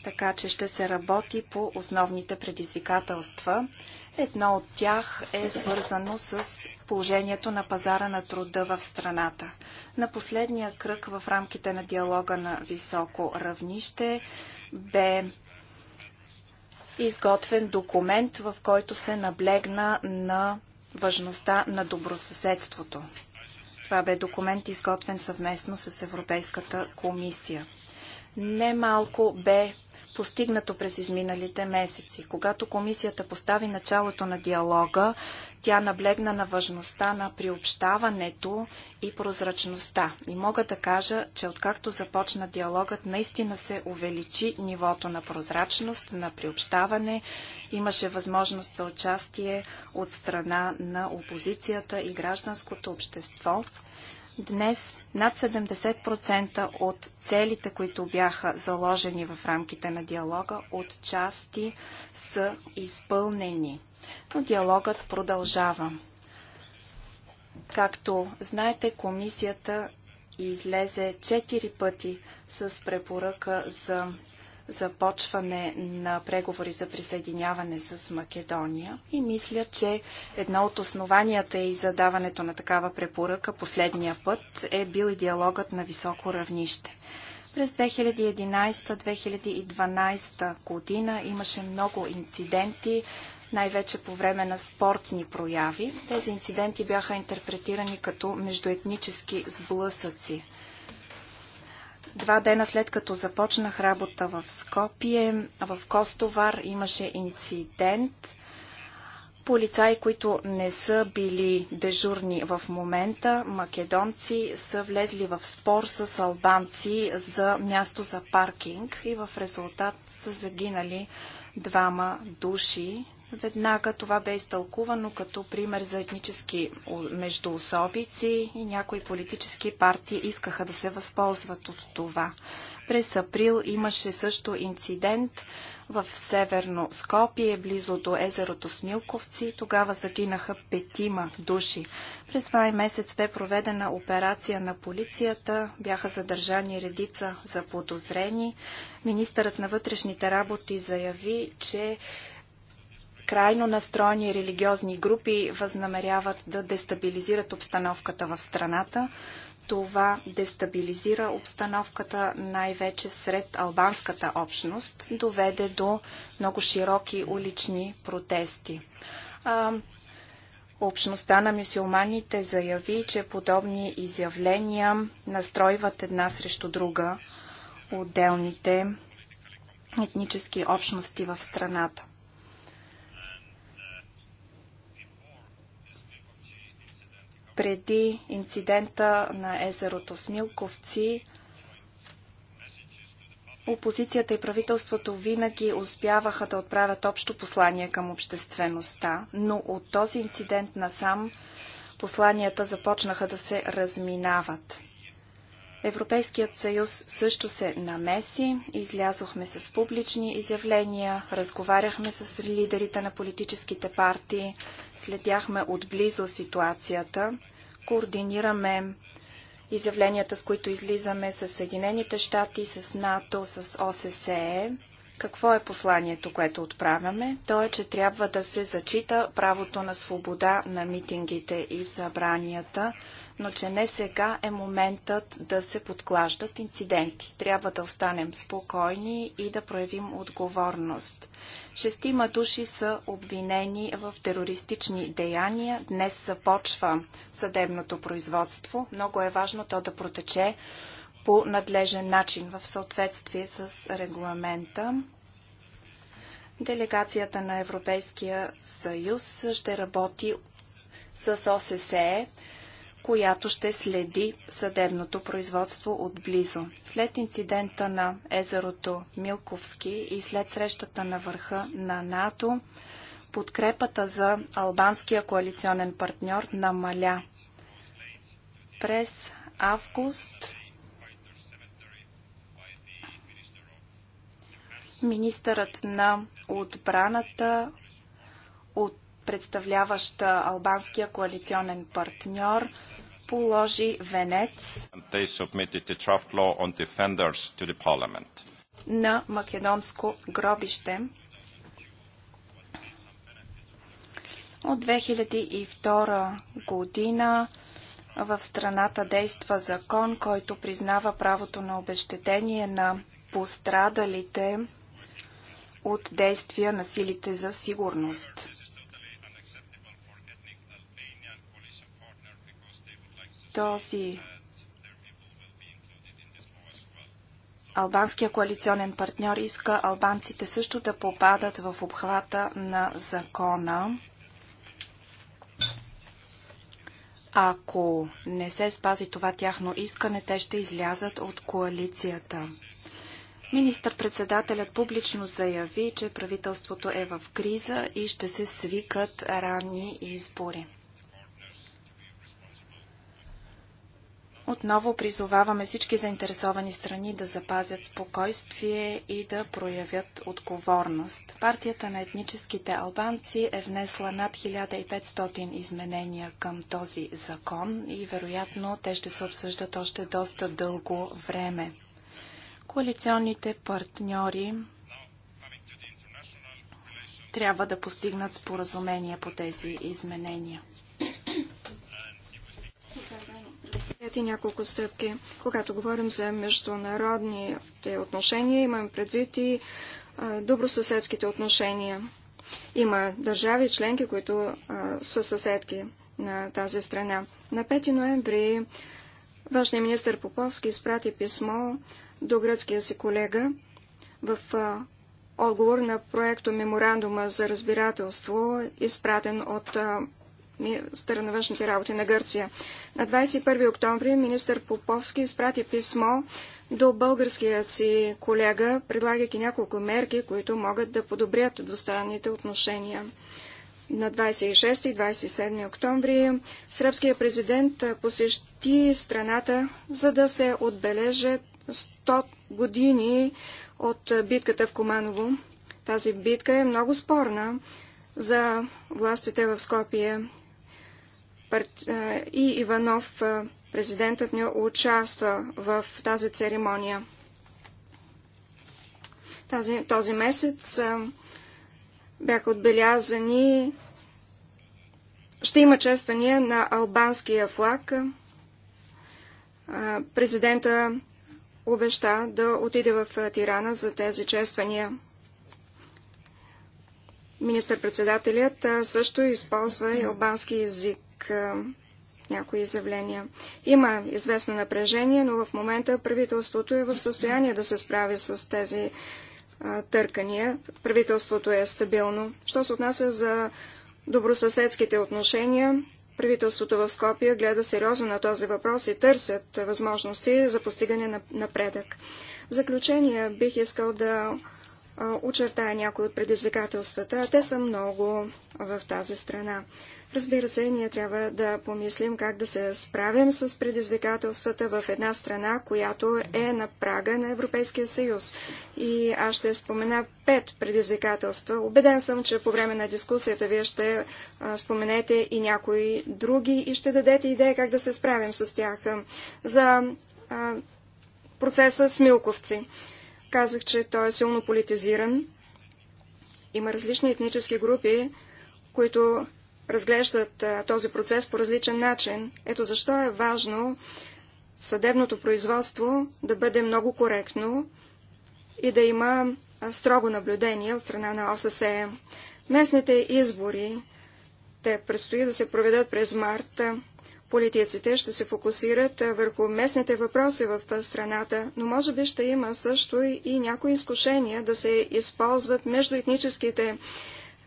Така че ще се работи по основните предизвикателства Едно от тях е свързано с положението на пазара на труда в страната. На последния кръг в рамките на диалога на високо равнище бе изготвен документ, в който се наблегна на важността на добросъседството. Това бе документ, изготвен съвместно с Европейската комисия. Немалко бе постигнато през изминалите месеци. Когато комисията постави началото на диалога, тя наблегна на важността на приобщаването и прозрачността. И мога да кажа, че откакто започна диалогът, наистина се увеличи нивото на прозрачност, на приобщаване. Имаше възможност за участие от страна на опозицията и гражданското общество. Днес над 70% от целите, които бяха заложени в рамките на диалога, от части са изпълнени. Но диалогът продължава. Както знаете, комисията излезе 4 пъти с препоръка за започване на преговори за присъединяване с Македония и мисля, че едно от основанията и за даването на такава препоръка последния път е бил и диалогът на високо равнище. През 2011-2012 година имаше много инциденти, най-вече по време на спортни прояви. Тези инциденти бяха интерпретирани като междуетнически сблъсъци – Два дена след като започнах работа в Скопие, в Костовар имаше инцидент. Полицаи, които не са били дежурни в момента, македонци, са влезли в спор с албанци за място за паркинг и в резултат са загинали двама души. Веднага това бе изтълкувано като пример за етнически междуособици и някои политически партии искаха да се възползват от това. През април имаше също инцидент в Северно Скопие, близо до езерото Смилковци. Тогава загинаха петима души. През май месец бе проведена операция на полицията. Бяха задържани редица за подозрени. Министърът на вътрешните работи заяви, че крайно настроени религиозни групи възнамеряват да дестабилизират обстановката в страната. Това дестабилизира обстановката най-вече сред албанската общност, доведе до много широки улични протести. А, Общността на мюсюлманите заяви, че подобни изявления настройват една срещу друга отделните етнически общности в страната. преди инцидента на езерото Смилковци, опозицията и правителството винаги успяваха да отправят общо послание към обществеността, но от този инцидент насам посланията започнаха да се разминават. Европейският съюз също се намеси, излязохме с публични изявления, разговаряхме с лидерите на политическите партии, следяхме отблизо ситуацията, координираме изявленията, с които излизаме с Съединените щати, с НАТО, с ОССЕ. Какво е посланието, което отправяме? То е, че трябва да се зачита правото на свобода на митингите и събранията, но че не сега е моментът да се подклаждат инциденти. Трябва да останем спокойни и да проявим отговорност. Шестима души са обвинени в терористични деяния. Днес започва съдебното производство. Много е важно то да протече по надлежен начин в съответствие с регламента. Делегацията на Европейския съюз ще работи с ОССЕ която ще следи съдебното производство отблизо. След инцидента на езерото Милковски и след срещата на върха на НАТО, подкрепата за албанския коалиционен партньор намаля. През август министърът на отбраната от представляваща албанския коалиционен партньор положи венец на македонско гробище. От 2002 година в страната действа закон, който признава правото на обещетение на пострадалите от действия на силите за сигурност. този албанския коалиционен партньор иска албанците също да попадат в обхвата на закона. Ако не се спази това тяхно искане, те ще излязат от коалицията. Министър-председателят публично заяви, че правителството е в криза и ще се свикат ранни избори. Отново призоваваме всички заинтересовани страни да запазят спокойствие и да проявят отговорност. Партията на етническите албанци е внесла над 1500 изменения към този закон и вероятно те ще се обсъждат още доста дълго време. Коалиционните партньори трябва да постигнат споразумение по тези изменения. Ети няколко стъпки. Когато говорим за международните отношения, имам предвид и добросъседските отношения. Има държави членки, които а, са съседки на тази страна. На 5 ноември външният министр Поповски изпрати писмо до гръцкия си колега в а, отговор на проекто меморандума за разбирателство, изпратен от а, министъра на външните работи на Гърция. На 21 октомври министър Поповски изпрати писмо до българският си колега, предлагайки няколко мерки, които могат да подобрят двустранните отношения. На 26 и 27 октомври сръбският президент посещи страната, за да се отбележат 100 години от битката в Команово. Тази битка е много спорна за властите в Скопие и Иванов, президентът ни, участва в тази церемония. Тази, този месец бяха отбелязани, ще има чествания на албанския флаг. Президента обеща да отиде в Тирана за тези чествания. Министър-председателят също използва и албански език пак някои изявления. Има известно напрежение, но в момента правителството е в състояние да се справи с тези а, търкания. Правителството е стабилно. Що се отнася за добросъседските отношения, правителството в Скопия гледа сериозно на този въпрос и търсят възможности за постигане на напредък. В заключение бих искал да очертая някои от предизвикателствата, а те са много в тази страна. Разбира се, ние трябва да помислим как да се справим с предизвикателствата в една страна, която е на прага на Европейския съюз. И аз ще спомена пет предизвикателства. Обеден съм, че по време на дискусията вие ще споменете и някои други и ще дадете идея как да се справим с тях. За процеса с Милковци. Казах, че той е силно политизиран. Има различни етнически групи, които разглеждат този процес по различен начин. Ето защо е важно съдебното производство да бъде много коректно и да има строго наблюдение от страна на ОССЕ. Местните избори, те предстои да се проведат през март. Политиците ще се фокусират върху местните въпроси в страната, но може би ще има също и някои изкушения да се използват между етническите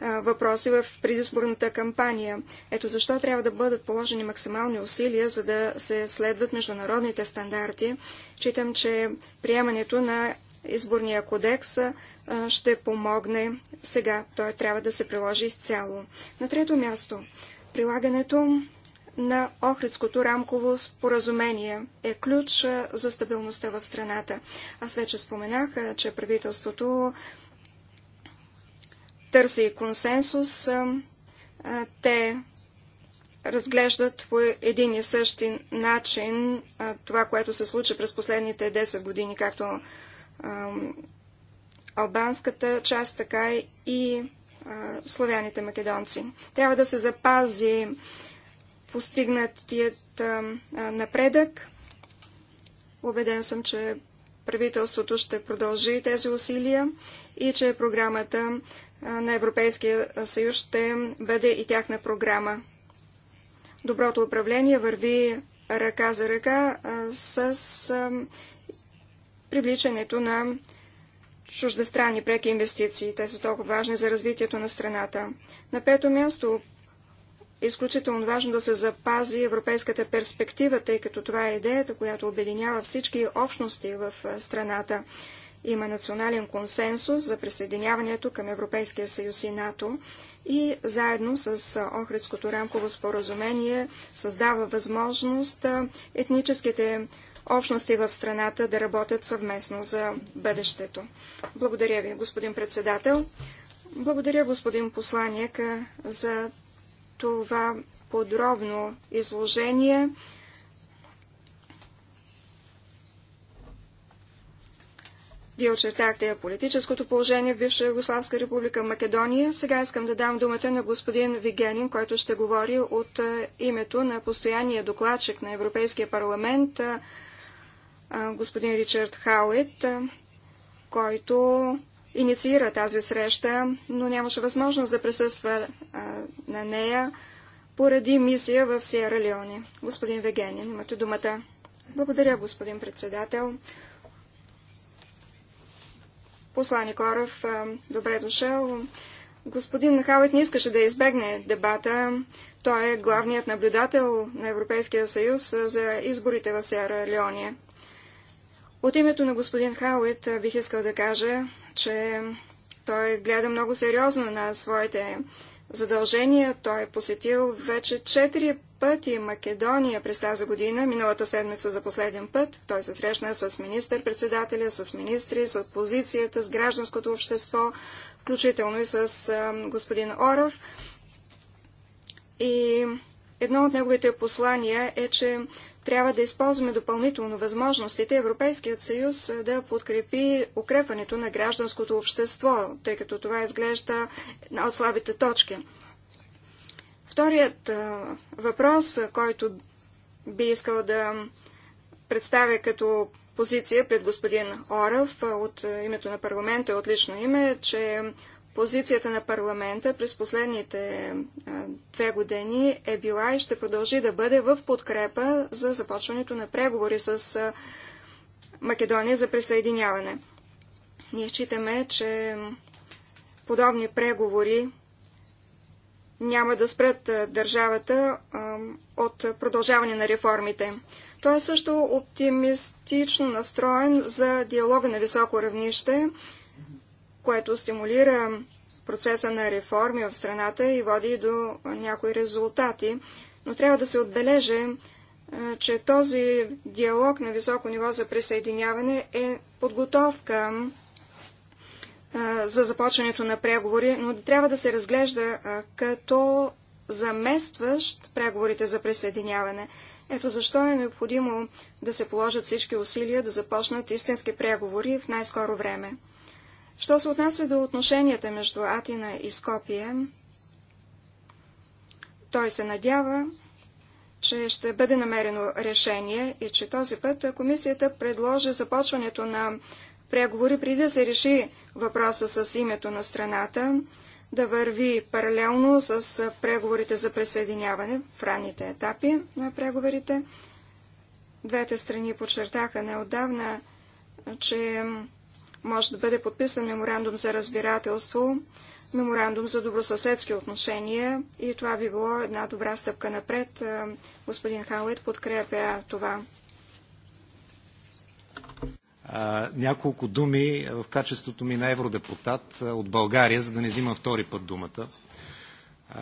въпроси в предизборната кампания. Ето защо трябва да бъдат положени максимални усилия, за да се следват международните стандарти. Читам, че приемането на изборния кодекс ще помогне сега. Той трябва да се приложи изцяло. На трето място, прилагането на Охридското рамково споразумение е ключ за стабилността в страната. Аз вече споменах, че правителството търси консенсус. Те разглеждат по един и същи начин това, което се случи през последните 10 години, както албанската част, така и славяните македонци. Трябва да се запази постигнатият напредък. Убеден съм, че правителството ще продължи тези усилия и че програмата на Европейския съюз ще бъде и тяхна програма. Доброто управление върви ръка за ръка с привличането на чуждестранни преки инвестиции. Те са толкова важни за развитието на страната. На пето място е изключително важно да се запази европейската перспектива, тъй като това е идеята, която обединява всички общности в страната. Има национален консенсус за присъединяването към Европейския съюз и НАТО и заедно с Охридското рамково споразумение създава възможност етническите общности в страната да работят съвместно за бъдещето. Благодаря ви, господин председател. Благодаря, господин посланник, за това подробно изложение. Вие очертахте политическото положение в бивша Югославска република Македония. Сега искам да дам думата на господин Вигенин, който ще говори от името на постоянния докладчик на Европейския парламент, господин Ричард Хауит, който инициира тази среща, но нямаше възможност да присъства на нея поради мисия в Сиера Леони. Господин Вегенин, имате думата. Благодаря, господин председател. Послани Коров, добре дошъл. Господин Михайлович не искаше да избегне дебата. Той е главният наблюдател на Европейския съюз за изборите в Сера Леония. От името на господин Хауит бих искал да кажа, че той гледа много сериозно на своите задължения. Той е посетил вече четири пъти Македония през тази година, миналата седмица за последен път. Той се срещна с министър-председателя, с министри, с опозицията, с гражданското общество, включително и с господин Оров. И едно от неговите послания е, че трябва да използваме допълнително възможностите Европейският съюз да подкрепи укрепването на гражданското общество, тъй като това изглежда една от слабите точки. Вторият въпрос, който би искал да представя като позиция пред господин Оръв от името на парламента е от лично име, че Позицията на парламента през последните две години е била и ще продължи да бъде в подкрепа за започването на преговори с Македония за присъединяване. Ние считаме, че подобни преговори няма да спрат държавата от продължаване на реформите. Той е също оптимистично настроен за диалога на високо равнище което стимулира процеса на реформи в страната и води до някои резултати. Но трябва да се отбележи, че този диалог на високо ниво за присъединяване е подготовка за започването на преговори, но трябва да се разглежда като заместващ преговорите за присъединяване. Ето защо е необходимо да се положат всички усилия да започнат истински преговори в най-скоро време. Що се отнася до отношенията между Атина и Скопие, той се надява, че ще бъде намерено решение и че този път комисията предложи започването на преговори преди да се реши въпроса с името на страната, да върви паралелно с преговорите за присъединяване в ранните етапи на преговорите. Двете страни подчертаха неодавна, че може да бъде подписан меморандум за разбирателство, меморандум за добросъседски отношения и това би било една добра стъпка напред. Господин Хаует подкрепя това. няколко думи в качеството ми на евродепутат от България, за да не взимам втори път думата.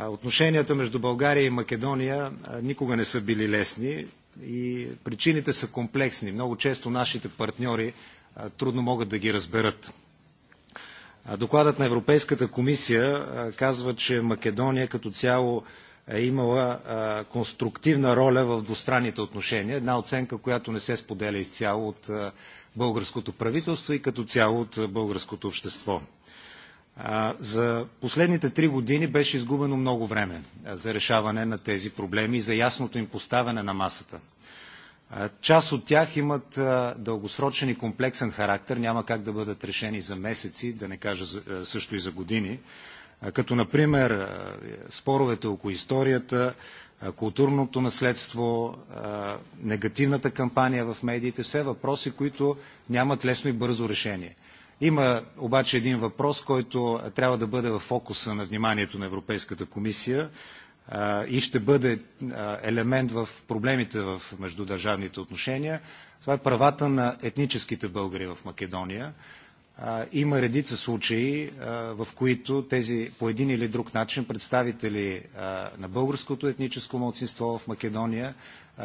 Отношенията между България и Македония никога не са били лесни и причините са комплексни. Много често нашите партньори трудно могат да ги разберат. Докладът на Европейската комисия казва, че Македония като цяло е имала конструктивна роля в двустранните отношения. Една оценка, която не се споделя изцяло от българското правителство и като цяло от българското общество. За последните три години беше изгубено много време за решаване на тези проблеми и за ясното им поставяне на масата. Част от тях имат дългосрочен и комплексен характер, няма как да бъдат решени за месеци, да не кажа също и за години, като например споровете около историята, културното наследство, негативната кампания в медиите, все въпроси, които нямат лесно и бързо решение. Има обаче един въпрос, който трябва да бъде в фокуса на вниманието на Европейската комисия – и ще бъде елемент в проблемите в междудържавните отношения. Това е правата на етническите българи в Македония. Има редица случаи, в които тези по един или друг начин представители на българското етническо младсинство в Македония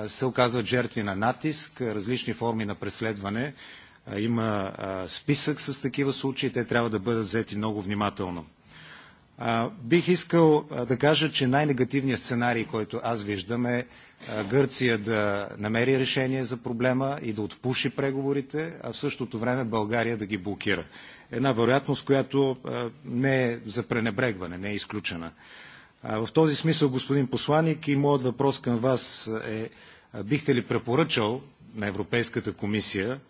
се оказват жертви на натиск, различни форми на преследване. Има списък с такива случаи, те трябва да бъдат взети много внимателно бих искал да кажа, че най-негативният сценарий, който аз виждам е Гърция да намери решение за проблема и да отпуши преговорите, а в същото време България да ги блокира. Една вероятност, която не е за пренебрегване, не е изключена. в този смисъл, господин посланник, и моят въпрос към вас е бихте ли препоръчал на Европейската комисия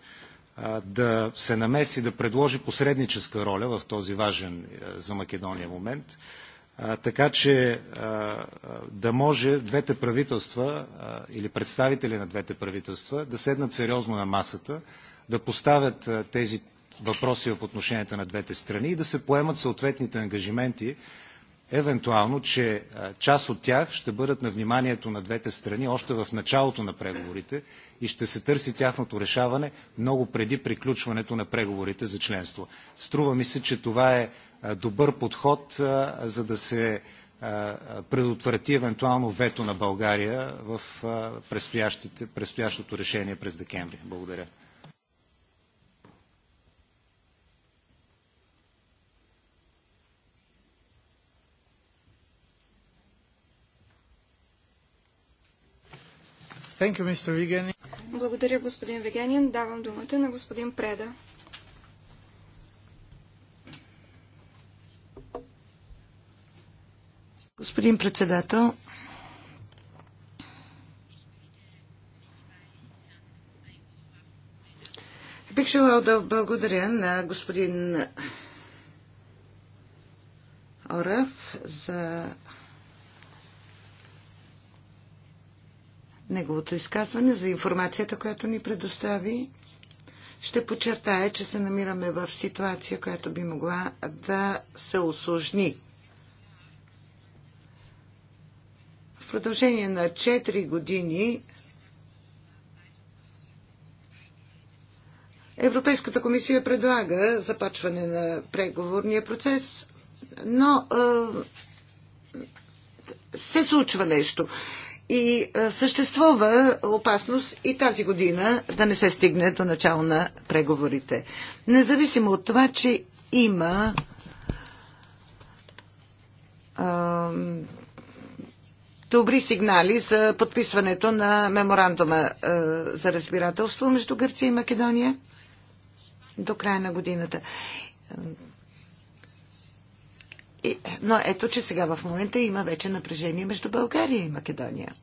да се намеси, да предложи посредническа роля в този важен е, за Македония момент, така че да може двете правителства или представители на двете правителства да седнат сериозно на масата, да поставят тези въпроси в отношенията на двете страни и да се поемат съответните ангажименти евентуално, че част от тях ще бъдат на вниманието на двете страни още в началото на преговорите и ще се търси тяхното решаване много преди приключването на преговорите за членство. Струва ми се, че това е добър подход, за да се предотврати евентуално вето на България в предстоящото решение през декември. Благодаря. Thank you, Mr. Благодаря, господин Вегенин. Давам думата на господин Преда. Господин председател, бих желал да благодаря на господин Орав за неговото изказване, за информацията, която ни предостави. Ще подчертая, че се намираме в ситуация, която би могла да се осложни. В продължение на 4 години Европейската комисия предлага започване на преговорния процес, но е, се случва нещо. И съществува опасност и тази година да не се стигне до начало на преговорите. Независимо от това, че има а, добри сигнали за подписването на меморандума а, за разбирателство между Гърция и Македония до края на годината. Но ето, че сега в момента има вече напрежение между България и Македония.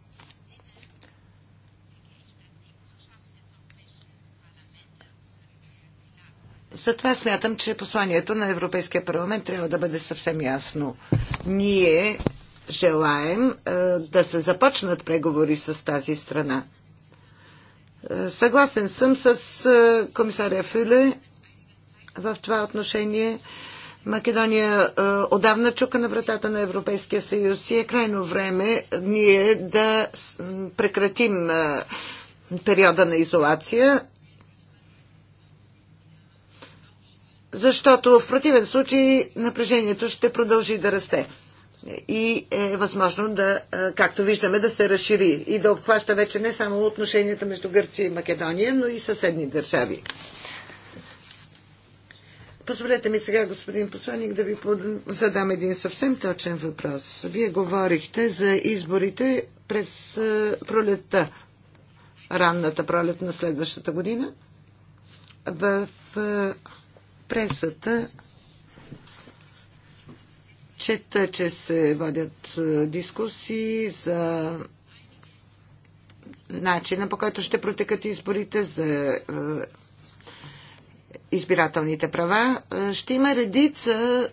Затова смятам, че посланието на Европейския парламент трябва да бъде съвсем ясно. Ние желаем е, да се започнат преговори с тази страна. Е, съгласен съм с е, комисаря Фюле в това отношение. Е, Македония е, отдавна чука на вратата на Европейския съюз и е крайно време ние да прекратим е, периода на изолация, защото в противен случай напрежението ще продължи да расте и е възможно да, е, както виждаме, да се разшири и да обхваща вече не само отношенията между Гърция и Македония, но и съседни държави. Позволете ми сега, господин посланник, да ви задам един съвсем точен въпрос. Вие говорихте за изборите през пролетта, ранната пролет на следващата година. В пресата чета, че се водят дискусии за начина по който ще протекат изборите, за избирателните права, е, ще има редица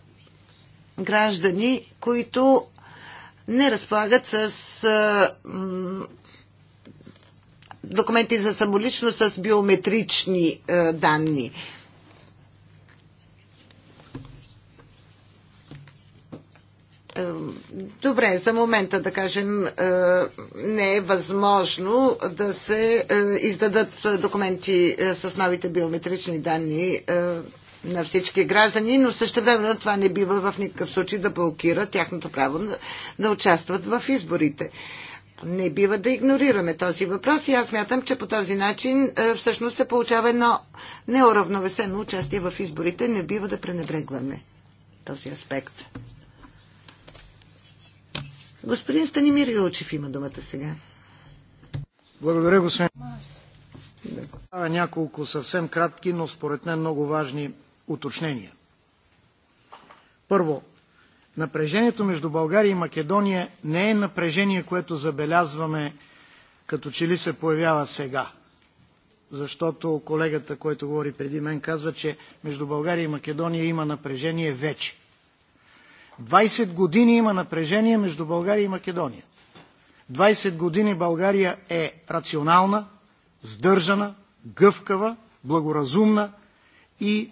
граждани, които не разполагат с е, документи за самолично с биометрични е, данни. Добре, за момента да кажем е, не е възможно да се е, издадат документи е, с новите биометрични данни на всички граждани, но също време това не бива в никакъв случай да блокира тяхното право да участват в изборите. Не бива да игнорираме този въпрос и аз мятам, че по този начин всъщност се получава едно неуравновесено участие в изборите. Не бива да пренебрегваме този аспект. Господин Станимир Йолчев има думата сега. Благодаря, господин. е няколко съвсем кратки, но според мен много важни уточнения. Първо, напрежението между България и Македония не е напрежение, което забелязваме като че ли се появява сега. Защото колегата, който говори преди мен, казва, че между България и Македония има напрежение вече. 20 години има напрежение между България и Македония. 20 години България е рационална, сдържана, гъвкава, благоразумна и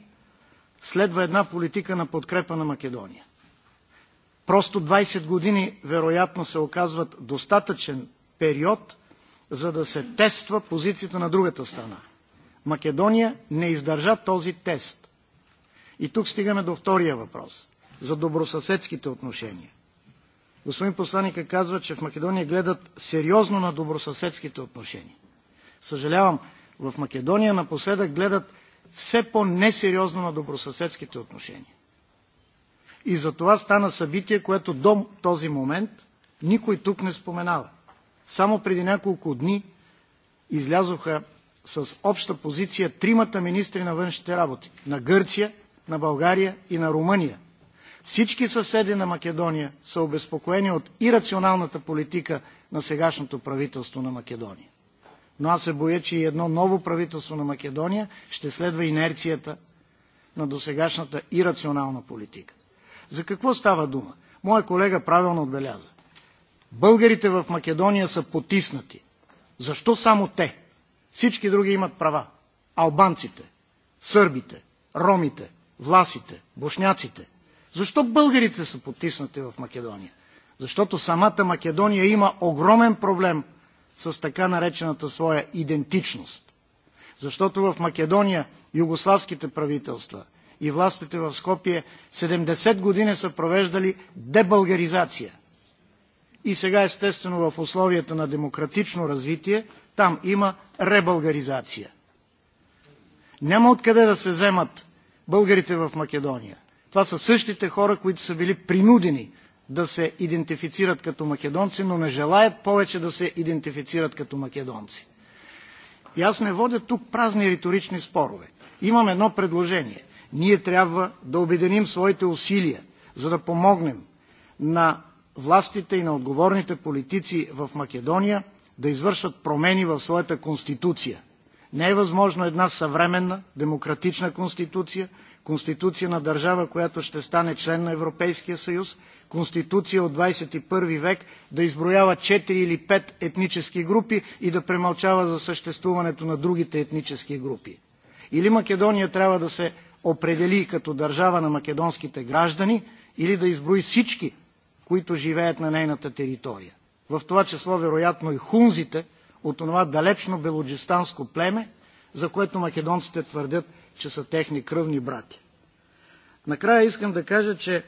следва една политика на подкрепа на Македония. Просто 20 години вероятно се оказват достатъчен период, за да се тества позицията на другата страна. Македония не издържа този тест. И тук стигаме до втория въпрос за добросъседските отношения. Господин посланника казва, че в Македония гледат сериозно на добросъседските отношения. Съжалявам, в Македония напоследък гледат все по-несериозно на добросъседските отношения. И за това стана събитие, което до този момент никой тук не споменава. Само преди няколко дни излязоха с обща позиция тримата министри на външните работи на Гърция, на България и на Румъния всички съседи на Македония са обезпокоени от ирационалната политика на сегашното правителство на Македония. Но аз се боя, че и едно ново правителство на Македония ще следва инерцията на досегашната ирационална политика. За какво става дума? Моя колега правилно отбеляза. Българите в Македония са потиснати. Защо само те? Всички други имат права. Албанците, сърбите, ромите, власите, бошняците – защо българите са потиснати в Македония? Защото самата Македония има огромен проблем с така наречената своя идентичност. Защото в Македония югославските правителства и властите в Скопие 70 години са провеждали дебългаризация. И сега естествено в условията на демократично развитие там има ребългаризация. Няма откъде да се вземат българите в Македония. Това са същите хора, които са били принудени да се идентифицират като македонци, но не желаят повече да се идентифицират като македонци. И аз не водя тук празни риторични спорове. Имам едно предложение. Ние трябва да обединим своите усилия, за да помогнем на властите и на отговорните политици в Македония да извършат промени в своята конституция. Не е възможно една съвременна демократична конституция конституция на държава, която ще стане член на Европейския съюз, конституция от 21 век да изброява 4 или 5 етнически групи и да премълчава за съществуването на другите етнически групи. Или Македония трябва да се определи като държава на македонските граждани, или да изброи всички, които живеят на нейната територия. В това число, вероятно, и хунзите от това далечно белоджистанско племе, за което македонците твърдят, че са техни кръвни брати. Накрая искам да кажа, че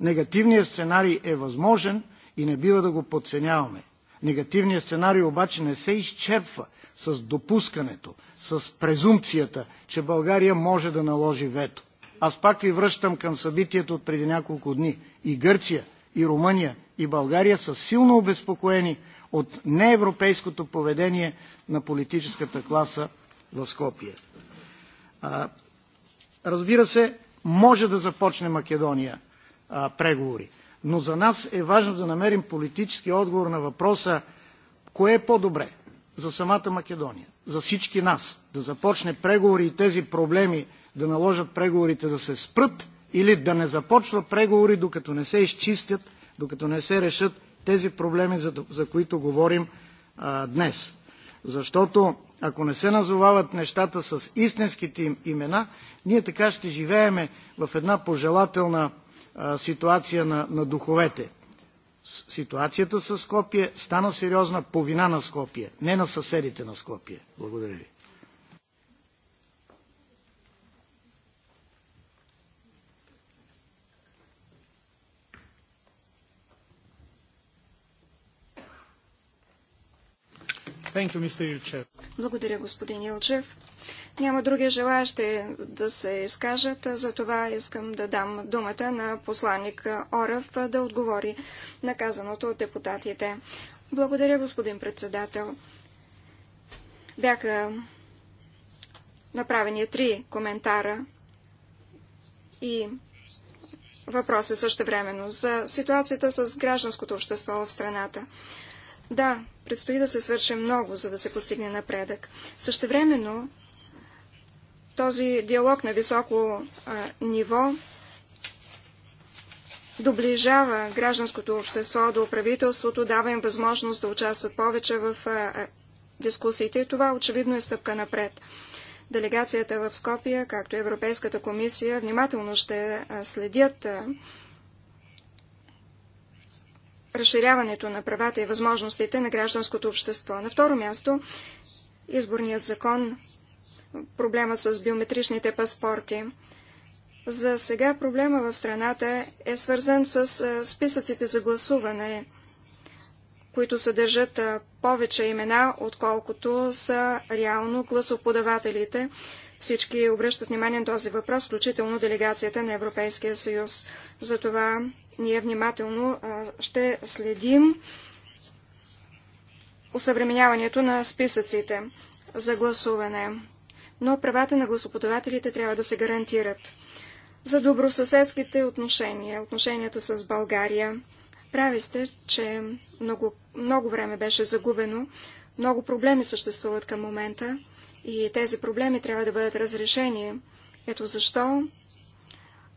негативният сценарий е възможен и не бива да го подценяваме. Негативният сценарий обаче не се изчерпва с допускането, с презумпцията, че България може да наложи вето. Аз пак ви връщам към събитието от преди няколко дни. И Гърция, и Румъния, и България са силно обезпокоени от неевропейското поведение на политическата класа в Скопие. Разбира се, може да започне Македония преговори, но за нас е важно да намерим политически отговор на въпроса кое е по-добре за самата Македония, за всички нас, да започне преговори и тези проблеми да наложат преговорите да се спрат или да не започва преговори, докато не се изчистят, докато не се решат тези проблеми, за, които говорим днес. Защото ако не се назовават нещата с истинските им имена, ние така ще живееме в една пожелателна ситуация на, на духовете. Ситуацията с Скопие стана сериозна по вина на Скопие, не на съседите на Скопие. Благодаря ви. You, Благодаря, господин Илчев. Няма други желаящи да се изкажат, За това искам да дам думата на посланник Орав да отговори на казаното от депутатите. Благодаря, господин председател. Бяха направени три коментара и въпроси е също времено за ситуацията с гражданското общество в страната. Да, предстои да се свърши много, за да се постигне напредък. Същевременно, този диалог на високо а, ниво доближава гражданското общество до правителството, дава им възможност да участват повече в а, дискусиите и това очевидно е стъпка напред. Делегацията в Скопия, както и Европейската комисия, внимателно ще следят разширяването на правата и възможностите на гражданското общество. На второ място, изборният закон, проблема с биометричните паспорти. За сега проблема в страната е свързан с списъците за гласуване, които съдържат повече имена, отколкото са реално гласоподавателите. Всички обръщат внимание на този въпрос, включително делегацията на Европейския съюз. Затова ние внимателно ще следим усъвременяването на списъците за гласуване. Но правата на гласоподавателите трябва да се гарантират. За добросъседските отношения, отношенията с България. Прави сте, че много, много време беше загубено, много проблеми съществуват към момента. И тези проблеми трябва да бъдат разрешени. Ето защо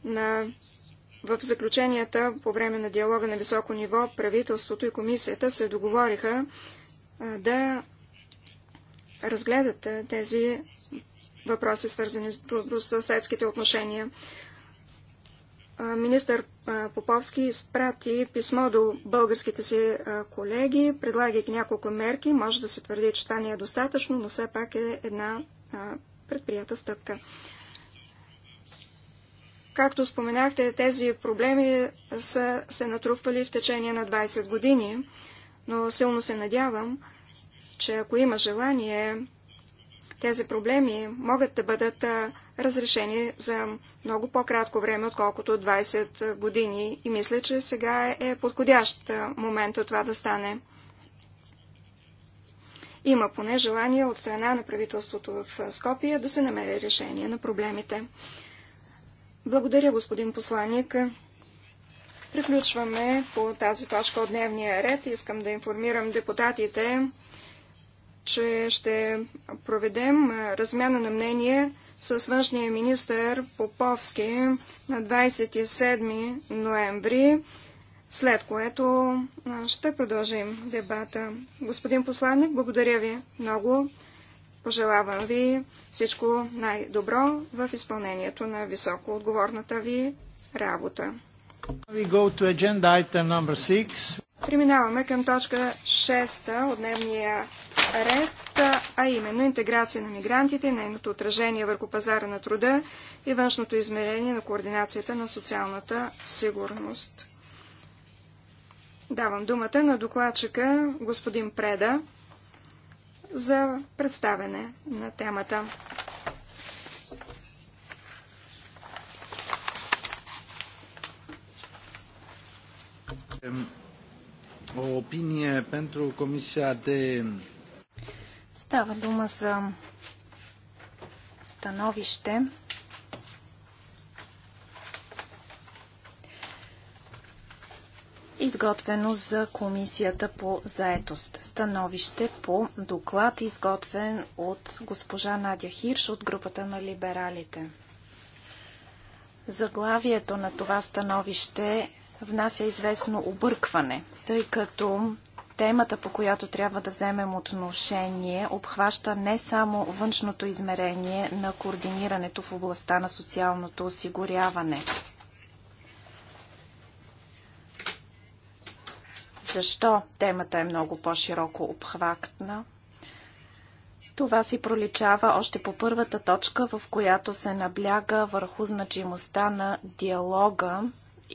на в заключенията по време на диалога на високо ниво правителството и комисията се договориха да разгледат тези въпроси, свързани с съседските отношения. Министър Поповски изпрати писмо до българските си колеги, предлагайки няколко мерки. Може да се твърди, че това не е достатъчно, но все пак е една предприята стъпка. Както споменахте, тези проблеми са се натрупвали в течение на 20 години, но силно се надявам, че ако има желание тези проблеми могат да бъдат разрешени за много по-кратко време, отколкото 20 години и мисля, че сега е подходящ момент от това да стане. Има поне желание от страна на правителството в Скопия да се намери решение на проблемите. Благодаря, господин посланник. Приключваме по тази точка от дневния ред. Искам да информирам депутатите, че ще проведем размяна на мнение с външния министр Поповски на 27 ноември, след което ще продължим дебата. Господин посланник, благодаря ви много. Пожелавам ви всичко най-добро в изпълнението на високо отговорната ви работа. Преминаваме към точка 6 от дневния ред, а именно интеграция на мигрантите, нейното отражение върху пазара на труда и външното измерение на координацията на социалната сигурност. Давам думата на докладчика господин Преда за представене на темата. O opinie pentru Comisia de Става дума за становище, изготвено за Комисията по заетост. Становище по доклад, изготвен от госпожа Надя Хирш от групата на либералите. Заглавието на това становище внася известно объркване, тъй като темата, по която трябва да вземем отношение, обхваща не само външното измерение на координирането в областта на социалното осигуряване. Защо темата е много по-широко обхватна? Това си проличава още по първата точка, в която се набляга върху значимостта на диалога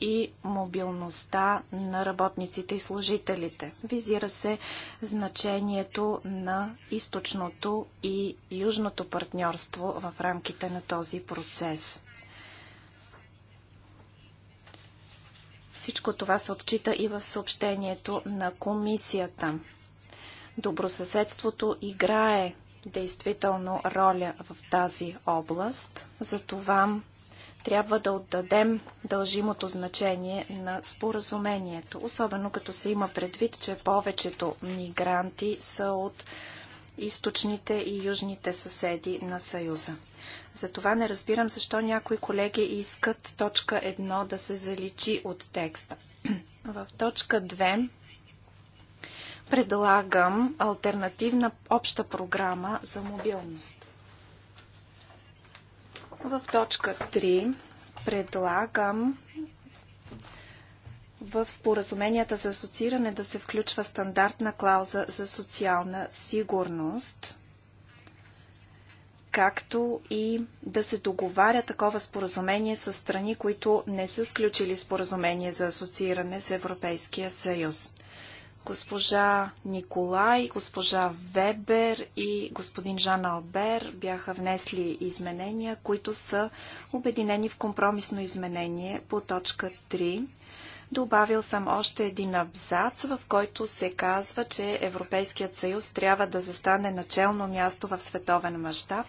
и мобилността на работниците и служителите. Визира се значението на източното и южното партньорство в рамките на този процес. Всичко това се отчита и в съобщението на комисията. Добросъседството играе действително роля в тази област. Затова трябва да отдадем дължимото значение на споразумението, особено като се има предвид, че повечето мигранти са от източните и южните съседи на Съюза. Затова не разбирам защо някои колеги искат точка 1 да се заличи от текста. В точка 2 предлагам альтернативна обща програма за мобилност. В точка 3 предлагам в споразуменията за асоцииране да се включва стандартна клауза за социална сигурност, както и да се договаря такова споразумение с страни, които не са сключили споразумение за асоцииране с Европейския съюз. Госпожа Николай, госпожа Вебер и господин Жан Албер бяха внесли изменения, които са обединени в компромисно изменение по точка 3. Добавил съм още един абзац, в който се казва, че Европейският съюз трябва да застане начално място в световен мащаб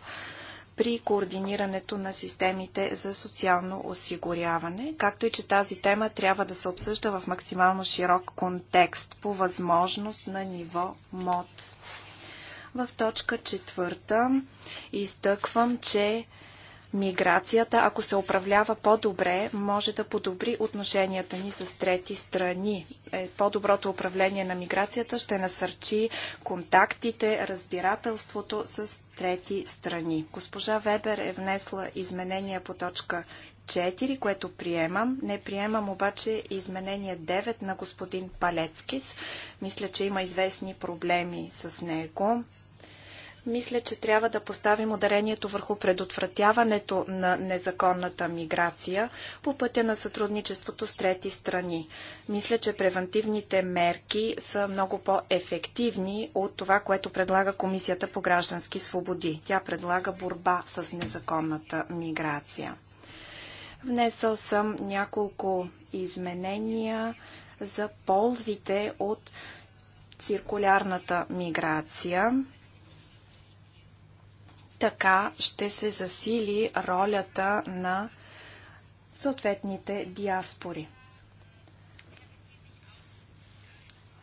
при координирането на системите за социално осигуряване, както и че тази тема трябва да се обсъжда в максимално широк контекст по възможност на ниво МОД. В точка четвърта изтъквам, че Миграцията, ако се управлява по-добре, може да подобри отношенията ни с трети страни. Е, по-доброто управление на миграцията ще насърчи контактите, разбирателството с трети страни. Госпожа Вебер е внесла изменения по точка 4, което приемам. Не приемам обаче изменение 9 на господин Палецкис. Мисля, че има известни проблеми с него. Мисля, че трябва да поставим ударението върху предотвратяването на незаконната миграция по пътя на сътрудничеството с трети страни. Мисля, че превентивните мерки са много по-ефективни от това, което предлага Комисията по граждански свободи. Тя предлага борба с незаконната миграция. Внесъл съм няколко изменения за ползите от циркулярната миграция. Така ще се засили ролята на съответните диаспори.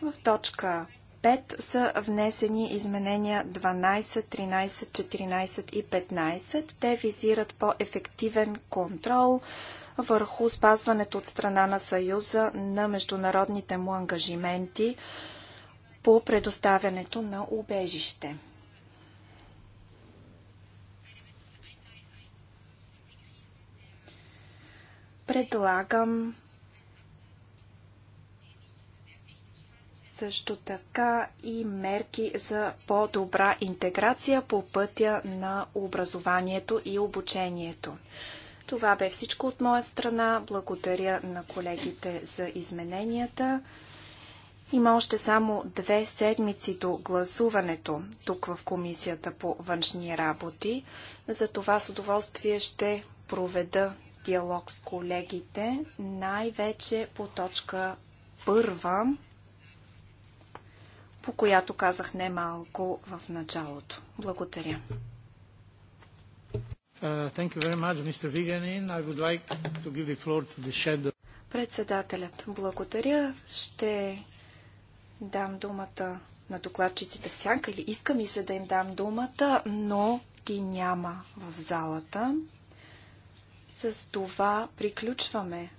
В точка 5 са внесени изменения 12, 13, 14 и 15. Те визират по-ефективен контрол върху спазването от страна на Съюза на международните му ангажименти по предоставянето на убежище. Предлагам също така и мерки за по-добра интеграция по пътя на образованието и обучението. Това бе всичко от моя страна. Благодаря на колегите за измененията. Има още само две седмици до гласуването тук в Комисията по външни работи. За това с удоволствие ще проведа диалог с колегите, най-вече по точка първа, по която казах немалко в началото. Благодаря. Uh, Председателят, благодаря. Ще дам думата на докладчиците всяка сянка или искам и се да им дам думата, но ги няма в залата. С това приключваме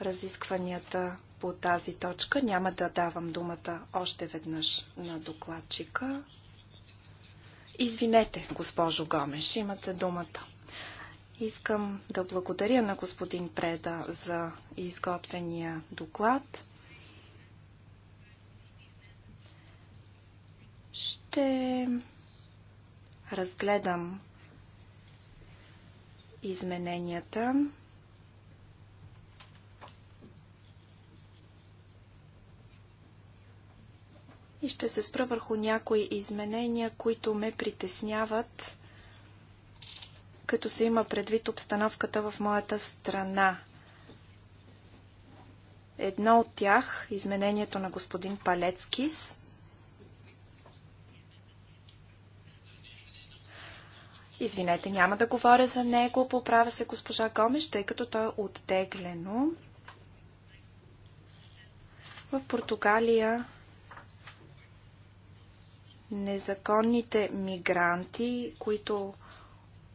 разискванията по тази точка. Няма да давам думата още веднъж на докладчика. Извинете, госпожо Гомеш, имате думата. Искам да благодаря на господин Преда за изготвения доклад. Ще разгледам измененията. И ще се спра върху някои изменения, които ме притесняват, като се има предвид обстановката в моята страна. Едно от тях, изменението на господин Палецкис, Извинете, няма да говоря за него, поправя се госпожа Гомеш, тъй като той е оттеглено. В Португалия незаконните мигранти, които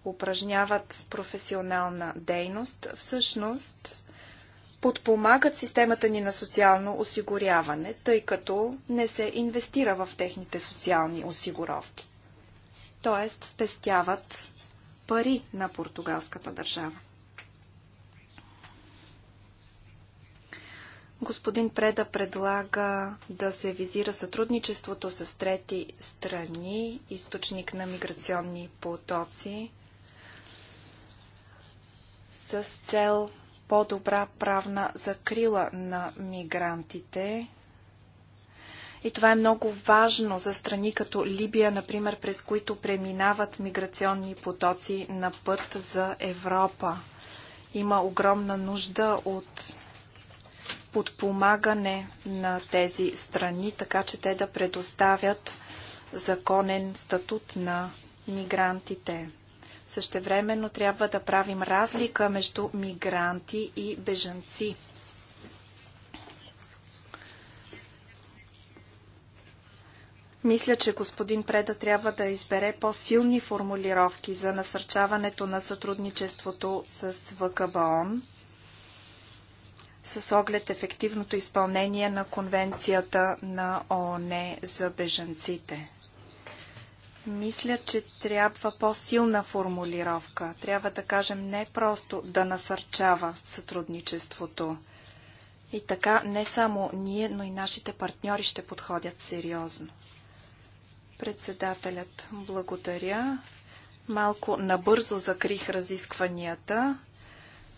упражняват професионална дейност, всъщност подпомагат системата ни на социално осигуряване, тъй като не се инвестира в техните социални осигуровки т.е. спестяват пари на португалската държава. Господин Преда предлага да се визира сътрудничеството с трети страни, източник на миграционни потоци, с цел по-добра правна закрила на мигрантите, и това е много важно за страни като Либия, например, през които преминават миграционни потоци на път за Европа. Има огромна нужда от подпомагане на тези страни, така че те да предоставят законен статут на мигрантите. Същевременно трябва да правим разлика между мигранти и бежанци. Мисля, че господин Преда трябва да избере по-силни формулировки за насърчаването на сътрудничеството с ВКБОН с оглед ефективното изпълнение на Конвенцията на ООН за бежанците. Мисля, че трябва по-силна формулировка. Трябва да кажем не просто да насърчава сътрудничеството. И така не само ние, но и нашите партньори ще подходят сериозно. Председателят, благодаря. Малко набързо закрих разискванията.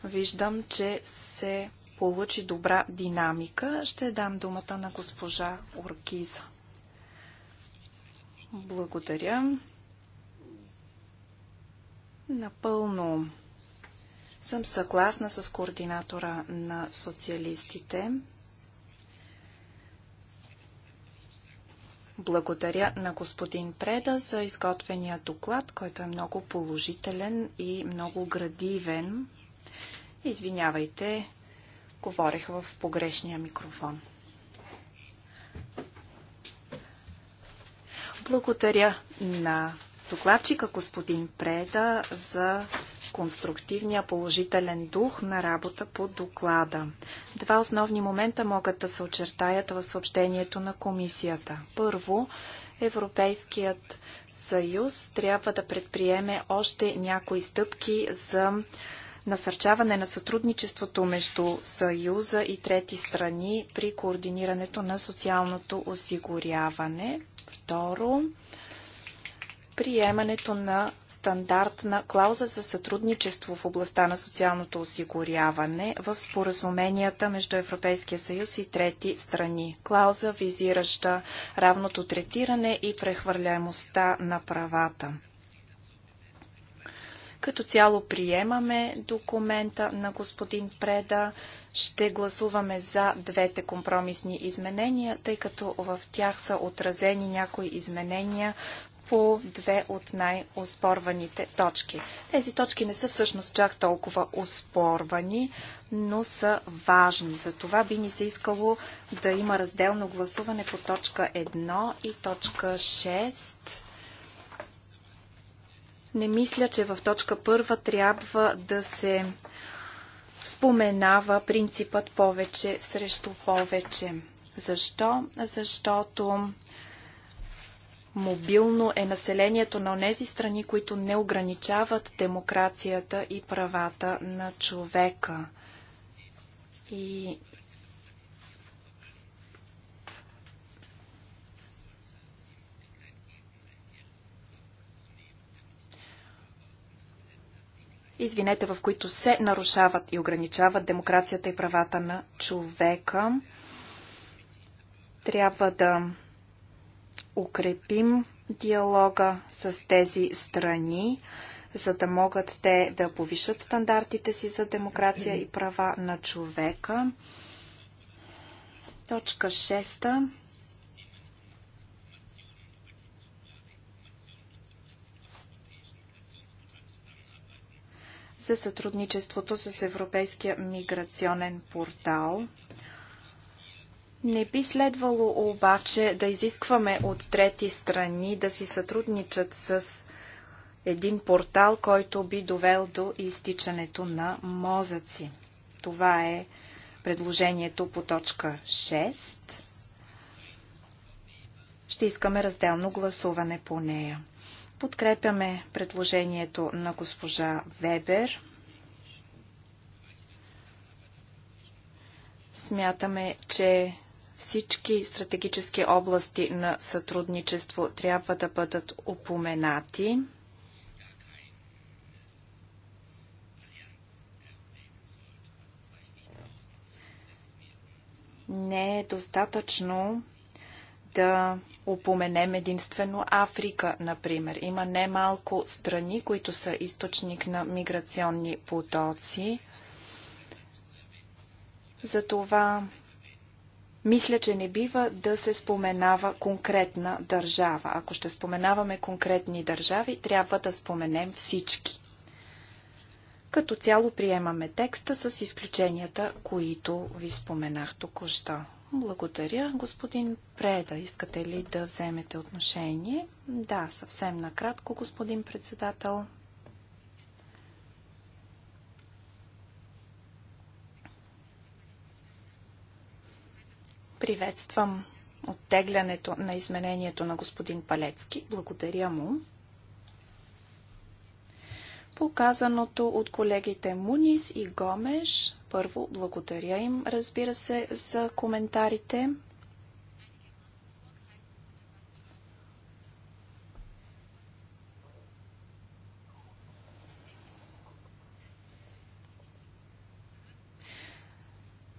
Виждам, че се получи добра динамика. Ще дам думата на госпожа Оркиза. Благодаря. Напълно съм съгласна с координатора на социалистите. Благодаря на господин Преда за изготвения доклад, който е много положителен и много градивен. Извинявайте, говорех в погрешния микрофон. Благодаря на докладчика господин Преда за конструктивния положителен дух на работа по доклада. Два основни момента могат да се очертаят в съобщението на комисията. Първо, Европейският съюз трябва да предприеме още някои стъпки за насърчаване на сътрудничеството между Съюза и трети страни при координирането на социалното осигуряване. Второ, приемането на стандартна клауза за сътрудничество в областта на социалното осигуряване в споразуменията между Европейския съюз и трети страни. Клауза визираща равното третиране и прехвърляемостта на правата. Като цяло приемаме документа на господин Преда. Ще гласуваме за двете компромисни изменения, тъй като в тях са отразени някои изменения, по две от най-оспорваните точки. Тези точки не са всъщност чак толкова оспорвани, но са важни. За това би ни се искало да има разделно гласуване по точка 1 и точка 6. Не мисля, че в точка 1 трябва да се споменава принципът повече срещу повече. Защо? Защото мобилно е населението на тези страни, които не ограничават демокрацията и правата на човека. И извинете, в които се нарушават и ограничават демокрацията и правата на човека. Трябва да укрепим диалога с тези страни, за да могат те да повишат стандартите си за демокрация и права на човека. Точка 6. за сътрудничеството с Европейския миграционен портал. Не би следвало обаче да изискваме от трети страни да си сътрудничат с един портал, който би довел до изтичането на мозъци. Това е предложението по точка 6. Ще искаме разделно гласуване по нея. Подкрепяме предложението на госпожа Вебер. Смятаме, че всички стратегически области на сътрудничество трябва да бъдат упоменати. Не е достатъчно да упоменем единствено Африка, например. Има немалко страни, които са източник на миграционни потоци. Затова мисля, че не бива да се споменава конкретна държава. Ако ще споменаваме конкретни държави, трябва да споменем всички. Като цяло приемаме текста с изключенията, които ви споменах току-що. Благодаря. Господин Преда, искате ли да вземете отношение? Да, съвсем накратко, господин председател. Приветствам оттеглянето на изменението на господин Палецки. Благодаря му. Показаното от колегите Мунис и Гомеш, първо благодаря им, разбира се, за коментарите.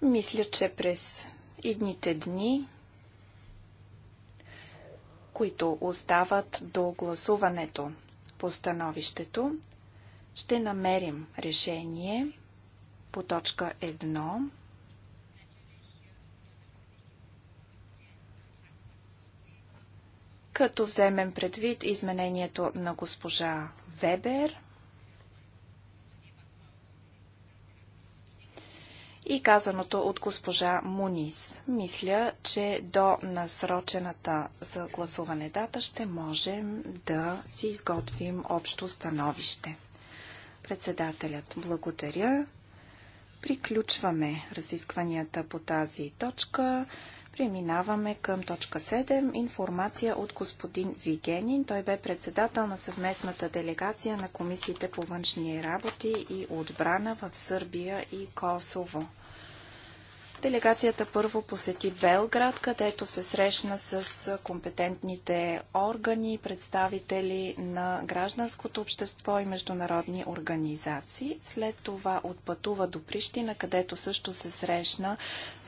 Мисля, че през идните дни, които остават до гласуването по становището, ще намерим решение по точка 1. като вземем предвид изменението на госпожа Вебер – и казаното от госпожа Мунис. Мисля, че до насрочената за гласуване дата ще можем да си изготвим общо становище. Председателят, благодаря. Приключваме разискванията по тази точка. Преминаваме към точка 7. Информация от господин Вигенин. Той бе председател на съвместната делегация на комисиите по външни работи и отбрана в Сърбия и Косово. Делегацията първо посети Белград, където се срещна с компетентните органи, представители на гражданското общество и международни организации. След това отпътува до Прищина, където също се срещна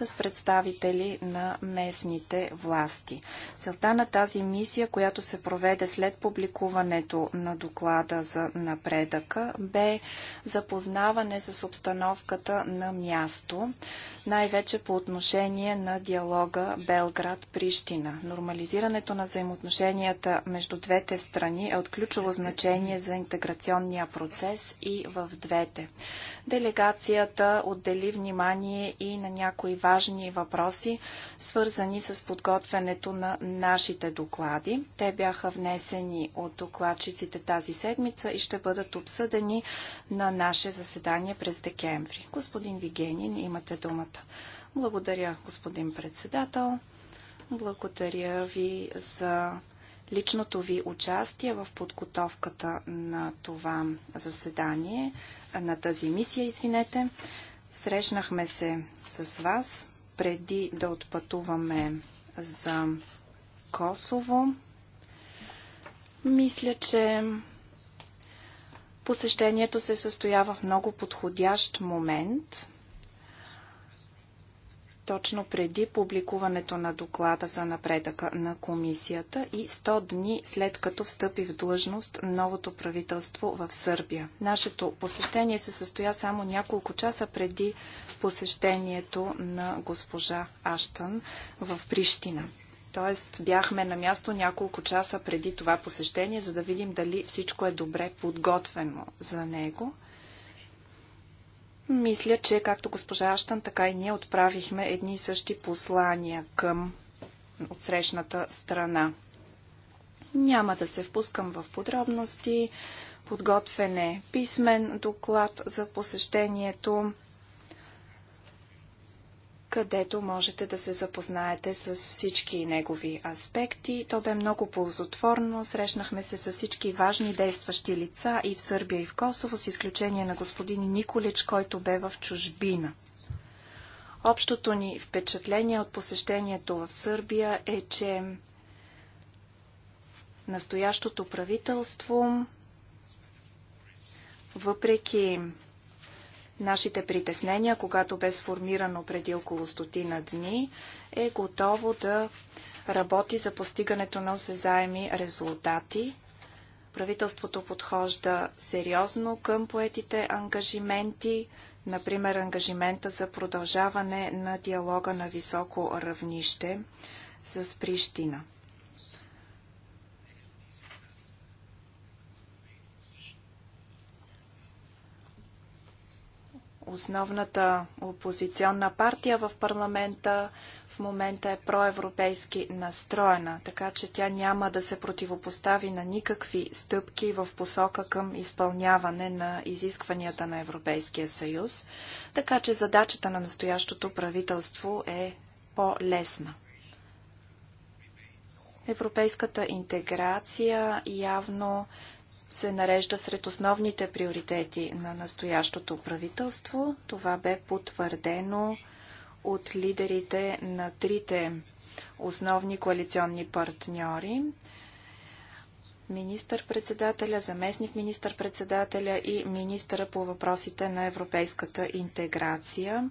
с представители на местните власти. Целта на тази мисия, която се проведе след публикуването на доклада за напредъка, бе запознаване с обстановката на място, най-вече по отношение на диалога Белград-Прищина. Нормализирането на взаимоотношенията между двете страни е от ключово значение за интеграционния процес и в двете. Делегацията отдели внимание и на някои важни въпроси, свързани с подготвянето на нашите доклади. Те бяха внесени от докладчиците тази седмица и ще бъдат обсъдени на наше заседание през декември. Господин Вигенин, имате думата думата. Благодаря, господин председател. Благодаря ви за личното ви участие в подготовката на това заседание, на тази мисия, извинете. Срещнахме се с вас преди да отпътуваме за Косово. Мисля, че посещението се състоява в много подходящ момент – точно преди публикуването на доклада за напредъка на комисията и 100 дни след като встъпи в длъжност новото правителство в Сърбия. Нашето посещение се състоя само няколко часа преди посещението на госпожа Аштън в Прищина. Тоест бяхме на място няколко часа преди това посещение, за да видим дали всичко е добре подготвено за него. Мисля, че както госпожа Аштан, така и ние отправихме едни и същи послания към отсрещната страна. Няма да се впускам в подробности. Подготвен е писмен доклад за посещението където можете да се запознаете с всички негови аспекти. То бе много ползотворно. Срещнахме се с всички важни действащи лица и в Сърбия, и в Косово, с изключение на господин Николич, който бе в чужбина. Общото ни впечатление от посещението в Сърбия е, че настоящото правителство, въпреки Нашите притеснения, когато бе сформирано преди около стотина дни, е готово да работи за постигането на осезаеми резултати. Правителството подхожда сериозно към поетите ангажименти, например ангажимента за продължаване на диалога на високо равнище с Прищина. Основната опозиционна партия в парламента в момента е проевропейски настроена, така че тя няма да се противопостави на никакви стъпки в посока към изпълняване на изискванията на Европейския съюз, така че задачата на настоящото правителство е по-лесна. Европейската интеграция явно се нарежда сред основните приоритети на настоящото правителство. Това бе потвърдено от лидерите на трите основни коалиционни партньори министър-председателя, заместник министър-председателя и министъра по въпросите на европейската интеграция.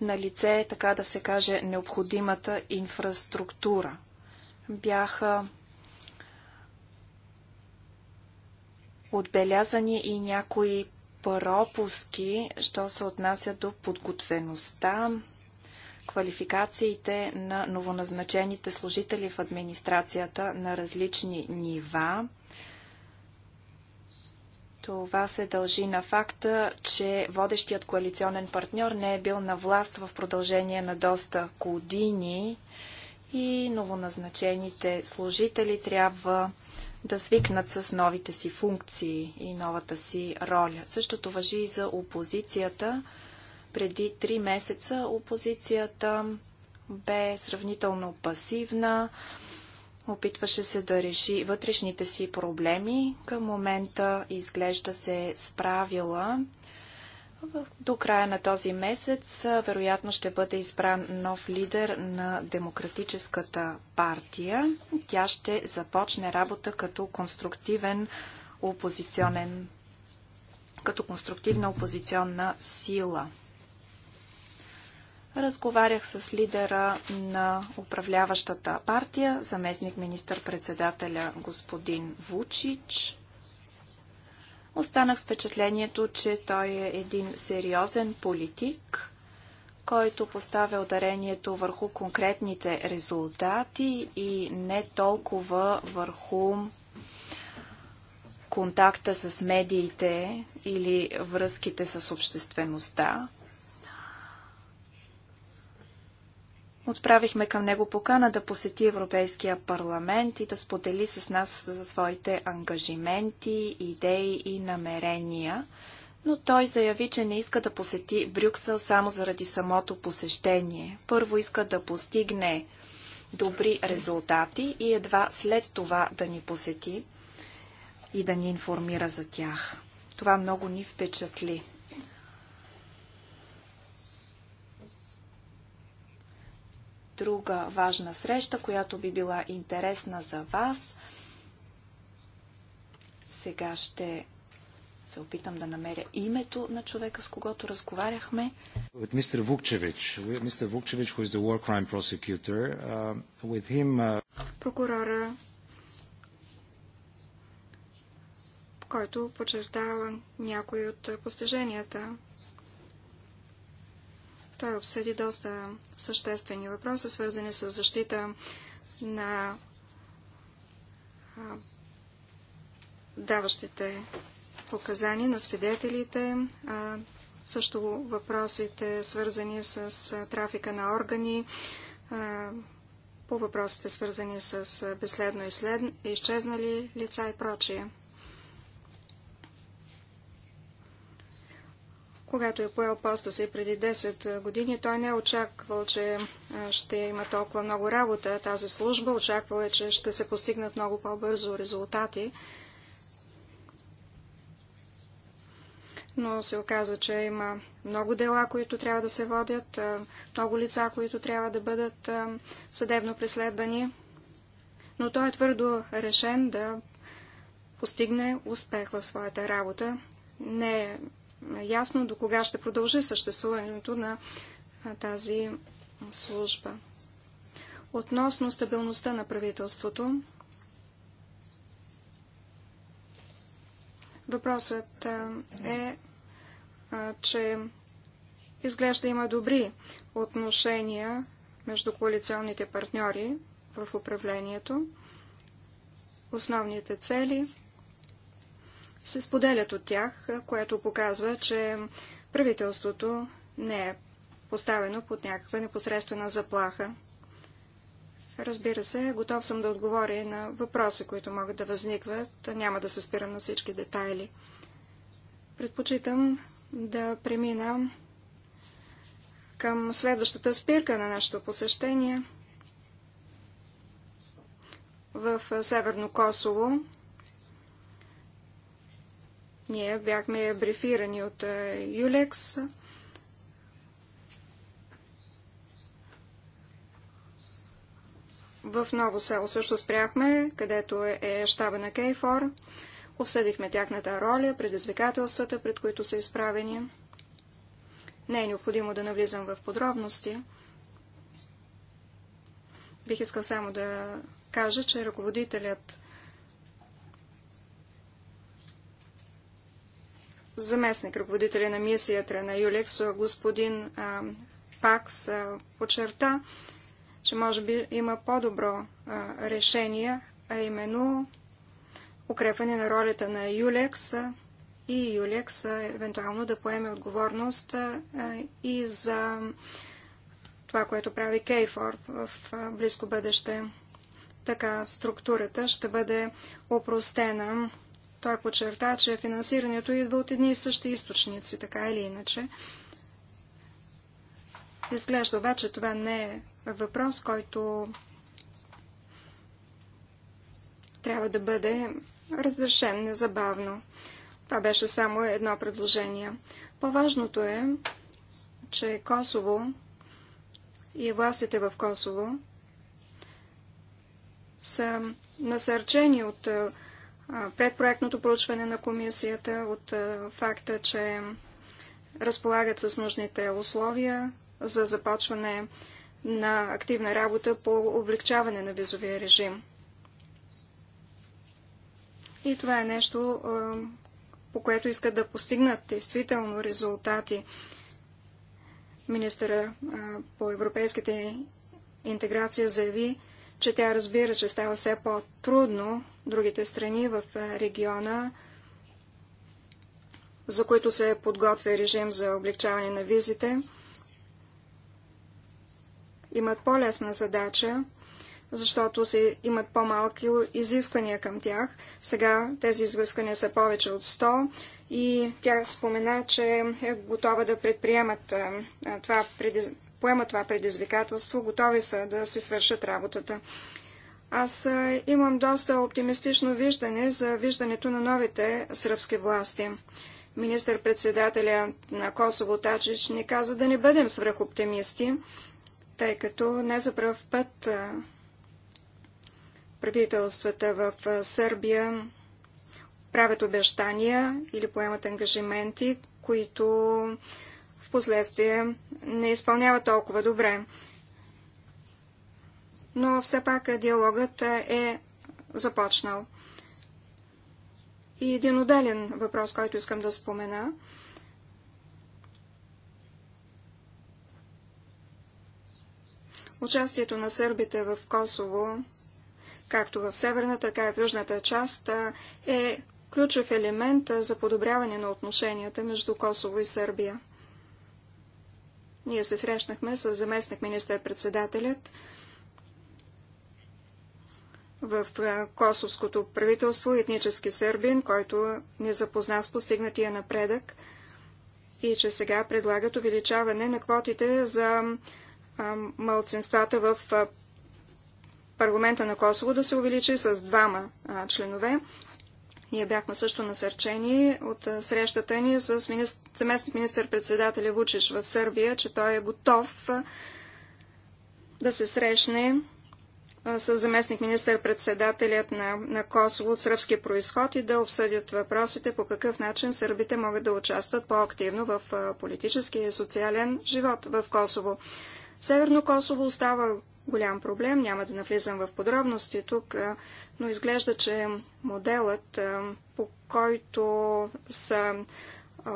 На лице е, така да се каже, необходимата инфраструктура. Бяха отбелязани и някои пропуски, що се отнася до подготвеността, квалификациите на новоназначените служители в администрацията на различни нива. Това се дължи на факта, че водещият коалиционен партньор не е бил на власт в продължение на доста години и новоназначените служители трябва да свикнат с новите си функции и новата си роля. Същото въжи и за опозицията. Преди три месеца опозицията бе сравнително пасивна, опитваше се да реши вътрешните си проблеми. Към момента изглежда се справила до края на този месец вероятно ще бъде избран нов лидер на Демократическата партия. Тя ще започне работа като конструктивен опозиционен като конструктивна опозиционна сила. Разговарях с лидера на управляващата партия, заместник министър-председателя господин Вучич. Останах с впечатлението, че той е един сериозен политик, който поставя ударението върху конкретните резултати и не толкова върху контакта с медиите или връзките с обществеността. Отправихме към него покана да посети Европейския парламент и да сподели с нас за своите ангажименти, идеи и намерения, но той заяви, че не иска да посети Брюксел само заради самото посещение. Първо иска да постигне добри резултати и едва след това да ни посети и да ни информира за тях. Това много ни впечатли. друга важна среща, която би била интересна за вас. Сега ще се опитам да намеря името на човека, с когото разговаряхме. От мистер Вукчевич. Мистер Вукчевич, who is the war crime prosecutor. Uh, with him, uh... Прокурора, който подчертава някои от постиженията той обсъди доста съществени въпроси, свързани с защита на даващите показания на свидетелите, също въпросите свързани с трафика на органи, по въпросите свързани с безследно изчезнали лица и прочие. Когато е поел поста си преди 10 години, той не е очаквал, че ще има толкова много работа тази служба. Очаквал е, че ще се постигнат много по-бързо резултати. но се оказва, че има много дела, които трябва да се водят, много лица, които трябва да бъдат съдебно преследвани. Но той е твърдо решен да постигне успех в своята работа. Не е ясно до кога ще продължи съществуването на тази служба. Относно стабилността на правителството, въпросът е, че изглежда има добри отношения между коалиционните партньори в управлението. Основните цели се споделят от тях, което показва, че правителството не е поставено под някаква непосредствена заплаха. Разбира се, готов съм да отговоря на въпроси, които могат да възникват. Няма да се спирам на всички детайли. Предпочитам да премина към следващата спирка на нашето посещение в Северно Косово. Ние бяхме брифирани от е, ЮЛЕКС. В ново село също спряхме, където е, е щаба на Кейфор. Обсъдихме тяхната роля, предизвикателствата, пред които са изправени. Не е необходимо да навлизам в подробности. Бих искал само да кажа, че ръководителят заместник ръководителя на мисията на Юлекс, господин а, Пакс, а, подчерта, че може би има по-добро решение, а именно укрепване на ролята на Юлекс и Юлекс евентуално да поеме отговорност а, и за това, което прави Кейфор в близко бъдеще. Така структурата ще бъде опростена той подчерта, че финансирането идва от едни и същи източници, така или иначе. Изглежда обаче това не е въпрос, който трябва да бъде разрешен незабавно. Това беше само едно предложение. По-важното е, че Косово и властите в Косово са насърчени от предпроектното проучване на комисията, от факта, че разполагат с нужните условия за започване на активна работа по облегчаване на визовия режим. И това е нещо, по което искат да постигнат действително резултати. Министъра по европейските интеграция заяви, че тя разбира, че става все по-трудно другите страни в е, региона, за които се подготвя режим за облегчаване на визите, имат по-лесна задача, защото се имат по-малки изисквания към тях. Сега тези изисквания са повече от 100 и тя спомена, че е готова да предприемат е, е, това преди поемат това предизвикателство, готови са да си свършат работата. Аз имам доста оптимистично виждане за виждането на новите сръбски власти. Министър-председателя на Косово Тачич ни каза да не бъдем свръхоптимисти, тъй като не за пръв път правителствата в Сърбия правят обещания или поемат ангажименти, които последствие не изпълнява толкова добре. Но все пак диалогът е започнал. И един отделен въпрос, който искам да спомена. Участието на сърбите в Косово, както в северната, така и в южната част, е ключов елемент за подобряване на отношенията между Косово и Сърбия. Ние се срещнахме с заместник министър-председателят в косовското правителство, етнически сърбин, който ни запозна с постигнатия напредък и че сега предлагат увеличаване на квотите за мълцинствата в парламента на Косово да се увеличи с двама членове. Ние бяхме също насърчени от срещата ни с министр... заместник министър-председателя Вучич в Сърбия, че той е готов да се срещне с заместник министър-председателят на, на Косово от сръбски происход и да обсъдят въпросите по какъв начин сърбите могат да участват по-активно в политическия и социален живот в Косово. Северно Косово остава голям проблем, няма да навлизам в подробности тук но изглежда, че моделът, е, по който са е,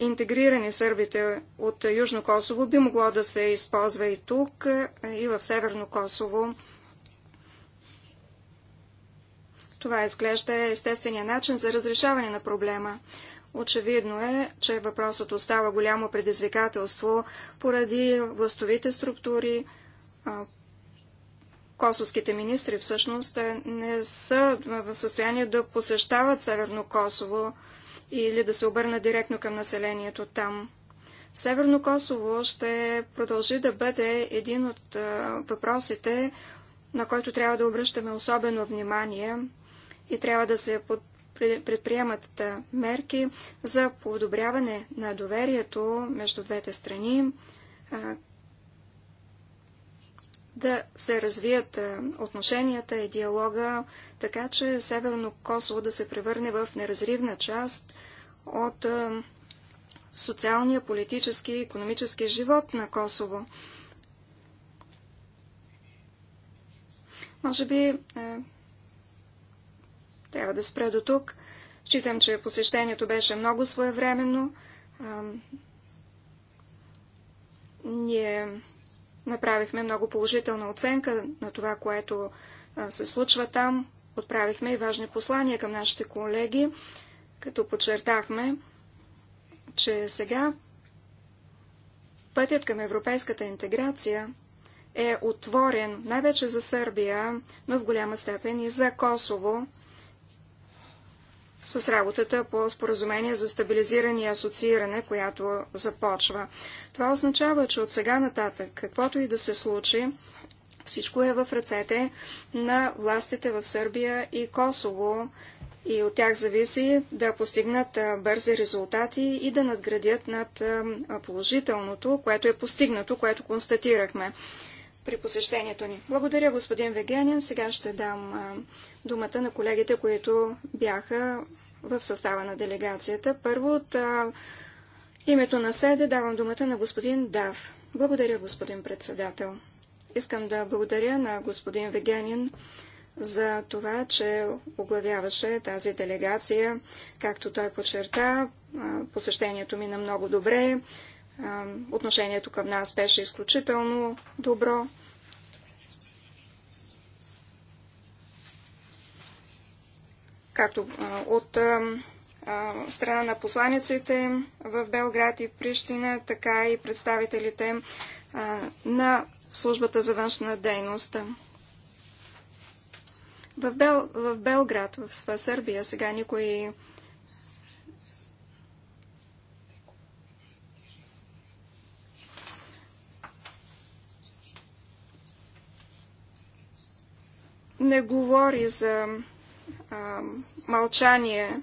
интегрирани сърбите от Южно Косово, би могло да се използва и тук, е, и в Северно Косово. Това изглежда е естествения начин за разрешаване на проблема. Очевидно е, че въпросът остава голямо предизвикателство поради властовите структури, косовските министри всъщност не са в състояние да посещават Северно Косово или да се обърнат директно към населението там. Северно Косово ще продължи да бъде един от въпросите, на който трябва да обръщаме особено внимание и трябва да се предприемат мерки за подобряване на доверието между двете страни, да се развият е, отношенията и диалога, така че Северно Косово да се превърне в неразривна част от е, социалния, политически и економически живот на Косово. Може би е, трябва да спре до тук. Считам, че посещението беше много своевременно. Е, ние Направихме много положителна оценка на това, което се случва там. Отправихме и важни послания към нашите колеги, като подчертахме, че сега пътят към европейската интеграция е отворен най-вече за Сърбия, но в голяма степен и за Косово, с работата по споразумение за стабилизиране и асоцииране, която започва. Това означава, че от сега нататък, каквото и да се случи, всичко е в ръцете на властите в Сърбия и Косово и от тях зависи да постигнат бързи резултати и да надградят над положителното, което е постигнато, което констатирахме при посещението ни. Благодаря, господин Вегенин. Сега ще дам думата на колегите, които бяха в състава на делегацията. Първо от името на СЕДЕ давам думата на господин Дав. Благодаря, господин председател. Искам да благодаря на господин Вегенин за това, че оглавяваше тази делегация. Както той подчерта, посещението ми на много добре отношението към нас беше изключително добро. Както от страна на посланиците в Белград и Прищина, така и представителите на службата за външна дейност. В, Бел, в Белград, в Сърбия, сега никой не говори за а, мълчание,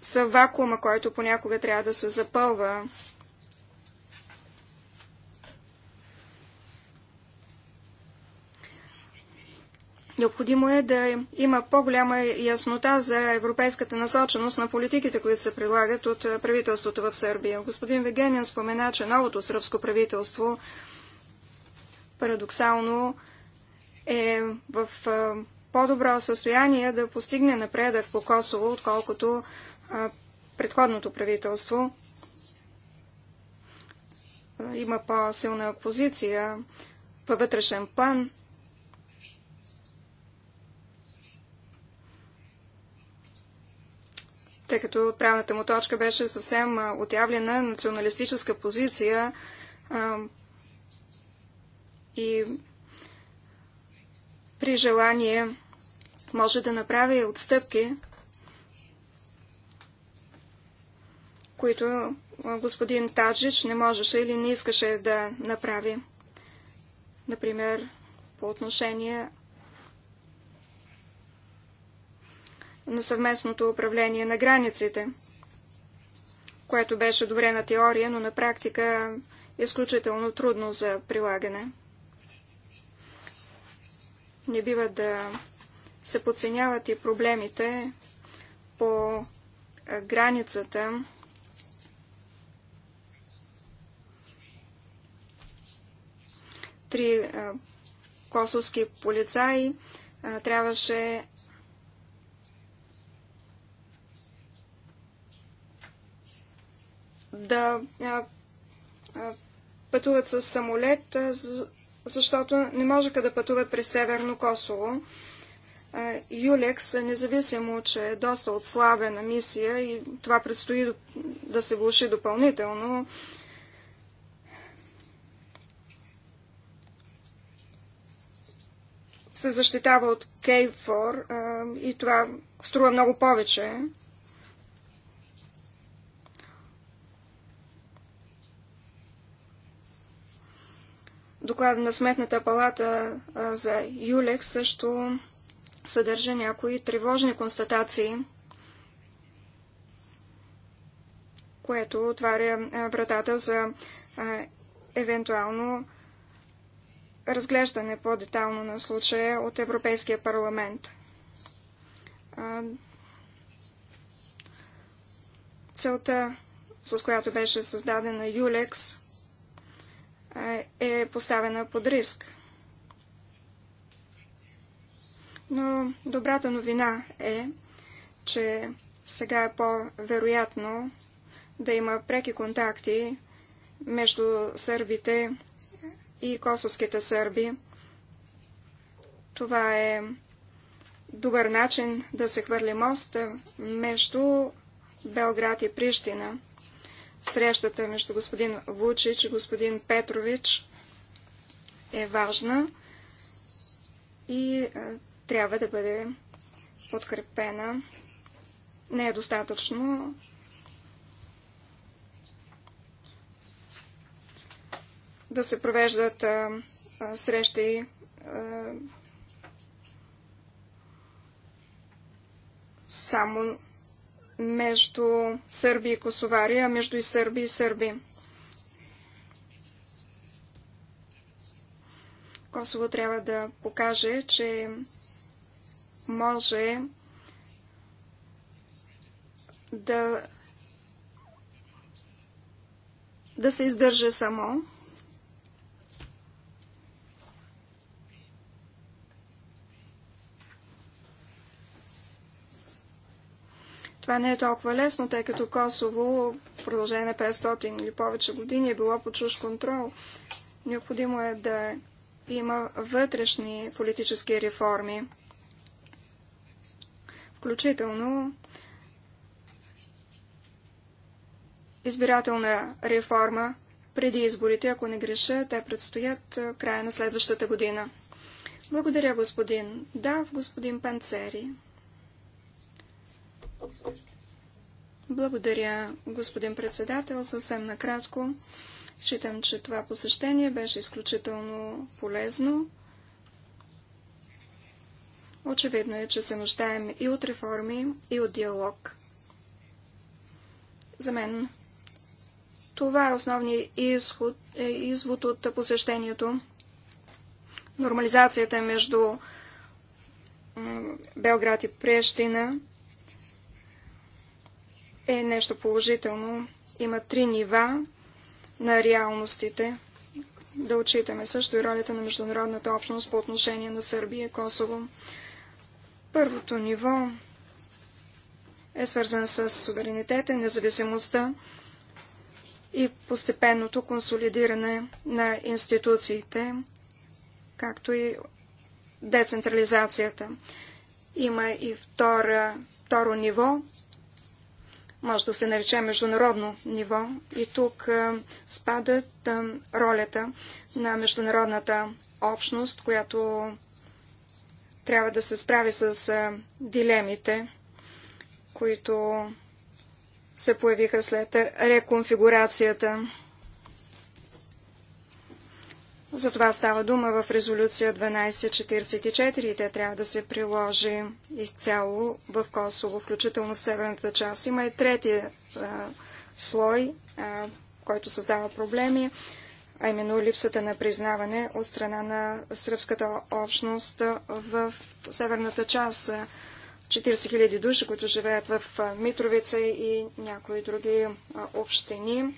са вакуума, който понякога трябва да се запълва. Необходимо е да има по-голяма яснота за европейската насоченост на политиките, които се прилагат от правителството в Сърбия. Господин Вегенин спомена, че новото сръбско правителство парадоксално е в по-добро състояние да постигне напредък по Косово, отколкото а, предходното правителство. Има по-силна позиция във вътрешен план. Тъй като отправната му точка беше съвсем отявлена националистическа позиция а, и при желание може да направи отстъпки, които господин Таджич не можеше или не искаше да направи. Например, по отношение на съвместното управление на границите, което беше добре на теория, но на практика е изключително трудно за прилагане. Не бива да се подценяват и проблемите по границата. Три косовски полицаи трябваше да пътуват с самолет защото не можеха да пътуват през Северно Косово. Юлекс, независимо, че е доста отслабена мисия и това предстои да се влуши допълнително, се защитава от Кейфор и това струва много повече. Доклада на Сметната палата за Юлекс също съдържа някои тревожни констатации, което отваря вратата за евентуално разглеждане по-детално на случая от Европейския парламент. Целта, с която беше създадена ЮЛЕКС, е поставена под риск. Но добрата новина е, че сега е по-вероятно да има преки контакти между сърбите и косовските сърби. Това е добър начин да се хвърли мост между Белград и Прищина срещата между господин Вучич и господин Петрович е важна и е, трябва да бъде подкрепена. Не е достатъчно да се провеждат а, е, а, е, срещи а, само между сърби и косовари, а между и сърби и сърби. Косово трябва да покаже, че може да, да се издържа само Това не е толкова лесно, тъй като Косово в продължение на 500 или повече години е било под чуж контрол. Необходимо е да има вътрешни политически реформи, включително избирателна реформа преди изборите, ако не греша, те предстоят в края на следващата година. Благодаря, господин Дав, господин Панцери. Благодаря, господин председател. Съвсем накратко. Считам, че това посещение беше изключително полезно. Очевидно е, че се нуждаем и от реформи, и от диалог. За мен това е основният изход, е, извод от посещението. Нормализацията между Белград и Прещина – е нещо положително. Има три нива на реалностите. Да отчитаме също и ролята на международната общност по отношение на Сърбия и Косово. Първото ниво е свързан с суверенитета, независимостта и постепенното консолидиране на институциите, както и децентрализацията. Има и втора, второ ниво може да се нарече международно ниво. И тук е, спадат е, ролята на международната общност, която трябва да се справи с е, дилемите, които се появиха след реконфигурацията за това става дума в резолюция 1244 и те трябва да се приложи изцяло в Косово, включително в северната част. Има и третия а, слой, а, който създава проблеми, а именно липсата на признаване от страна на сръбската общност в северната част. 40 000 души, които живеят в Митровица и някои други общини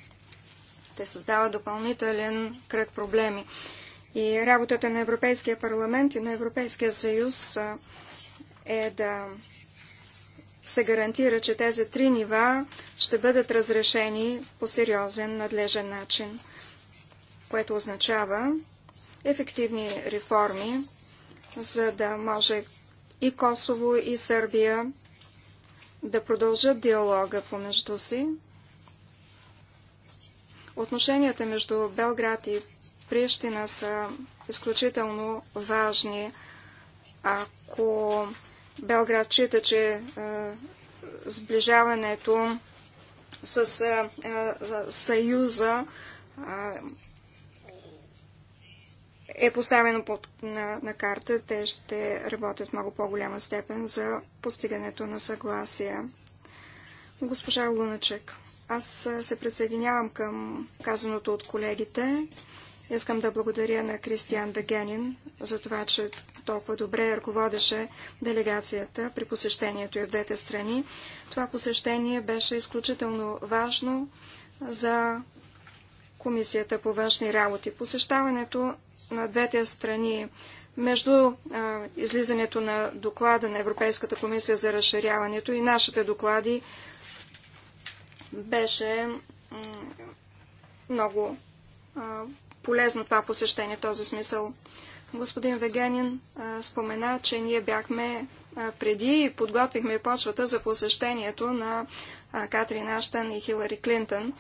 те създават допълнителен кръг проблеми. И работата на Европейския парламент и на Европейския съюз е да се гарантира, че тези три нива ще бъдат разрешени по сериозен, надлежен начин, което означава ефективни реформи, за да може и Косово, и Сърбия да продължат диалога помежду си, Отношенията между Белград и Прищина са изключително важни. Ако Белград чита, че е, сближаването с е, е, Съюза е, е поставено под, на, на карта, те ще работят в много по-голяма степен за постигането на съгласие. Госпожа Луначек. Аз се присъединявам към казаното от колегите. Искам да благодаря на Кристиан Бегенин за това, че толкова добре ръководеше делегацията при посещението и в двете страни. Това посещение беше изключително важно за Комисията по външни работи. Посещаването на двете страни между а, излизането на доклада на Европейската комисия за разширяването и нашите доклади беше много полезно това посещение в този смисъл. Господин Вегенин спомена, че ние бяхме преди и подготвихме почвата за посещението на Катрин Аштън и Хилари Клинтън.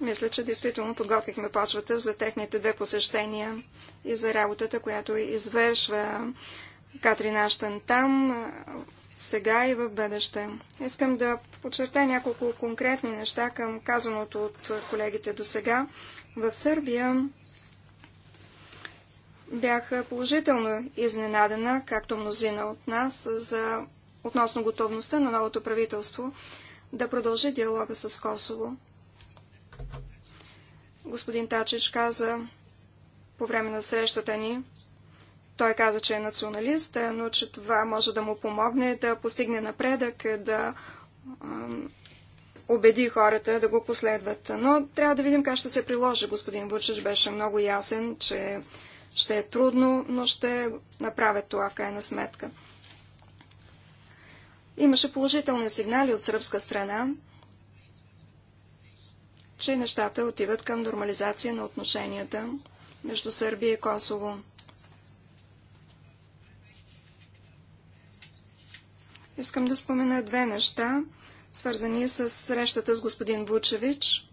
Мисля, че действително подготвихме почвата за техните две посещения и за работата, която извършва Катрин Аштън там сега и в бъдеще. Искам да подчертая няколко конкретни неща към казаното от колегите до сега. В Сърбия бях положително изненадена, както мнозина от нас, за относно готовността на новото правителство да продължи диалога с Косово. Господин Тачич каза по време на срещата ни, той каза, че е националист, е, но че това може да му помогне да постигне напредък, е, да убеди хората да го последват. Но трябва да видим как ще се приложи. Господин Вучич беше много ясен, че ще е трудно, но ще направят това в крайна сметка. Имаше положителни сигнали от сръбска страна, че нещата отиват към нормализация на отношенията между Сърбия и Косово. Искам да спомена две неща, свързани с срещата с господин Вучевич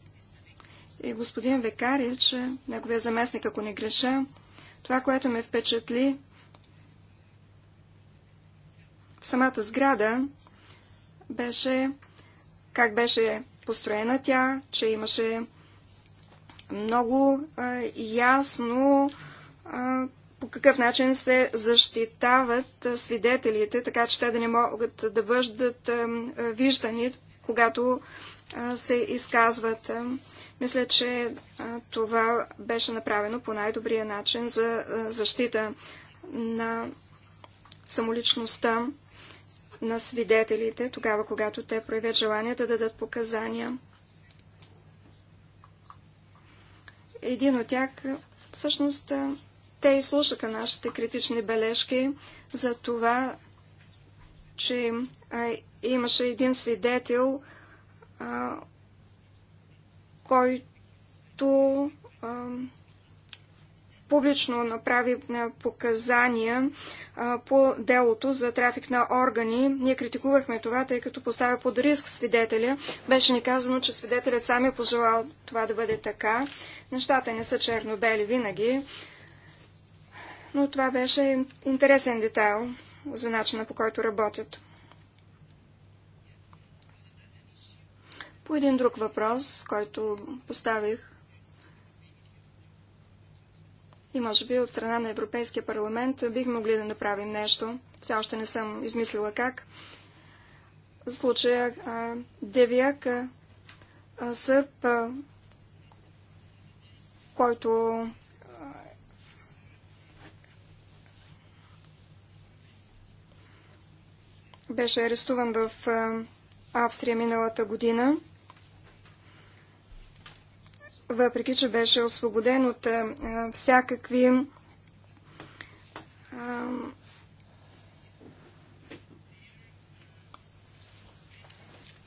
и господин Векарич, неговия заместник, ако не греша. Това, което ме впечатли в самата сграда, беше как беше построена тя, че имаше много а, ясно а, по какъв начин се защитават свидетелите, така че те да не могат да бъдат виждани, когато се изказват. Мисля, че това беше направено по най-добрия начин за защита на самоличността на свидетелите, тогава когато те проявят желание да дадат показания. Един от тях всъщност те изслушаха нашите критични бележки за това, че а, имаше един свидетел, а, който а, публично направи показания а, по делото за трафик на органи. Ние критикувахме това, тъй като поставя под риск свидетеля. Беше ни казано, че свидетелят сам е пожелал това да бъде така. Нещата не са черно-бели винаги но това беше интересен детайл за начина по който работят. По един друг въпрос, който поставих и може би от страна на Европейския парламент бих могли да направим нещо. Все още не съм измислила как. За случая Девяк Сърп, който беше арестуван в Австрия миналата година, въпреки че беше освободен от всякакви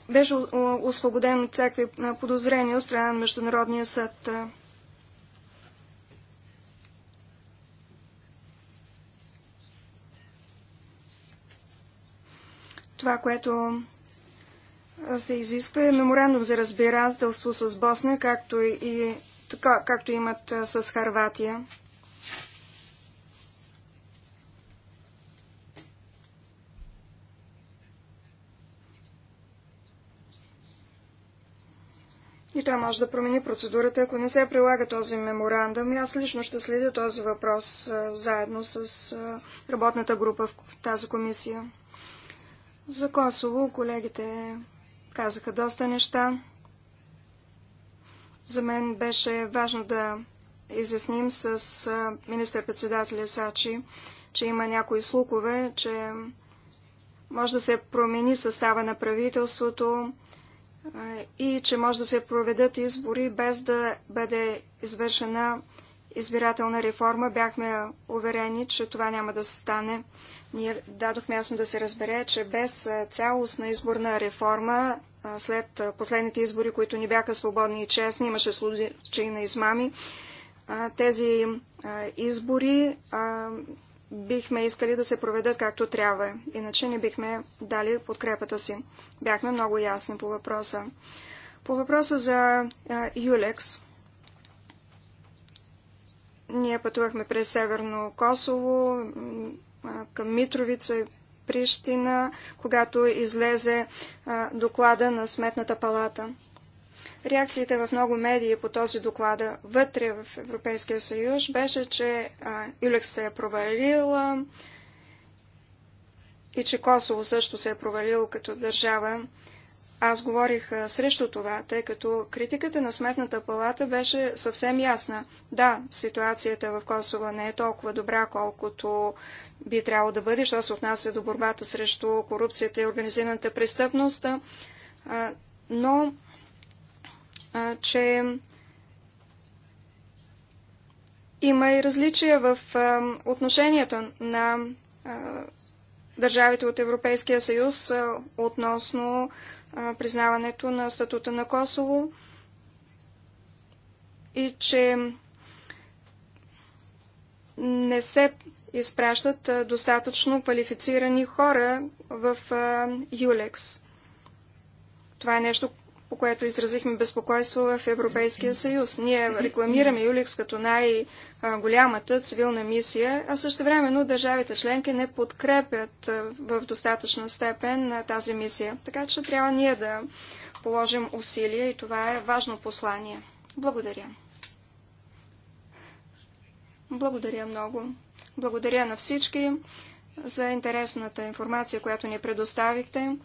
беше освободен от всякакви подозрения от страна на Международния съд. Това, което се изисква е меморандум за разбирателство с Босна, както и така, както имат с Харватия. И той може да промени процедурата, ако не се прилага този меморандум. И аз лично ще следя този въпрос а, заедно с а, работната група в тази комисия. За Косово колегите казаха доста неща. За мен беше важно да изясним с министър-председателя Сачи, че има някои слухове, че може да се промени състава на правителството и че може да се проведат избори без да бъде извършена избирателна реформа. Бяхме уверени, че това няма да стане. Ние дадохме ясно да се разбере, че без цялостна изборна реформа, след последните избори, които ни бяха свободни и честни, имаше случаи на измами, тези избори бихме искали да се проведат както трябва, иначе не бихме дали подкрепата си. Бяхме много ясни по въпроса. По въпроса за Юлекс, ние пътувахме през Северно Косово, към Митровица и Прищина, когато излезе доклада на Сметната палата. Реакциите в много медии по този доклад вътре в Европейския съюз беше, че Юлекс се е провалила и че Косово също се е провалил като държава. Аз говорих а, срещу това, тъй като критиката на Сметната палата беше съвсем ясна. Да, ситуацията в Косово не е толкова добра, колкото би трябвало да бъде, що се отнася до борбата срещу корупцията и организираната престъпност, но че има и различия в отношението на държавите от Европейския съюз относно признаването на статута на Косово и че не се изпращат достатъчно квалифицирани хора в ЮЛЕКС. Това е нещо, по което изразихме безпокойство в Европейския съюз. Ние рекламираме ЮЛЕКС като най-голямата цивилна мисия, а също времено държавите членки не подкрепят в достатъчна степен тази мисия. Така че трябва ние да положим усилия и това е важно послание. Благодаря. Благодаря много. Благодаря на всички за интересната информация, която ни предоставихте.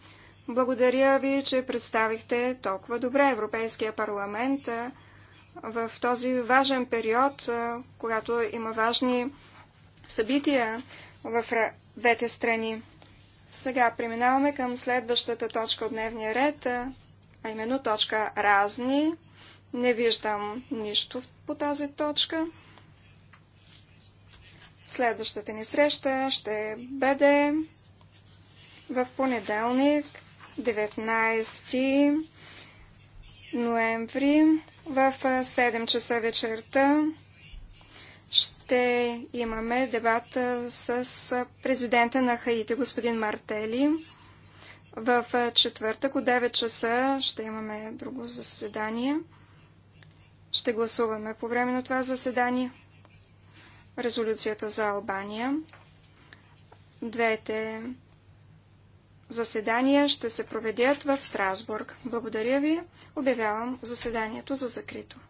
Благодаря ви, че представихте толкова добре Европейския парламент в този важен период, когато има важни събития в двете страни. Сега преминаваме към следващата точка от дневния ред, а именно точка разни. Не виждам нищо по тази точка. Следващата ни среща ще бъде в понеделник, 19 ноември, в 7 часа вечерта. Ще имаме дебат с президента на Хаити, господин Мартели. В четвъртък от 9 часа ще имаме друго заседание. Ще гласуваме по време на това заседание резолюцията за Албания. Двете заседания ще се проведят в Страсбург. Благодаря ви. Обявявам заседанието за закрито.